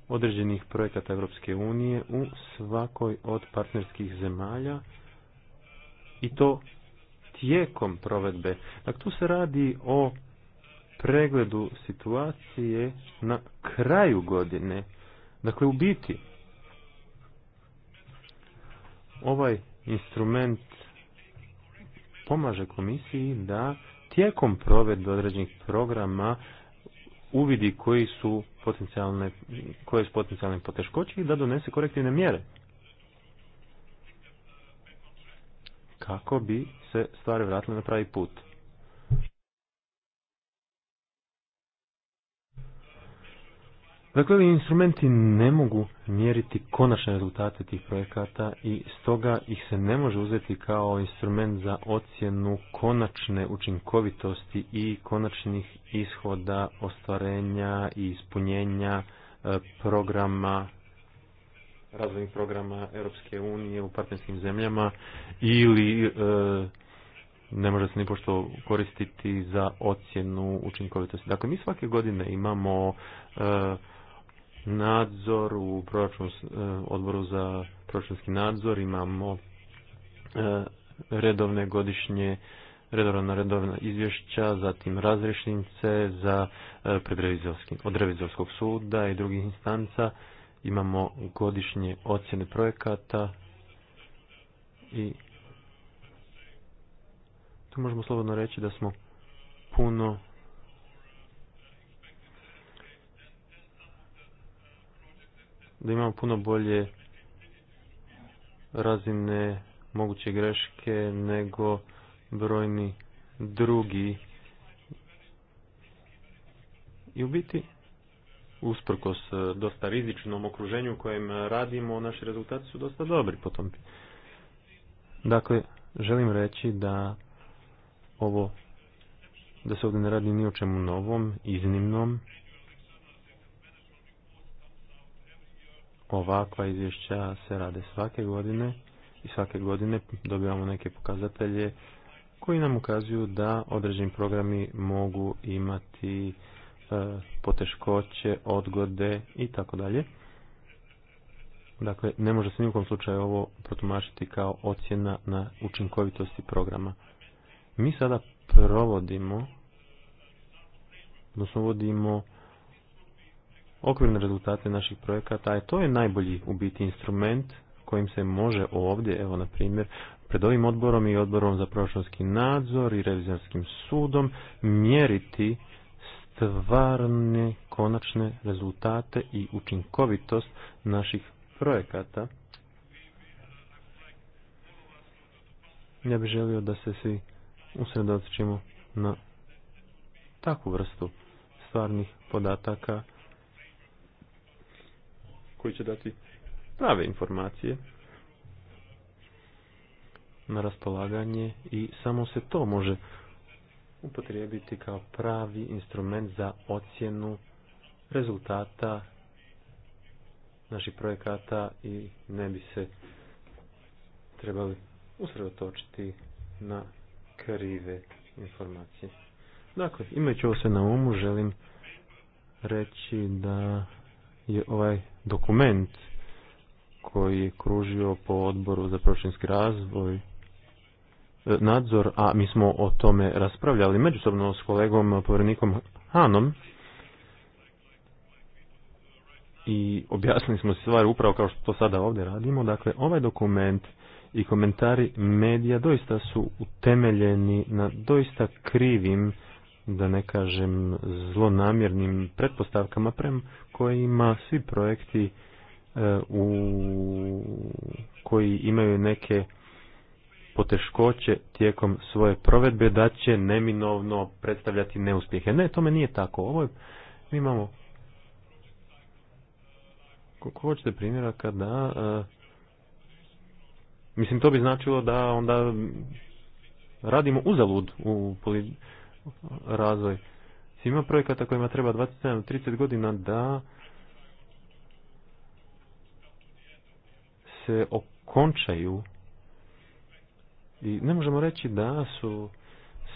određenih projekata Europske unije u svakoj od partnerskih zemalja i to tijekom provedbe. Dakle, tu se radi o pregledu situacije na kraju godine. Dakle, u biti, ovaj instrument pomaže komisiji da tijekom provedbe određenih programa uvidi koji su potencijalne, koje su potencijalne poteškoće i da donese korektivne mjere. kako bi se stvari vratile na pravi put. Dakle, instrumenti ne mogu mjeriti konačne rezultate tih projekata i stoga ih se ne može uzeti kao instrument za ocjenu konačne učinkovitosti i konačnih ishoda ostvarenja i ispunjenja e, programa razvojnih programa Europske unije u partnerskim zemljama ili e, ne može se pošto koristiti za ocjenu učinkovitosti. Dakle, mi svake godine imamo e, nadzor u proračun, e, odboru za proračunski nadzor, imamo redovne godišnje redovna redovna izvješća, zatim razrešnice za pred od revizorskog suda i drugih instanca imamo godišnje ocjene projekata i tu možemo slobodno reći da smo puno da imamo puno bolje razine moguće greške nego brojni drugi i u biti usprkos e, dosta rizičnom okruženju u kojem radimo, naši rezultati su dosta dobri po tom. Dakle, želim reći da ovo da se ovdje ne radi ni o čemu novom, iznimnom. Ovakva izvješća se rade svake godine i svake godine dobivamo neke pokazatelje koji nam ukazuju da određeni programi mogu imati E, poteškoće, odgode i tako dalje. Dakle, ne može se nikom slučaju ovo protumašiti kao ocjena na učinkovitosti programa. Mi sada provodimo, odnosno vodimo okvirne rezultate naših projekata, a to je najbolji u biti instrument kojim se može ovdje, evo na primjer, pred ovim odborom i odborom za proračunski nadzor i revizorskim sudom mjeriti stvarne konačne rezultate i učinkovitost naših projekata. Ja bih želio da se svi usredotočimo na takvu vrstu stvarnih podataka koji će dati prave informacije na raspolaganje i samo se to može upotrijebiti kao pravi instrument za ocjenu rezultata naših projekata i ne bi se trebali usredotočiti na krive informacije. Dakle, imajući ovo sve na umu, želim reći da je ovaj dokument koji je kružio po odboru za prošinski razvoj nadzor, a mi smo o tome raspravljali međusobno s kolegom povjerenikom Hanom i objasnili smo stvari upravo kao što to sada ovdje radimo. Dakle, ovaj dokument i komentari medija doista su utemeljeni na doista krivim, da ne kažem zlonamjernim pretpostavkama prema kojima svi projekti e, u koji imaju neke poteškoće tijekom svoje provedbe da će neminovno predstavljati neuspjehe. Ne, tome nije tako. Ovo mi imamo koliko hoćete primjera kada e, mislim to bi značilo da onda radimo uzalud u razvoj. Svima projekata kojima treba 27-30 godina da se okončaju i ne možemo reći da su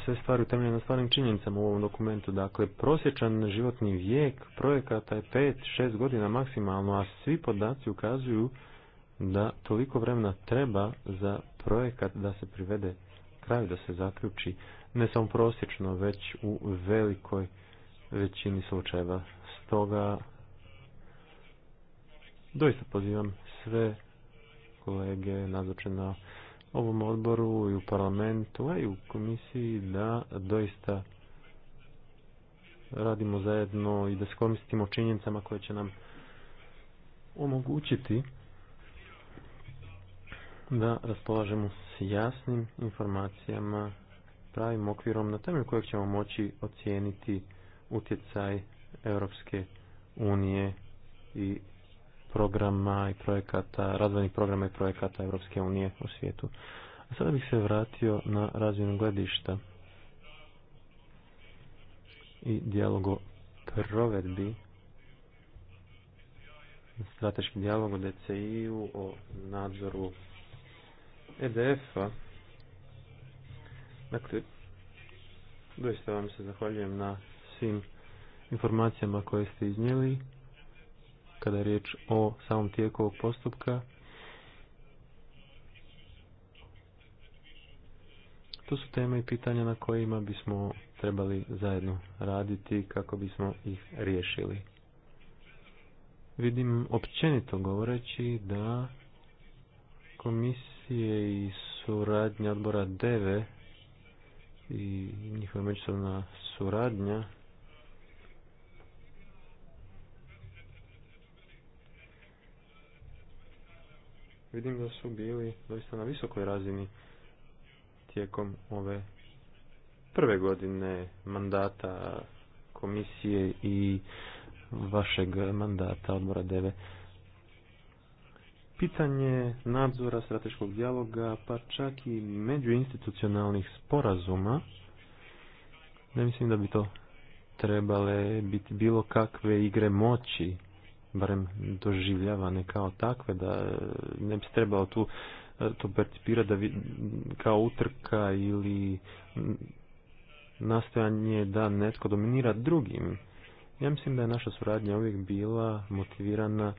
sve stvari utemljene na stvarnim činjenicama u ovom dokumentu. Dakle, prosječan životni vijek projekata je 5-6 godina maksimalno, a svi podaci ukazuju da toliko vremena treba za projekat da se privede kraju, da se zaključi ne samo prosječno, već u velikoj većini slučajeva. Stoga doista pozivam sve kolege nazvačeno na ovom odboru i u parlamentu, a i u komisiji da doista radimo zajedno i da se koristimo činjenicama koje će nam omogućiti da raspolažemo s jasnim informacijama, pravim okvirom na temelju kojeg ćemo moći ocijeniti utjecaj Europske unije i programa i projekata, razvojnih programa i projekata Europske unije u svijetu. A sada bih se vratio na razvojno gledišta i dijalog o provedbi strateški dijalog o DCI-u, o nadzoru EDF-a. Dakle, doista vam se zahvaljujem na svim informacijama koje ste iznijeli kada je riječ o samom tijeku ovog postupka. To su teme i pitanja na kojima bismo trebali zajedno raditi kako bismo ih riješili. Vidim općenito govoreći da komisije i suradnja odbora DEVE i njihova međusobna suradnja vidim da su bili doista na visokoj razini tijekom ove prve godine mandata komisije i vašeg mandata odbora DEVE. Pitanje nadzora strateškog dijaloga, pa čak i međuinstitucionalnih sporazuma, ne mislim da bi to trebale biti bilo kakve igre moći barem doživljavane kao takve, da ne bi trebalo tu to percipirati da kao utrka ili nastojanje da netko dominira drugim. Ja mislim da je naša suradnja uvijek bila motivirana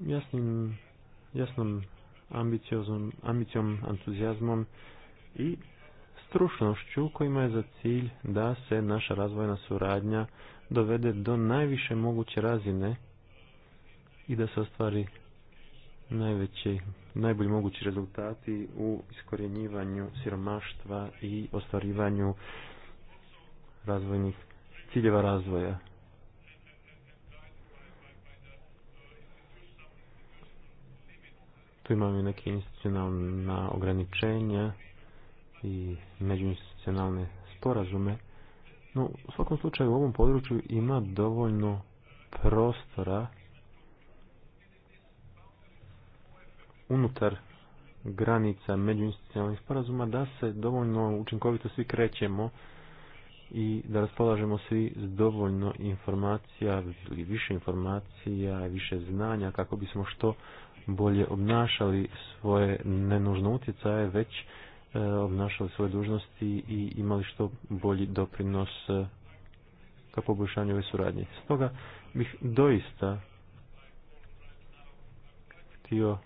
jasnim, jasnom ambicijom, entuzijazmom i stručnošću kojima je za cilj da se naša razvojna suradnja dovede do najviše moguće razine i da se ostvari najveći, najbolji mogući rezultati u iskorjenjivanju siromaštva i ostvarivanju razvojnih ciljeva razvoja. Tu imamo i neke institucionalna ograničenja i međuinstitucionalne sporazume. No, u svakom slučaju u ovom području ima dovoljno prostora unutar granica međuinstitucionalnih sporazuma da se dovoljno učinkovito svi krećemo i da raspolažemo svi s dovoljno informacija ili više informacija, više znanja kako bismo što bolje obnašali svoje nenužne utjecaje, već E, obnašali svoje dužnosti i imali što bolji doprinos e, ka poboljšanju ove suradnje. Stoga bih doista htio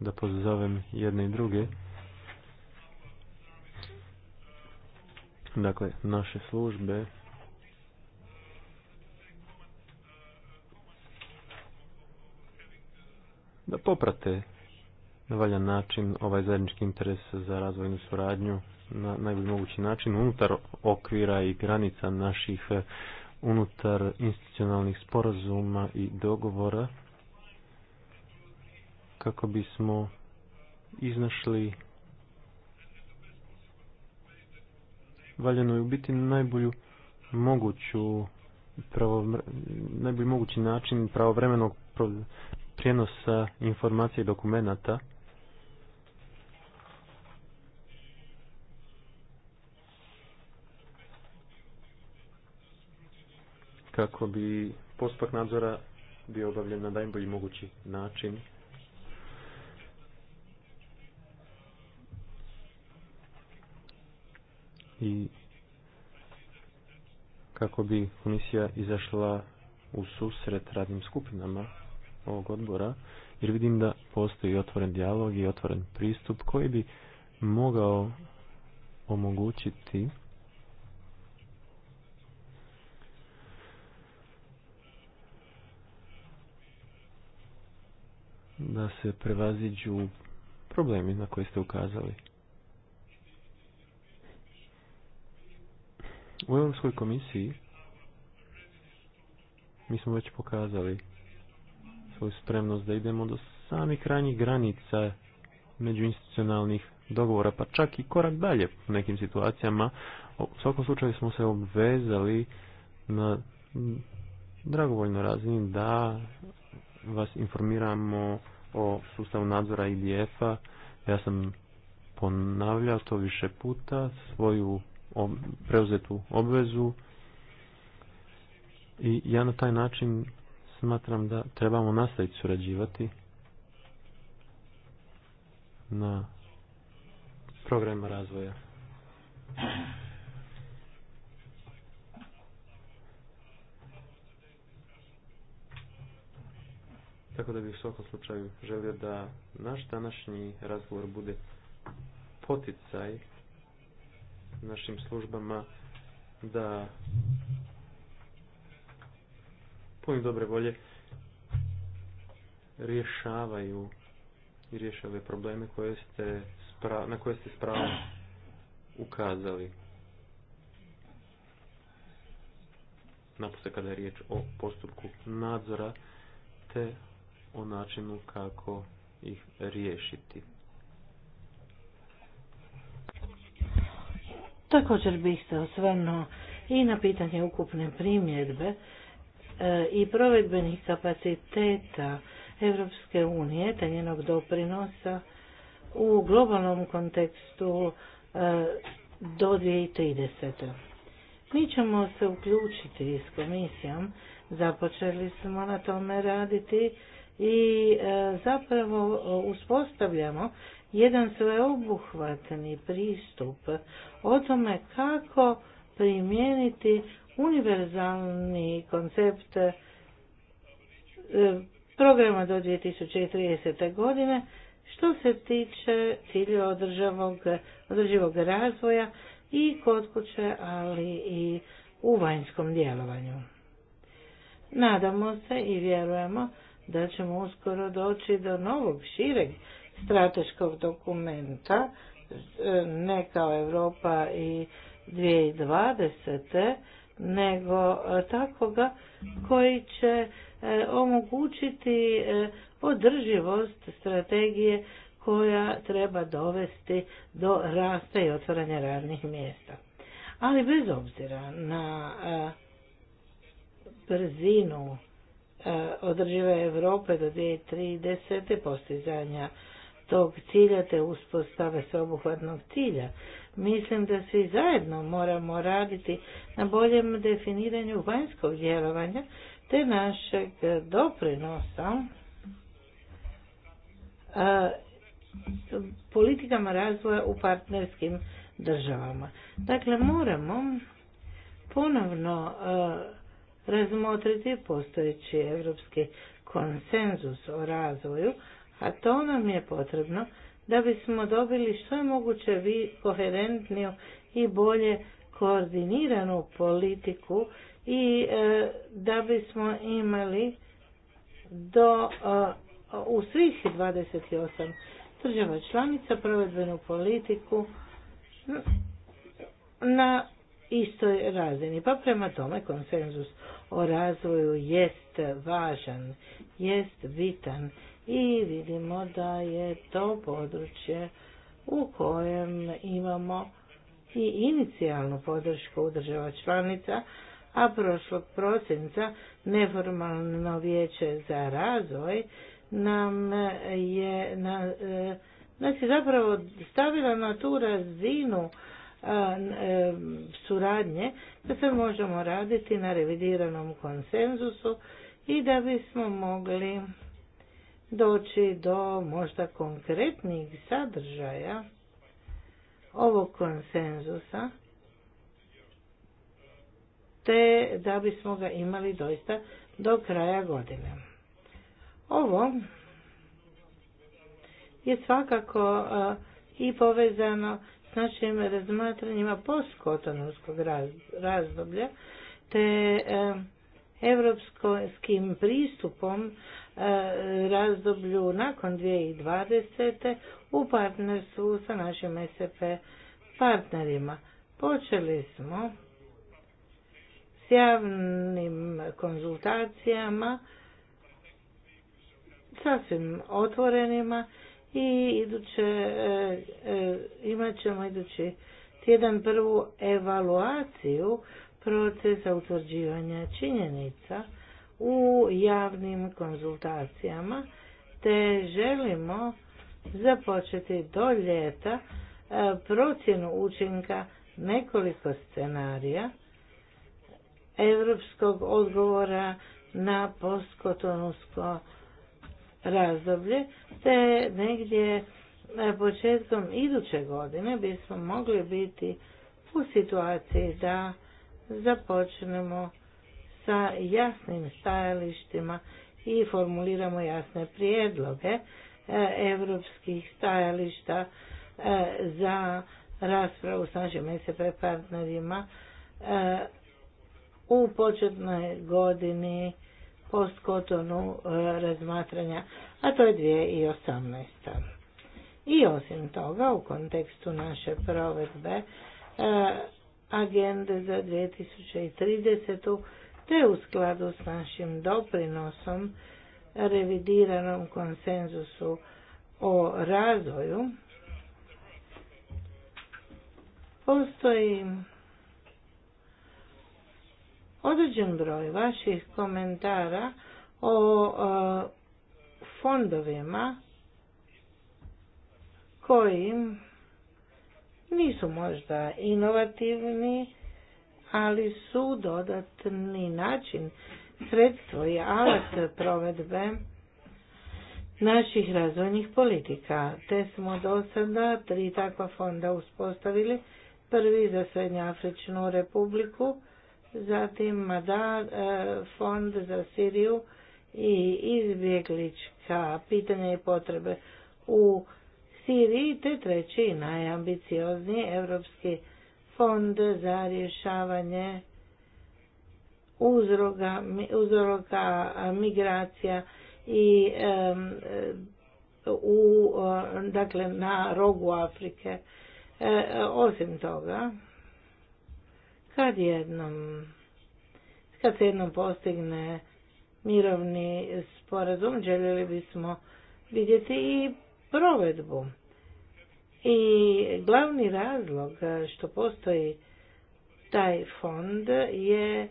da pozovem jedne i druge. Dakle, naše službe da poprate valjan način ovaj zajednički interes za razvojnu suradnju na najbolji mogući način unutar okvira i granica naših eh, unutar institucionalnih sporazuma i dogovora kako bismo iznašli valjeno i u biti najbolju moguću pravo, najbolji mogući način pravovremenog prijenosa informacija i dokumenata kako bi postupak nadzora bio obavljen na najbolji mogući način. I kako bi komisija izašla u susret radnim skupinama ovog odbora, jer vidim da postoji otvoren dijalog i otvoren pristup koji bi mogao omogućiti da se prevaziđu problemi na koje ste ukazali. U Europskoj komisiji mi smo već pokazali svoju spremnost da idemo do samih krajnjih granica međuinstitucionalnih dogovora, pa čak i korak dalje u nekim situacijama. U svakom slučaju smo se obvezali na dragovoljnoj razini da vas informiramo o sustavu nadzora IDF-a. Ja sam ponavljao to više puta, svoju preuzetu obvezu i ja na taj način smatram da trebamo nastaviti surađivati na programima razvoja. Tako da bih u svakom slučaju želio da naš današnji razgovor bude poticaj našim službama da puni dobre volje rješavaju i rješave probleme koje ste spra na koje ste spravo ukazali. Napose kada je riječ o postupku nadzora te o načinu kako ih riješiti. Također bih se osvrnuo i na pitanje ukupne primjedbe e, i provedbenih kapaciteta Europske unije te njenog doprinosa u globalnom kontekstu e, do 2030. Mi ćemo se uključiti s komisijom, započeli smo na tome raditi i e, zapravo e, uspostavljamo jedan sveobuhvatni pristup o tome kako primijeniti univerzalni koncept e, programa do 2030. godine što se tiče cilja održivog razvoja i kod kuće, ali i u vanjskom djelovanju. Nadamo se i vjerujemo da ćemo uskoro doći do novog, šireg strateškog dokumenta, ne kao Europa i 2020. nego e, takoga koji će e, omogućiti e, održivost strategije koja treba dovesti do rasta i otvaranja radnih mjesta. Ali bez obzira na brzinu Eh, održive Europe do 2030. postizanja tog cilja te uspostave sveobuhvatnog cilja. Mislim da svi zajedno moramo raditi na boljem definiranju vanjskog djelovanja te našeg doprinosa eh, politikama razvoja u partnerskim državama. Dakle, moramo ponovno eh, razmotriti postojeći europski konsenzus o razvoju, a to nam je potrebno da bismo dobili što je moguće vi koherentniju i bolje koordiniranu politiku i e, da bismo imali do e, u svih 28 država članica provedbenu politiku na istoj razini. Pa prema tome konsenzus o razvoju jest važan, jest bitan i vidimo da je to područje u kojem imamo i inicijalnu podršku država članica, a prošlog prosinca neformalno vijeće za razvoj nam je na, eh, nas je zapravo stavila na tu razinu suradnje, da se možemo raditi na revidiranom konsenzusu i da bismo mogli doći do možda konkretnih sadržaja ovog konsenzusa, te da bismo ga imali doista do kraja godine. Ovo je svakako i povezano s našim razmatranjima postkotonovskog razdoblja te evropskim pristupom eh, razdoblju nakon 2020. u partnerstvu sa našim SEP partnerima. Počeli smo s javnim konzultacijama sasvim otvorenima i iduće, e, e, imat ćemo idući tjedan prvu evaluaciju procesa utvrđivanja činjenica u javnim konzultacijama te želimo započeti do ljeta e, procjenu učinka nekoliko scenarija europskog odgovora na postkotonusko razdoblje, te negdje e, početkom iduće godine bismo mogli biti u situaciji da započnemo sa jasnim stajalištima i formuliramo jasne prijedloge europskih stajališta e, za raspravu s našim SP partnerima e, u početnoj godini skotonu e, razmatranja, a to je 2018. I osim toga, u kontekstu naše provedbe e, agende za 2030. te u skladu s našim doprinosom revidiranom konsenzusu o razvoju, postoji određen broj vaših komentara o fondovima koji nisu možda inovativni, ali su dodatni način, sredstvo i alat provedbe naših razvojnih politika. Te smo do sada tri takva fonda uspostavili. Prvi za Srednjoafričnu republiku, zatim Madar, e, fond za Siriju i izbjeglička pitanja i potrebe u Siriji, te treći najambiciozniji Europski fond za rješavanje uzroka migracija i u, dakle, na rogu Afrike. E, osim toga, kad jednom kad se jednom postigne mirovni sporazum željeli bismo vidjeti i provedbu i glavni razlog što postoji taj fond je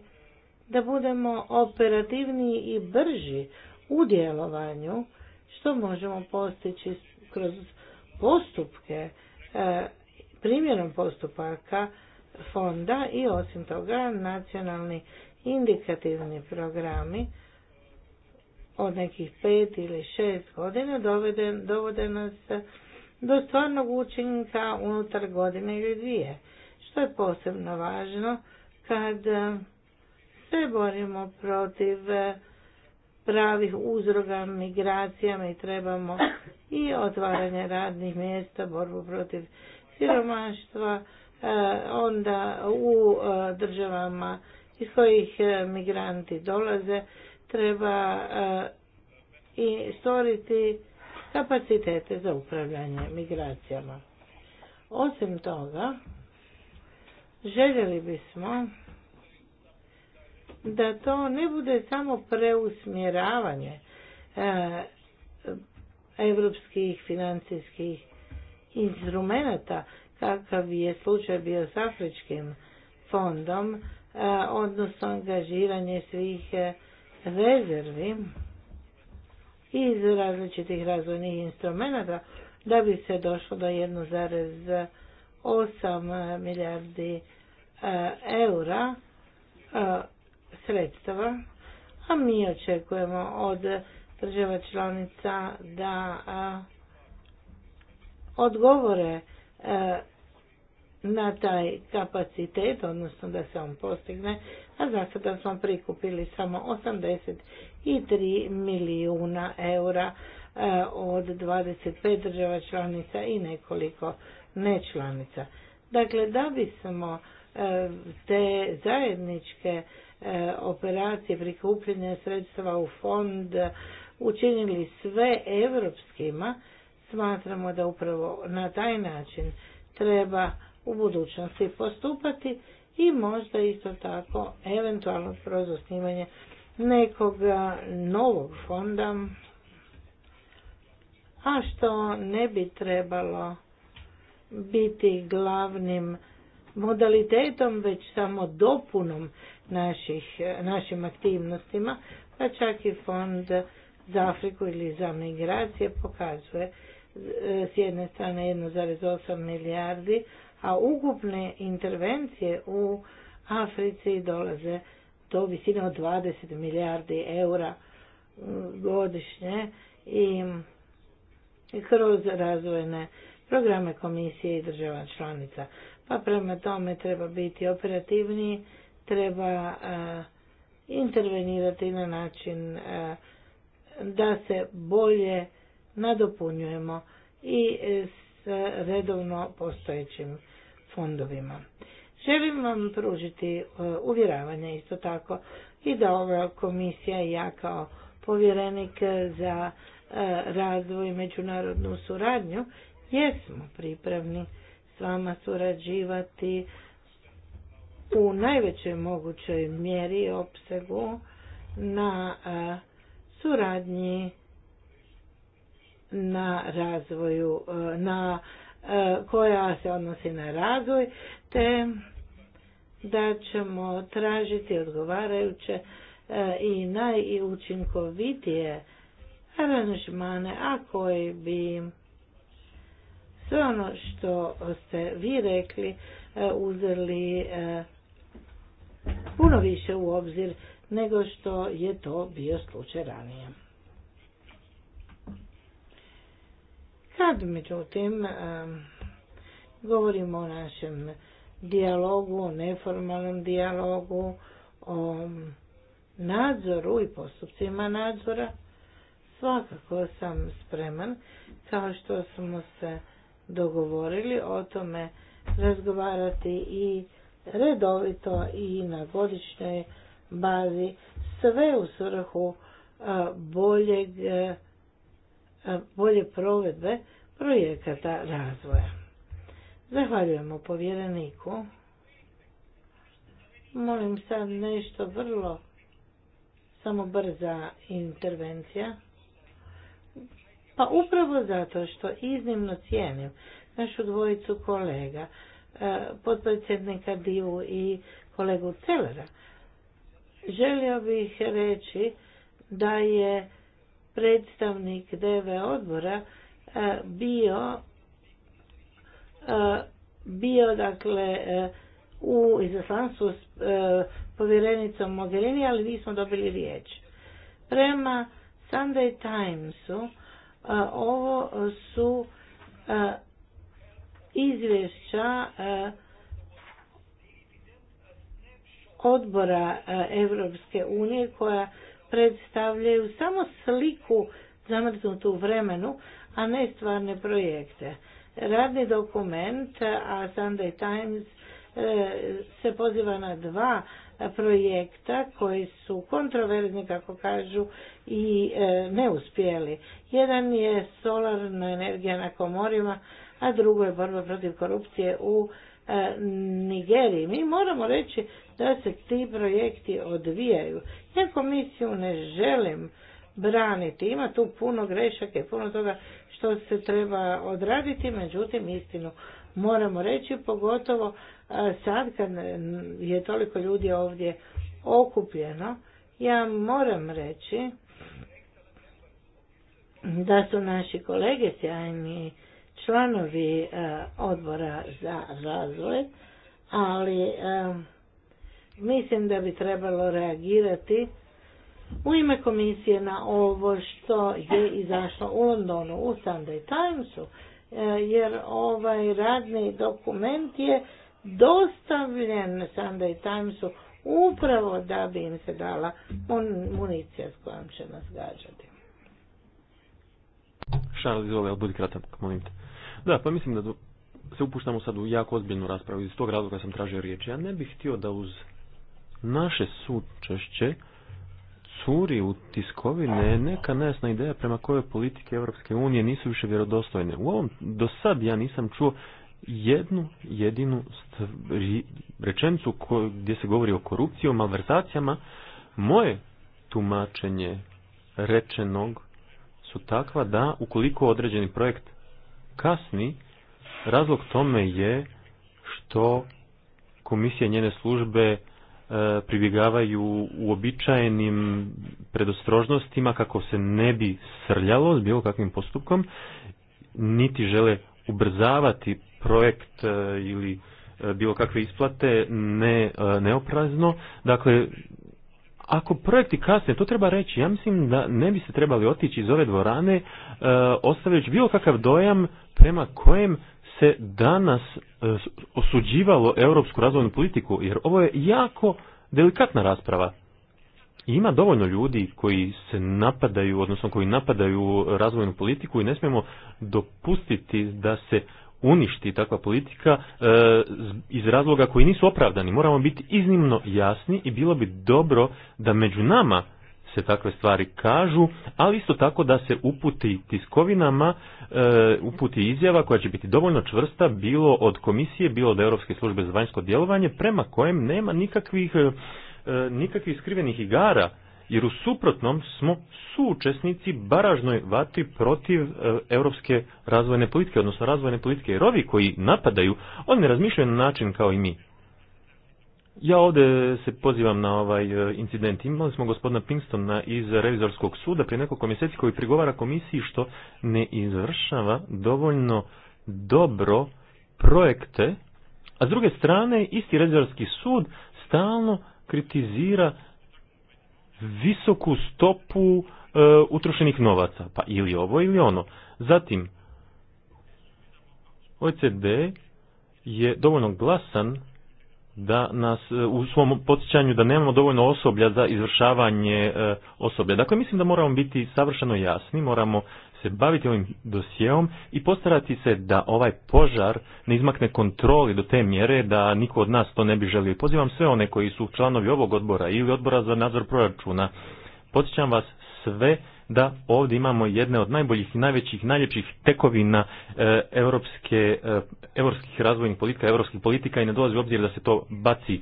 da budemo operativniji i brži u djelovanju što možemo postići kroz postupke e, primjerom postupaka fonda i osim toga nacionalni indikativni programi od nekih pet ili šest godina dovode nas do stvarnog učinka unutar godine ili dvije, što je posebno važno kad se borimo protiv pravih uzroga migracijama i trebamo i otvaranje radnih mjesta, borbu protiv siromaštva, Eh, onda u eh, državama iz kojih eh, migranti dolaze treba i stvoriti kapacitete za upravljanje migracijama. Osim toga, željeli bismo da to ne bude samo preusmjeravanje europskih financijskih instrumenata kakav je slučaj bio s Afričkim fondom, e, odnosno angažiranje svih e, rezervi iz različitih razvojnih instrumenta da bi se došlo do 1,8 e, milijardi eura sredstava, a mi očekujemo od država članica da odgovore na taj kapacitet, odnosno da se on postigne, a za sada smo prikupili samo 83 milijuna eura e, od 25 država članica i nekoliko nečlanica. Dakle, da bismo e, te zajedničke e, operacije prikupljenja sredstva u fond učinili sve evropskima, smatramo da upravo na taj način treba u budućnosti postupati i možda isto tako eventualno kroz osnivanje nekog novog fonda, a što ne bi trebalo biti glavnim modalitetom, već samo dopunom našim aktivnostima, pa čak i fond za Afriku ili za migracije pokazuje e, s jedne strane 1,8 milijardi, a ukupne intervencije u Africi dolaze do visine od 20 milijardi eura mm, godišnje i kroz razvojne programe komisije i država članica. Pa prema tome treba biti operativniji, treba e, intervenirati na način e, da se bolje nadopunjujemo i s redovno postojećim fondovima. Želim vam pružiti e, uvjeravanje isto tako i da ova komisija i ja kao povjerenik za e, razvoj i međunarodnu suradnju jesmo pripravni s vama surađivati u najvećoj mogućoj mjeri i opsegu na e, suradnji na razvoju, na E, koja se odnosi na razvoj, te da ćemo tražiti odgovarajuće e, i najučinkovitije aranžmane, a koji bi sve ono što ste vi rekli e, uzeli puno više u obzir nego što je to bio slučaj ranije. Sad, međutim, govorimo o našem dijalogu, o neformalnom dijalogu, o nadzoru i postupcima nadzora. Svakako sam spreman, kao što smo se dogovorili o tome razgovarati i redovito i na godišnjoj bazi sve u svrhu e, boljeg bolje provedbe projekata razvoja. Zahvaljujemo povjereniku. Molim sad nešto vrlo samo brza intervencija. Pa upravo zato što iznimno cijenim našu dvojicu kolega, potpredsjednika Divu i kolegu Celera. Želio bih reći da je predstavnik DV odbora e, bio e, bio dakle e, u izaslanstvu s povjerenicom Mogherini, ali nismo dobili riječ. Prema Sunday Timesu ovo su izvješća odbora Evropske unije koja predstavljaju samo sliku zamrznutu vremenu, a ne stvarne projekte. Radni dokument, a Sunday Times e, se poziva na dva projekta koji su kontroverzni, kako kažu, i e, neuspjeli. Jedan je solarna energija na komorima, a drugo je borba protiv korupcije u e, Nigeriji. Mi moramo reći da se ti projekti odvijaju ja komisiju ne želim braniti, ima tu puno grešaka i puno toga što se treba odraditi, međutim istinu moramo reći, pogotovo sad kad je toliko ljudi ovdje okupljeno, ja moram reći da su naši kolege sjajni članovi odbora za razvoj, ali Mislim da bi trebalo reagirati u ime komisije na ovo što je izašlo u Londonu, u Sunday Timesu, e, jer ovaj radni dokument je dostavljen Sunday Timesu upravo da bi im se dala municija s kojom će nas gađati. budi kratak, molim te. Da, pa mislim da se upuštamo sad u jako ozbiljnu raspravu. Iz tog razloga sam tražio riječ. Ja ne bih htio da uz naše sučešće curi u tiskovine neka nejasna ideja prema kojoj politike Europske unije nisu više vjerodostojne. U ovom, do sad ja nisam čuo jednu jedinu rečenicu gdje se govori o korupciji, o malverzacijama. Moje tumačenje rečenog su takva da ukoliko određeni projekt kasni, razlog tome je što komisija njene službe E, pribjegavaju uobičajenim predostrožnostima kako se ne bi srljalo s bilo kakvim postupkom, niti žele ubrzavati projekt e, ili e, bilo kakve isplate ne, neoprazno. Dakle, ako projekti kasne, to treba reći. Ja mislim da ne bi se trebali otići iz ove dvorane ostavljajući bilo kakav dojam prema kojem se danas e, osuđivalo europsku razvojnu politiku, jer ovo je jako delikatna rasprava. ima dovoljno ljudi koji se napadaju, odnosno koji napadaju razvojnu politiku i ne smijemo dopustiti da se uništi takva politika e, iz razloga koji nisu opravdani. Moramo biti iznimno jasni i bilo bi dobro da među nama se takve stvari kažu, ali isto tako da se uputi tiskovinama, e, uputi izjava koja će biti dovoljno čvrsta bilo od komisije, bilo od Europske službe za vanjsko djelovanje, prema kojem nema nikakvih, e, nikakvih skrivenih igara, jer u suprotnom smo suučesnici baražnoj vati protiv e, europske razvojne politike, odnosno razvojne politike, jer ovi koji napadaju, oni ne razmišljaju na način kao i mi. Ja ovdje se pozivam na ovaj e, incident. Imali smo gospodina Pinkstona iz revizorskog suda prije nekoliko mjeseci koji prigovara komisiji što ne izvršava dovoljno dobro projekte, a s druge strane isti revizorski sud stalno kritizira visoku stopu e, utrošenih novaca. Pa ili ovo ili ono. Zatim, OECD je dovoljno glasan da nas e, u svom podsjećanju da nemamo dovoljno osoblja za izvršavanje e, osoblja. Dakle, mislim da moramo biti savršeno jasni, moramo se baviti ovim dosijeom i postarati se da ovaj požar ne izmakne kontroli do te mjere da niko od nas to ne bi želio. Pozivam sve one koji su članovi ovog odbora ili odbora za nadzor proračuna. Podsjećam vas sve da ovdje imamo jedne od najboljih i najvećih, najljepših tekovina e, evropske, europskih razvojnih politika, europskih politika i ne dolazi u obzir da se to baci.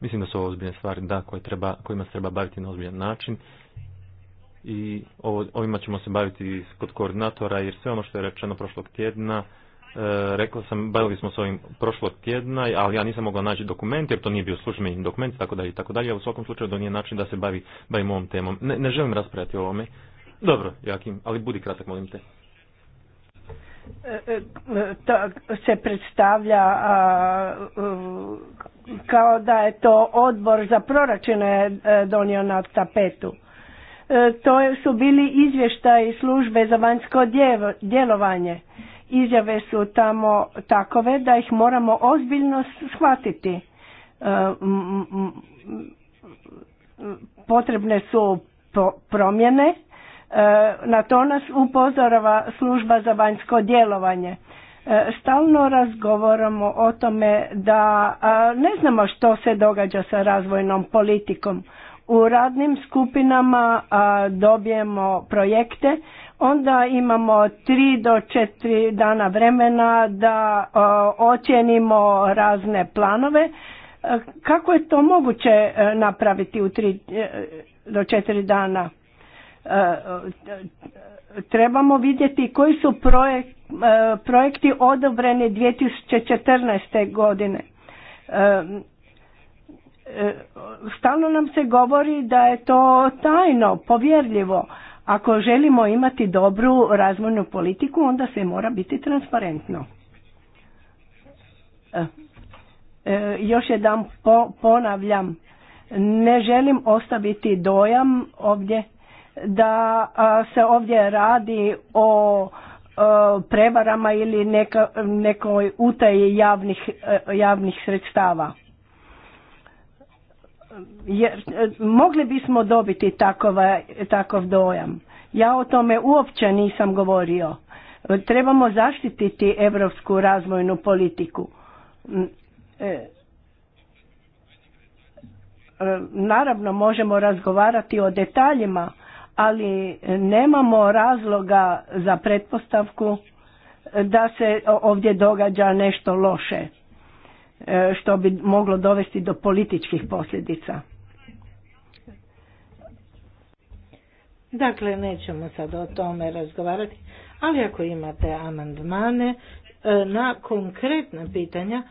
Mislim da su ovo ozbiljne stvari, da, koje treba, kojima se treba baviti na ozbiljan način i ovima ćemo se baviti kod koordinatora jer sve ono što je rečeno prošlog tjedna E, rekla sam, bavili smo s ovim prošlog tjedna, ali ja nisam mogao naći dokument, jer to nije bio službeni dokument, tako dalje, tako dalje, u svakom slučaju to nije način da se bavi, bavim ovom temom. Ne, želim raspravljati o ovome. Dobro, Jakim, ali budi kratak, molim te. E, e, se predstavlja kao da je to odbor za proračune donio na tapetu. To su bili izvještaji službe za vanjsko djelovanje. Izjave su tamo takove da ih moramo ozbiljno shvatiti. E, potrebne su promjene, e, na to nas upozorava služba za vanjsko djelovanje. E, stalno razgovaramo o tome da ne znamo što se događa sa razvojnom politikom. U radnim skupinama dobijemo projekte Onda imamo tri do četiri dana vremena da e, ocjenimo razne planove. E, kako je to moguće e, napraviti u tri do četiri dana? Trebamo vidjeti koji su projekti odobreni 2014. godine. Stalno nam se govori da je to tajno, povjerljivo ako želimo imati dobru razvojnu politiku, onda se mora biti transparentno. E, e, još jedan ponavljam, ne želim ostaviti dojam ovdje da se ovdje radi o e, prevarama ili neka, nekoj utaji javnih, javnih sredstava jer e, mogli bismo dobiti takova, takav dojam. Ja o tome uopće nisam govorio. Trebamo zaštititi europsku razvojnu politiku. Mm, e, e, naravno možemo razgovarati o detaljima, ali nemamo razloga za pretpostavku da se ovdje događa nešto loše E, što bi moglo dovesti do političkih posljedica. Dakle, nećemo sad o tome razgovarati, ali ako imate amandmane e, na konkretna pitanja,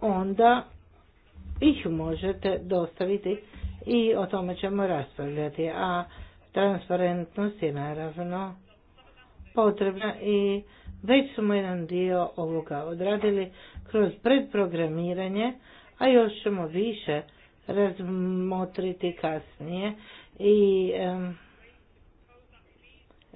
onda ih možete dostaviti i o tome ćemo raspravljati. A transparentnost je naravno potrebna i već smo jedan dio ovoga odradili kroz predprogramiranje, a još ćemo više razmotriti kasnije i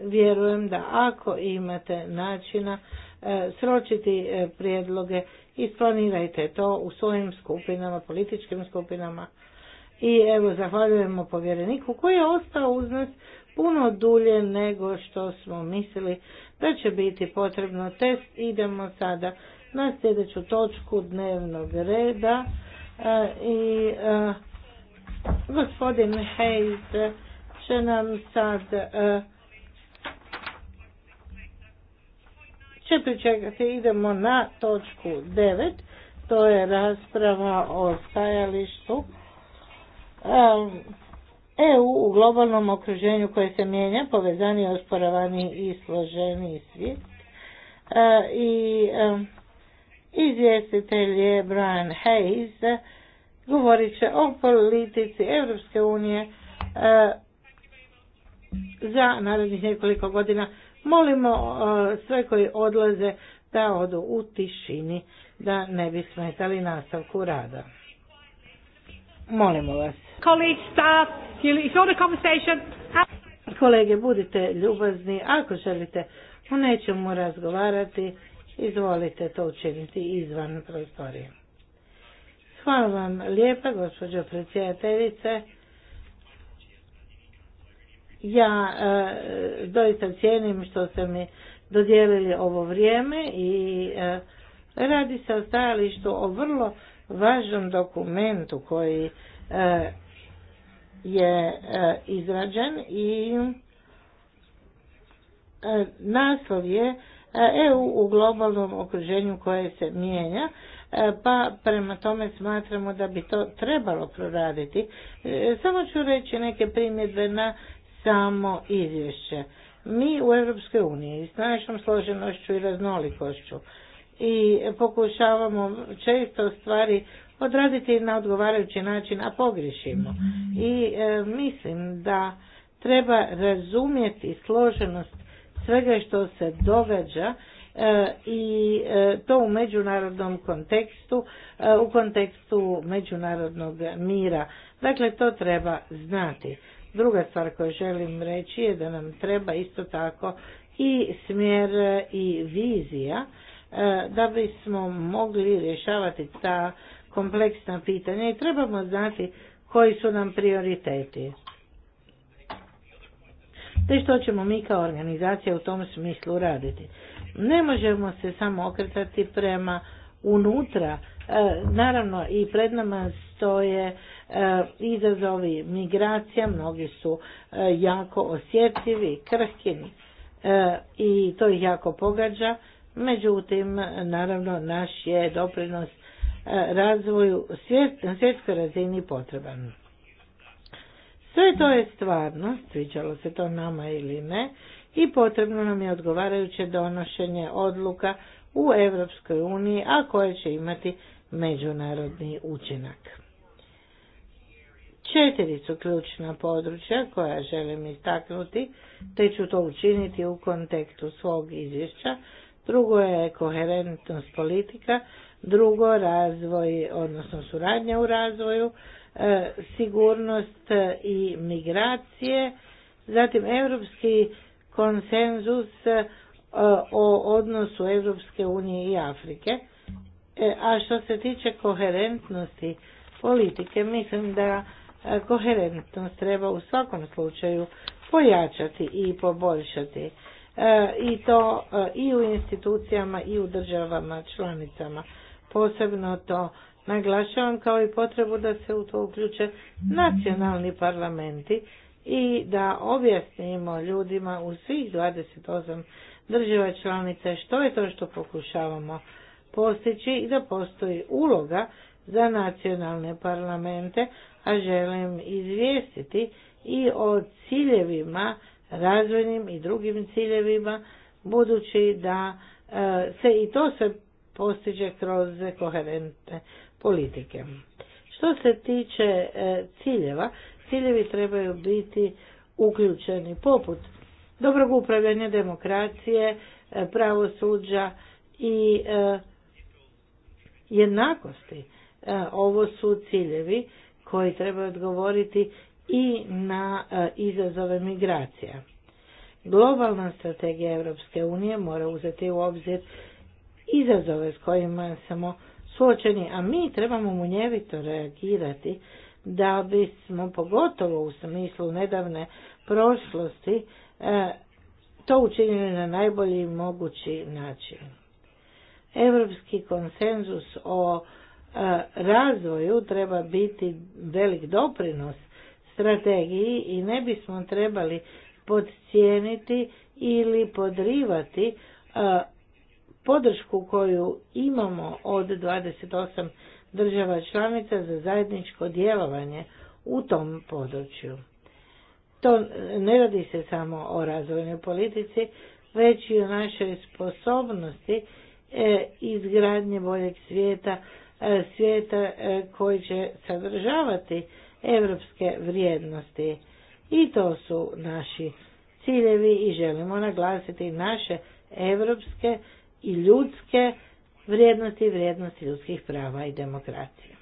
vjerujem da ako imate načina e, sročiti e, prijedloge isplanirajte to u svojim skupinama, političkim skupinama i evo zahvaljujemo povjereniku koji je ostao uz nas puno dulje nego što smo mislili da će biti potrebno test. Idemo sada na sljedeću točku dnevnog reda e, i e, gospodin Hejt će nam sad e, će pričekati idemo na točku 9 to je rasprava o stajalištu EU u globalnom okruženju koje se mijenja, povezani, osporavani i složeni svijet. I Izvjestitelj je Brian Hayes, govorit će o politici Europske unije e, za narednih nekoliko godina. Molimo e, sve koji odlaze da odu u tišini, da ne bi smetali nastavku rada. Molimo vas. Kolege, budite ljubazni ako želite o nečemu razgovarati izvolite to učiniti izvan prostorije. Hvala vam lijepa, gospođo predsjedateljice. Ja e, doista cijenim što ste mi dodijelili ovo vrijeme i e, radi se o stajalištu o vrlo važnom dokumentu koji e, je izrađen i naslov je E, EU u globalnom okruženju koje se mijenja, e, pa prema tome smatramo da bi to trebalo proraditi. E, samo ću reći neke primjedbe na samo izvješće. Mi u Europskoj uniji s našom složenošću i raznolikošću i pokušavamo često stvari odraditi na odgovarajući način, a pogrišimo. I mislim da treba razumjeti složenost svega što se događa e, i e, to u međunarodnom kontekstu, e, u kontekstu međunarodnog mira. Dakle, to treba znati. Druga stvar koju želim reći je da nam treba isto tako i smjer i vizija da bismo mogli rješavati ta kompleksna pitanja i trebamo znati koji su nam prioriteti te što ćemo mi kao organizacija u tom smislu raditi. Ne možemo se samo okretati prema unutra, e, naravno i pred nama stoje e, izazovi migracija, mnogi su e, jako osjetljivi, krhkini i to ih jako pogađa, međutim naravno naš je doprinos razvoju na svjetskoj razini potreban. Sve to je stvarno, sviđalo se to nama ili ne, i potrebno nam je odgovarajuće donošenje odluka u Europskoj uniji, a koje će imati međunarodni učinak. Četiri su ključna područja koja želim istaknuti, te ću to učiniti u kontekstu svog izvješća. Drugo je koherentnost politika, drugo razvoj, odnosno suradnja u razvoju, E, sigurnost i migracije, zatim europski konsenzus e, o odnosu Europske unije i Afrike. E, a što se tiče koherentnosti politike, mislim da koherentnost treba u svakom slučaju pojačati i poboljšati. I to i u institucijama i u državama članicama. Posebno to naglašavam kao i potrebu da se u to uključe nacionalni parlamenti i da objasnimo ljudima u svih 28 država članica što je to što pokušavamo postići i da postoji uloga za nacionalne parlamente, a želim izvijestiti i o ciljevima, razvojnim i drugim ciljevima, budući da e, se i to se postiže kroz koherentne politike. Što se tiče e, ciljeva, ciljevi trebaju biti uključeni poput dobrog upravljanja demokracije, e, pravosuđa i e, jednakosti. Ovo su ciljevi koji trebaju odgovoriti i na izazove migracija. Globalna strategija Europske unije mora uzeti u obzir izazove s kojima smo suočeni, a mi trebamo munjevito reagirati da bismo pogotovo u smislu nedavne prošlosti e, to učinili na najbolji mogući način. Europski konsenzus o e, razvoju treba biti velik doprinos strategiji i ne bismo trebali podcijeniti ili podrivati e, podršku koju imamo od 28 država članica za zajedničko djelovanje u tom području. To ne radi se samo o razvojnoj politici, već i o našoj sposobnosti e, izgradnje boljeg svijeta, e, svijeta e, koji će sadržavati evropske vrijednosti. I to su naši ciljevi i želimo naglasiti naše evropske i ljudske vrijednosti, vrijednosti ljudskih prava i demokracije.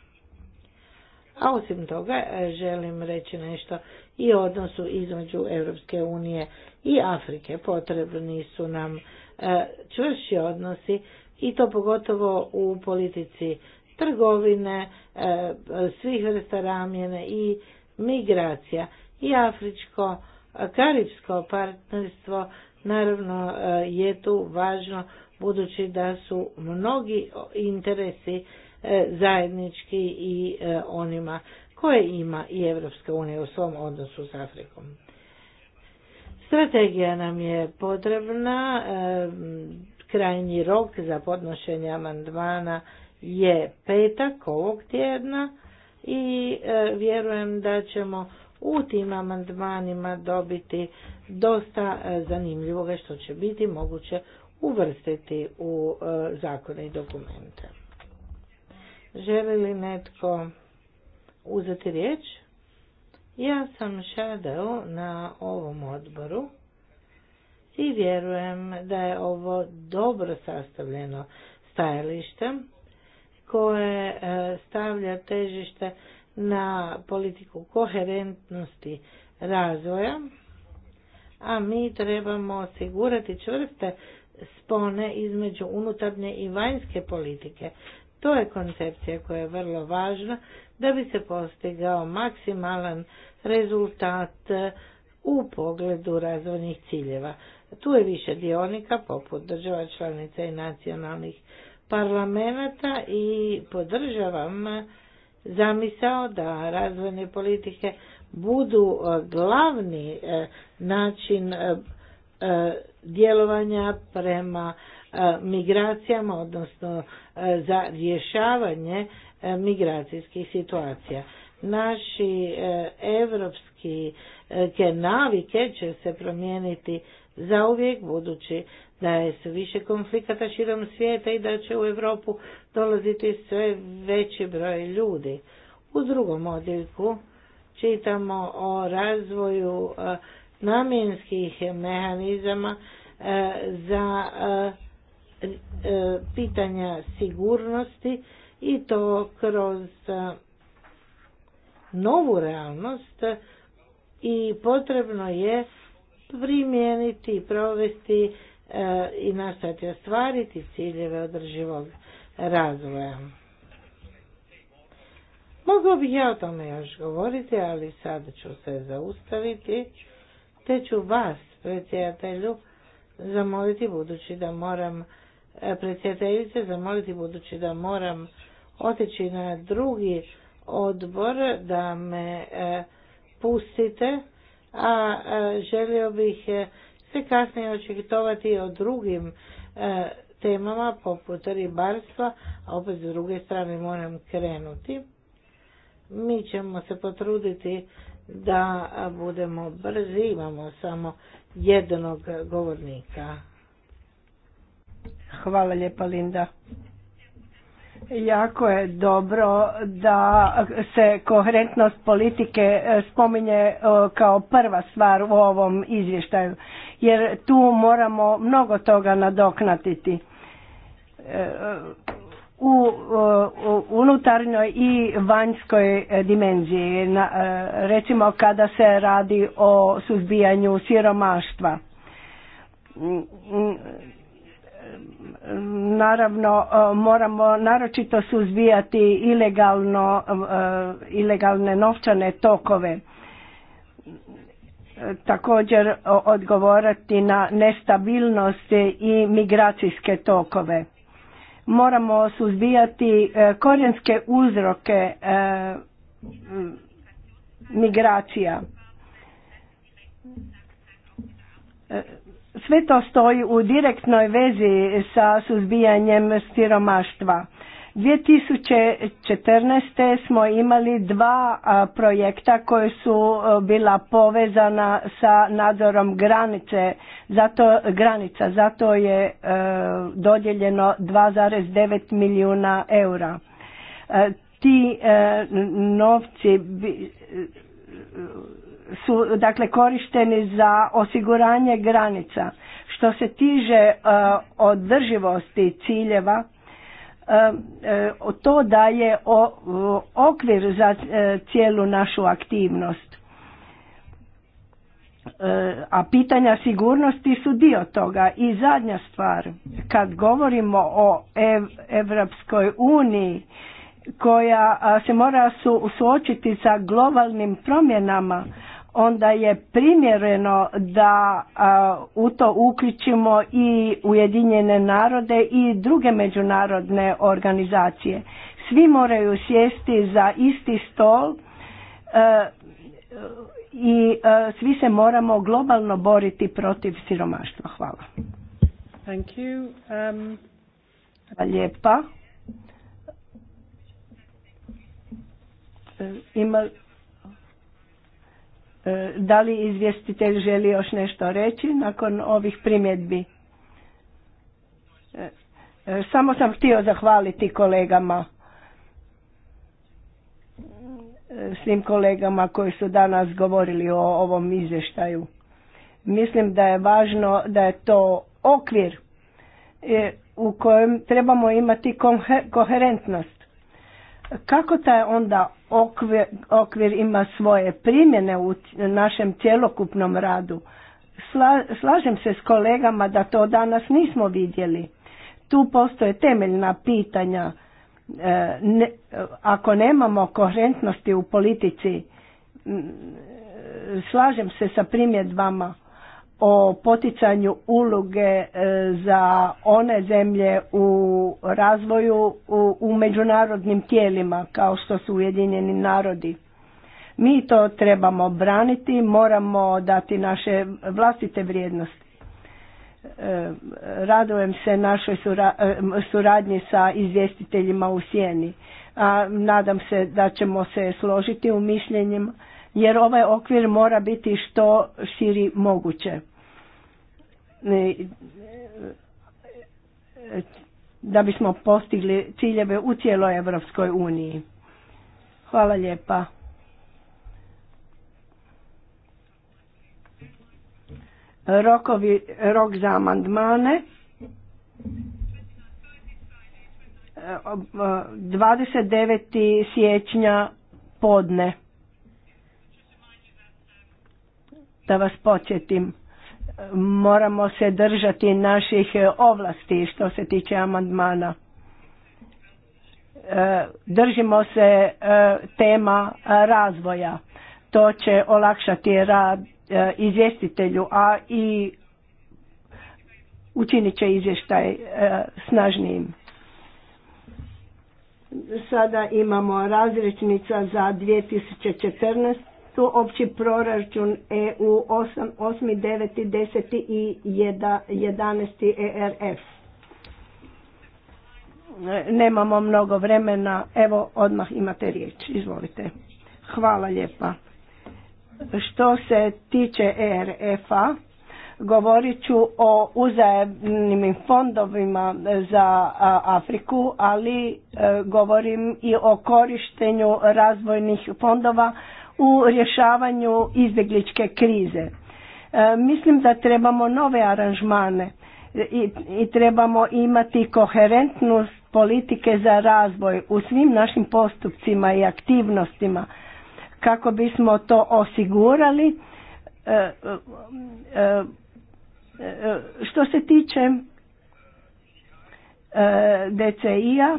A osim toga želim reći nešto i o odnosu između Europske unije i Afrike. Potrebni su nam e, čvrši odnosi i to pogotovo u politici trgovine, e, svih vrsta ramjene i migracija i afričko e, karibsko partnerstvo naravno je tu važno budući da su mnogi interesi e, zajednički i e, onima koje ima i EU unija u svom odnosu s Afrikom. Strategija nam je potrebna, e, krajnji rok za podnošenje amandmana je petak ovog tjedna i vjerujem da ćemo u tim amandmanima dobiti dosta zanimljivoga što će biti moguće uvrstiti u e, zakone i dokumente. Želi li netko uzeti riječ? Ja sam šadao na ovom odboru i vjerujem da je ovo dobro sastavljeno stajalište koje e, stavlja težište na politiku koherentnosti razvoja, a mi trebamo osigurati čvrste spone između unutarnje i vanjske politike. To je koncepcija koja je vrlo važna da bi se postigao maksimalan rezultat eh, u pogledu razvojnih ciljeva. Tu je više dionika poput država članica i nacionalnih parlamenta i podržavam eh, zamisao da razvojne politike budu eh, glavni način E, djelovanja prema e, migracijama, odnosno e, za rješavanje migracijskih situacija. Naši evropski navike će se promijeniti zauvijek budući da je sve više konflikata širom svijeta i da će u Europu dolaziti sve veći broj ljudi. U drugom odjeljku čitamo o razvoju namjenskih mehanizama e, za e, e, pitanja sigurnosti i to kroz novu realnost i potrebno je primijeniti i provesti i nastati ostvariti ciljeve održivog razvoja. Mogu bih ja o tome još govoriti, ali sada ću se zaustaviti te ću vas, predsjedatelju, zamoliti budući da moram, e, predsjedateljice, zamoliti budući da moram otići na drugi odbor, da me e, pustite, a e, želio bih se kasnije očekitovati o drugim temama poput ribarstva, a opet s druge strane moram krenuti. Mi ćemo se potruditi da budemo brzi, imamo samo jednog govornika. Hvala lijepa Linda. Jako je dobro da se koherentnost politike e, spominje e, kao prva stvar u ovom izvještaju, jer tu moramo mnogo toga nadoknatiti e, u unutarnjoj i vanjskoj e, dimenziji, e, recimo kada se radi o suzbijanju siromaštva. Mm, mm, mm, naravno, e, moramo naročito suzbijati ilegalno, ilegalne novčane tokove. Također odgovorati na nestabilnosti i migracijske tokove Moramo suzbijati e, korijenske uzroke e, migracija. E, sve to stoji u direktnoj vezi sa suzbijanjem siromaštva. 2014. smo imali dva projekta koje su e, bila povezana sa nadzorom granice, zato, granica, zato je e, dodjeljeno 2,9 milijuna eura. E, ti novci su dakle korišteni za osiguranje granica. Što se tiže održivosti ciljeva, Eh, to daje okvir za eh, cijelu našu aktivnost. Eh, a pitanja sigurnosti su dio toga. I zadnja stvar, kad govorimo o Evropskoj uniji koja se mora suočiti sa globalnim promjenama, onda je primjereno da u to uključimo i Ujedinjene narode i druge međunarodne organizacije. Svi moraju sjesti za isti stol i svi se moramo globalno boriti protiv siromaštva. Hvala. Thank you. Um, lijepa. E, ima E, da li izvjestitelj želi još nešto reći nakon ovih primjedbi? E, e, samo sam htio zahvaliti kolegama, svim kolegama koji su danas govorili o ovom izvještaju. Mislim da je važno da je to okvir u kojem trebamo imati koherentnost. Kako taj onda okvir, okvir ima svoje primjene u našem cjelokupnom radu. slažem se s kolegama da to danas nismo vidjeli. Tu postoje temeljna pitanja. E, ne, ako nemamo koherentnosti u politici, slažem se sa primjedbama o poticanju uloge e, za one zemlje u razvoju u međunarodnim tijelima kao što su Ujedinjeni narodi. Mi to trebamo braniti, moramo dati naše vlastite vrijednosti. E, radujem se našoj e, suradnji sa izvjestiteljima u sjeni. A nadam se da ćemo se složiti u mišljenjima jer ovaj okvir mora biti što širi moguće. E, e, da bismo postigli ciljeve u cijeloj Europskoj uniji. Hvala lijepa. Rokovi, rok za amandmane. 29. E, siječnja podne. Da vas početim. moramo se držati naših ovlasti što se tiče amandmana. E, držimo se e, tema razvoja. To će olakšati rad e, izvjestitelju, a i učinit će izvještaj snažnijim. Sada imamo razrečnica za 2014 su opći proračun EU 8, 8 9, 10 i 11 ERF. E, nemamo mnogo vremena, evo odmah imate riječ, izvolite. Hvala lijepa. Što se tiče ERF-a, govorit ću o uzajemnim fondovima za Afriku, ali e, govorim i o korištenju razvojnih fondova u rješavanju izbjegličke krize. E, mislim da trebamo nove aranžmane i, i trebamo imati koherentnost politike za razvoj u svim našim postupcima i aktivnostima kako bismo to osigurali. E, e, što se tiče DCI-a,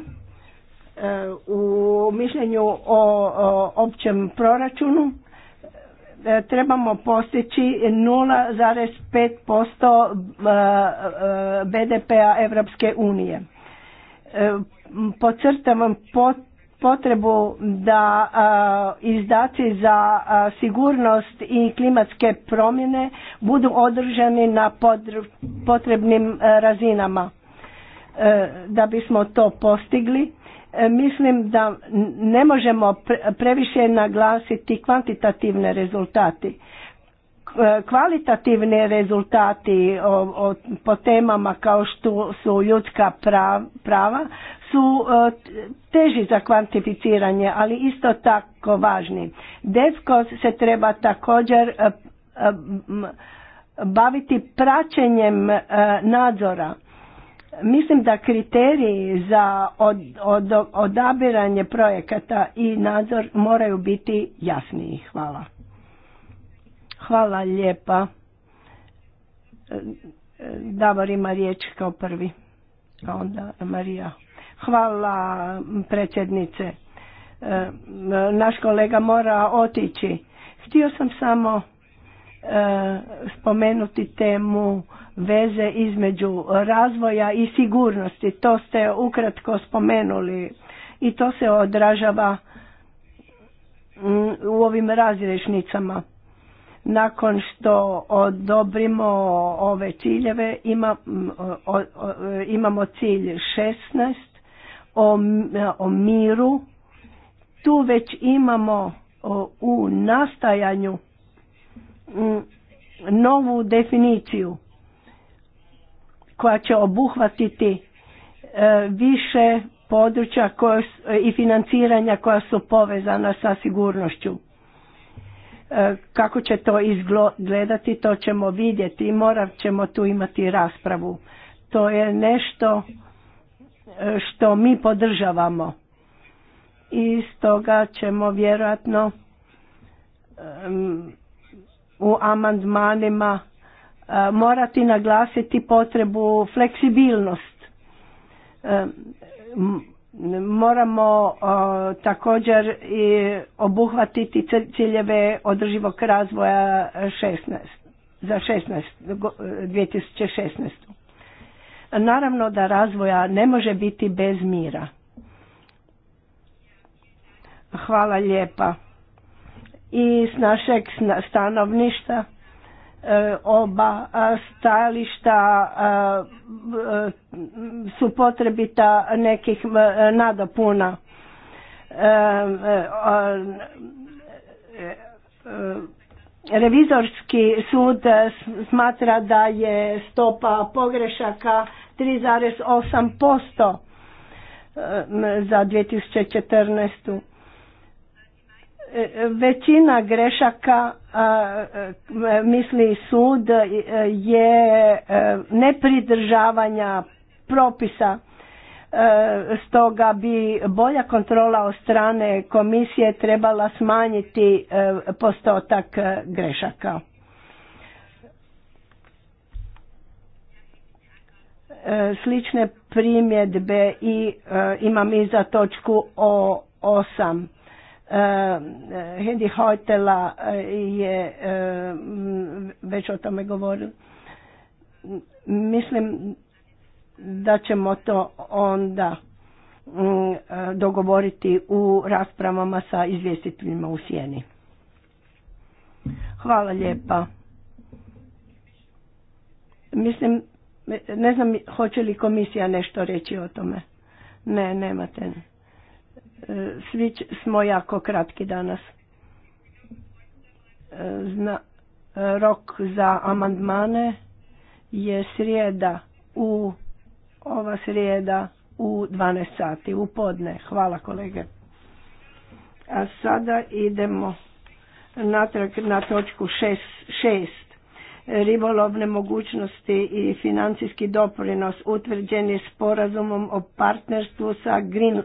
E, u mišljenju o općem proračunu e, trebamo postići 0,5% e, BDP-a Evropske unije. Podcrtavam potrebu da izdaci za sigurnost i klimatske promjene budu održani na potrebnim razinama. Da bismo to postigli, E, mislim da ne možemo previše naglasiti kvantitativne rezultati. E, kvalitativni rezultati o, po temama kao što su ljudska prava su e, teži za kvantificiranje, ali isto tako važni. Desko se treba također baviti praćenjem nadzora Mislim da kriteriji za od, od, odabiranje projekata i nadzor moraju biti jasniji. Hvala. Hvala lijepa. Davor ima riječ kao prvi. A onda Marija. Hvala predsjednice. Naš kolega mora otići. Htio sam samo e, spomenuti temu veze između razvoja i sigurnosti. To ste ukratko spomenuli i to se odražava mm, u ovim razrešnicama. Nakon što odobrimo ove ciljeve, mm, imamo cilj 16 o, o miru. Tu već imamo u nastajanju mm, novu definiciju koja će obuhvatiti e, više područja koje, i financiranja koja su povezana sa sigurnošću. E, kako će to izgledati, to ćemo vidjeti i morat ćemo tu imati raspravu. To je nešto e, što mi podržavamo i stoga ćemo vjerojatno u amandmanima E, morati naglasiti potrebu fleksibilnost. E, moramo e, također i obuhvatiti ciljeve održivog razvoja 16, za 16, 2016. Naravno da razvoja ne može biti bez mira. Hvala lijepa. I s našeg stanovništa oba stajališta su potrebita nekih nadopuna. E, e, e, revizorski sud smatra da je stopa pogrešaka 3,8% za 2014. E, većina grešaka, e, misli sud, e, je nepridržavanja propisa, stoga bi bolja kontrola od strane komisije trebala smanjiti postotak grešaka. Slične primjedbe i imam i za točku o osam. Eh, eh, Hendi Hojtela eh, je već o tome govorio. Mislim da ćemo to onda mm, dogovoriti u raspravama sa izvjestiteljima u sjeni. Hvala lijepa. Mislim, ne znam hoće li komisija nešto reći o tome. Ne, nemate. Svi smo jako kratki danas. E, zna, rok za amandmane je srijeda u ova srijeda u 12 sati, u podne. Hvala kolege. A sada idemo natrag na točku 6 ribolovne mogućnosti i financijski doprinos utvrđeni je sporazumom o partnerstvu sa Green,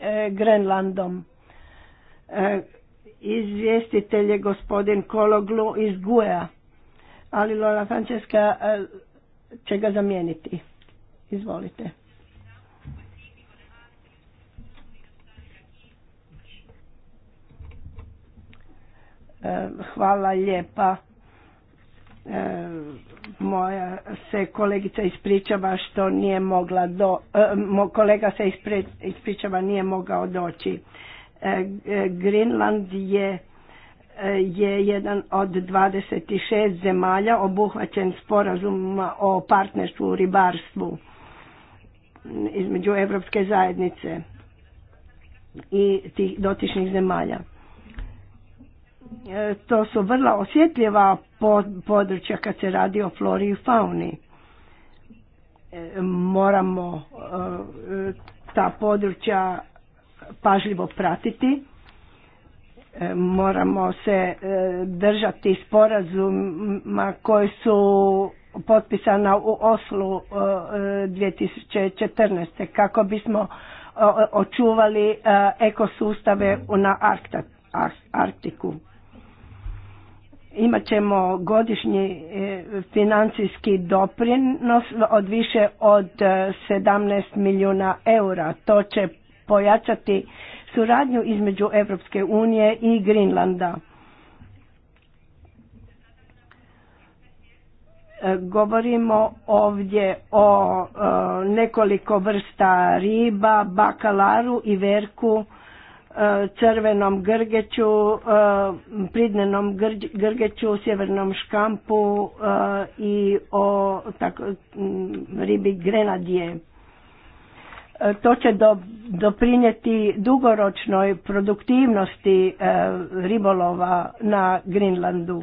e, Grenlandom. E, izvjestitelj je gospodin Kologlu iz GUEA, ali Lola Franceska e, će ga zamijeniti. Izvolite. Hvala lijepa moja se kolegica ispričava što nije mogla do, e, mo, kolega se ispričava nije mogao doći. E, Greenland je e, je jedan od 26 zemalja obuhvaćen sporazumima o partnerstvu u ribarstvu između Europske zajednice i tih dotičnih zemalja. E, to su vrlo osjetljiva područja kad se radi o flori i fauni. E, moramo e, ta područja pažljivo pratiti. Moramo se držati sporazuma koji su potpisana u Oslu 2014. kako bismo očuvali ekosustave na Arktiku imat ćemo godišnji e, financijski doprinos od više od 17 e, milijuna eura. To će pojačati suradnju između Europske unije i Grinlanda. E, govorimo ovdje o nekoliko vrsta riba, bakalaru i verku crvenom grgeću, eh, pridnenom grgeću, sjevernom škampu eh, i o tako, mm, ribi grenadije. Eh, to će do, doprinjeti dugoročnoj produktivnosti ribolova na Grinlandu.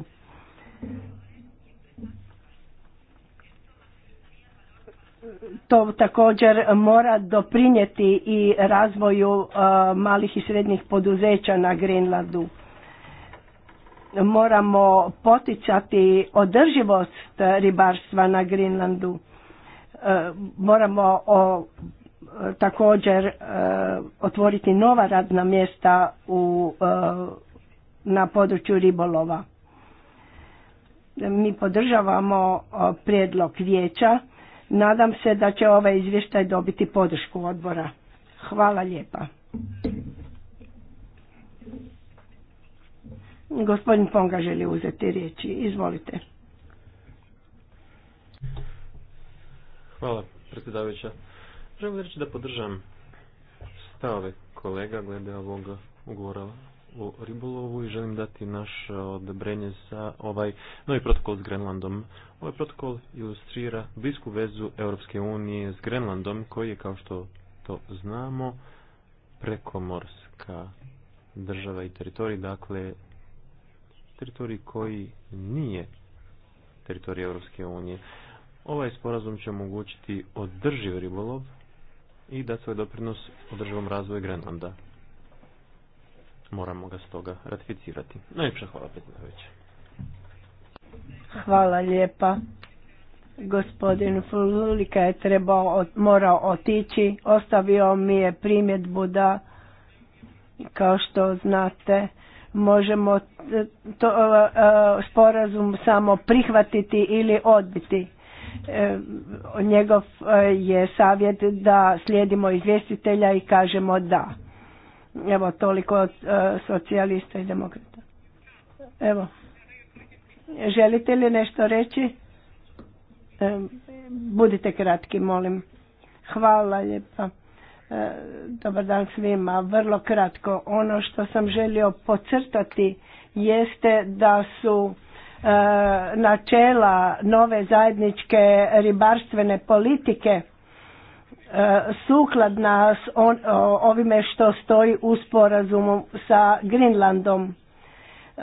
to također mora doprinijeti i razvoju e, malih i srednjih poduzeća na Grenlandu. Moramo poticati održivost ribarstva na Grenlandu. E, moramo također e, otvoriti nova radna mjesta u, na području ribolova. Mi podržavamo prijedlog vijeća Nadam se da će ovaj izvještaj dobiti podršku odbora. Hvala lijepa. Gospodin Ponga želi uzeti riječi. Izvolite. Hvala, predsjedavajuća. Želim reći da podržam stave kolega glede ovoga ugovora u ribolovu i želim dati naš odobrenje za ovaj novi protokol s Grenlandom. Ovaj protokol ilustrira blisku vezu Europske unije s Grenlandom koji je kao što to znamo prekomorska država i teritorij, dakle teritorij koji nije teritorij Europske unije. Ovaj sporazum će omogućiti održiv ribolov i da svoj doprinos održivom razvoju Grenlanda moramo ga stoga ratificirati. Najljepša hvala predsjedavajući. Hvala lijepa. Gospodin Fululika je trebao, morao otići. Ostavio mi je primjedbu da, kao što znate, možemo to, e, e, sporazum samo prihvatiti ili odbiti. E, njegov je savjet da slijedimo izvjestitelja i kažemo da. Evo, toliko od e, socijalista i demokrata. Evo, želite li nešto reći? E, budite kratki, molim. Hvala lijepa. E, dobar dan svima. Vrlo kratko. Ono što sam želio pocrtati jeste da su načela nove zajedničke ribarstvene politike sukladna s ovime što stoji u sporazumu sa Greenlandom.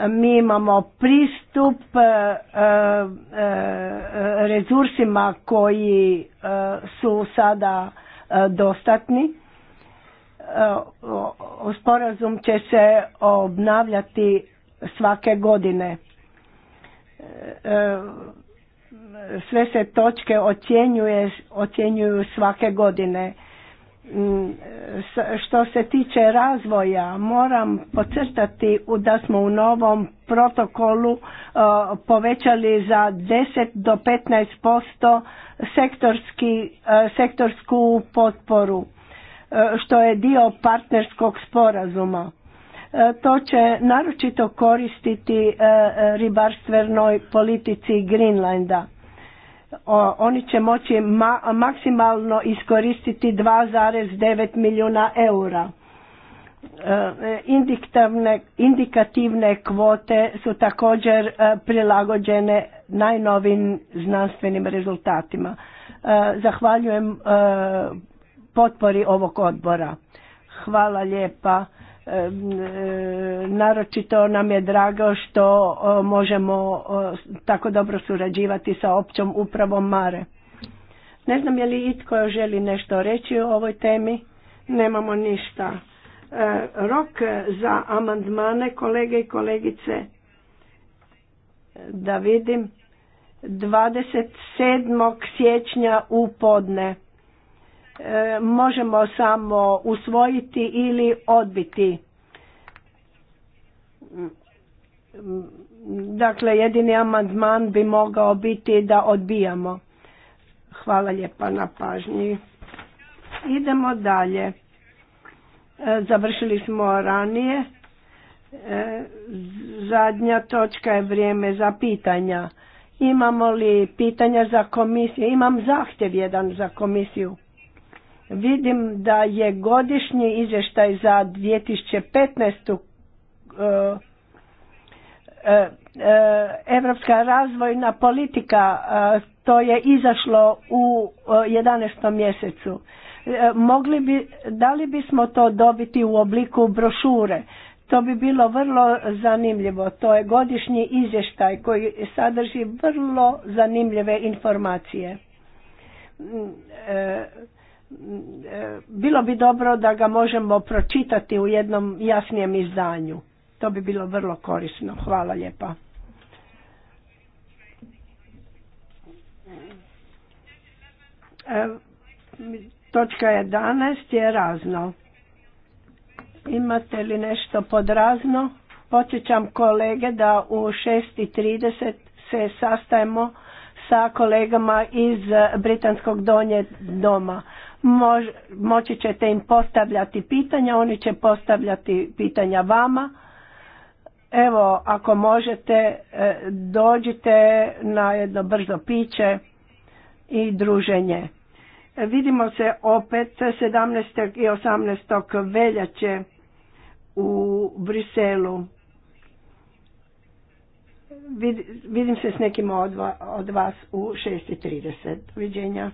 Mi imamo pristup e, e, e, resursima koji su sada dostatni. Sporazum će se obnavljati svake godine sve se točke ocjenjuje, ocjenjuju svake godine. Mm, što se tiče razvoja, moram pocrtati da smo u novom protokolu uh, povećali za 10 do 15% sektorski, uh, sektorsku potporu, uh, što je dio partnerskog sporazuma E, to će naročito koristiti e, ribarstvenoj politici Greenlanda. Oni će moći maksimalno iskoristiti 2,9 milijuna eura. E, indikativne kvote su također prilagođene najnovim znanstvenim rezultatima. Zahvaljujem potpori ovog odbora. Hvala lijepa naročito nam je drago što možemo tako dobro surađivati sa općom upravom Mare. Ne znam je li itko želi nešto reći o ovoj temi, nemamo ništa. E, rok za amandmane kolege i kolegice, da vidim, 27. siječnja u podne možemo samo usvojiti ili odbiti. Dakle, jedini amandman bi mogao biti da odbijamo. Hvala lijepa na pažnji. Idemo dalje. E, završili smo ranije. E, zadnja točka je vrijeme za pitanja. Imamo li pitanja za komisiju? Imam zahtjev jedan za komisiju. Vidim da je godišnji izvještaj za 2015. E, e, e, Evropska razvojna politika, to je izašlo u 11. mjesecu. Mogli bi, da li bismo to dobiti u obliku brošure? To bi bilo vrlo zanimljivo. To je godišnji izvještaj koji sadrži vrlo zanimljive informacije. Mm, e, Mm, e, bilo bi dobro da ga možemo pročitati u jednom jasnijem izdanju. To bi bilo vrlo korisno. Hvala lijepa. E, točka 11 je razno. Imate li nešto pod razno? Podsjećam kolege da u 6.30 se sastajemo sa kolegama iz Britanskog donje doma. Mož, moći ćete im postavljati pitanja, oni će postavljati pitanja vama. Evo, ako možete, e, dođite na jedno brzo piće i druženje. Vidimo se opet 17. i 18. veljače u Briselu. Vidim se s nekim od vas u 6.30. Viđenja.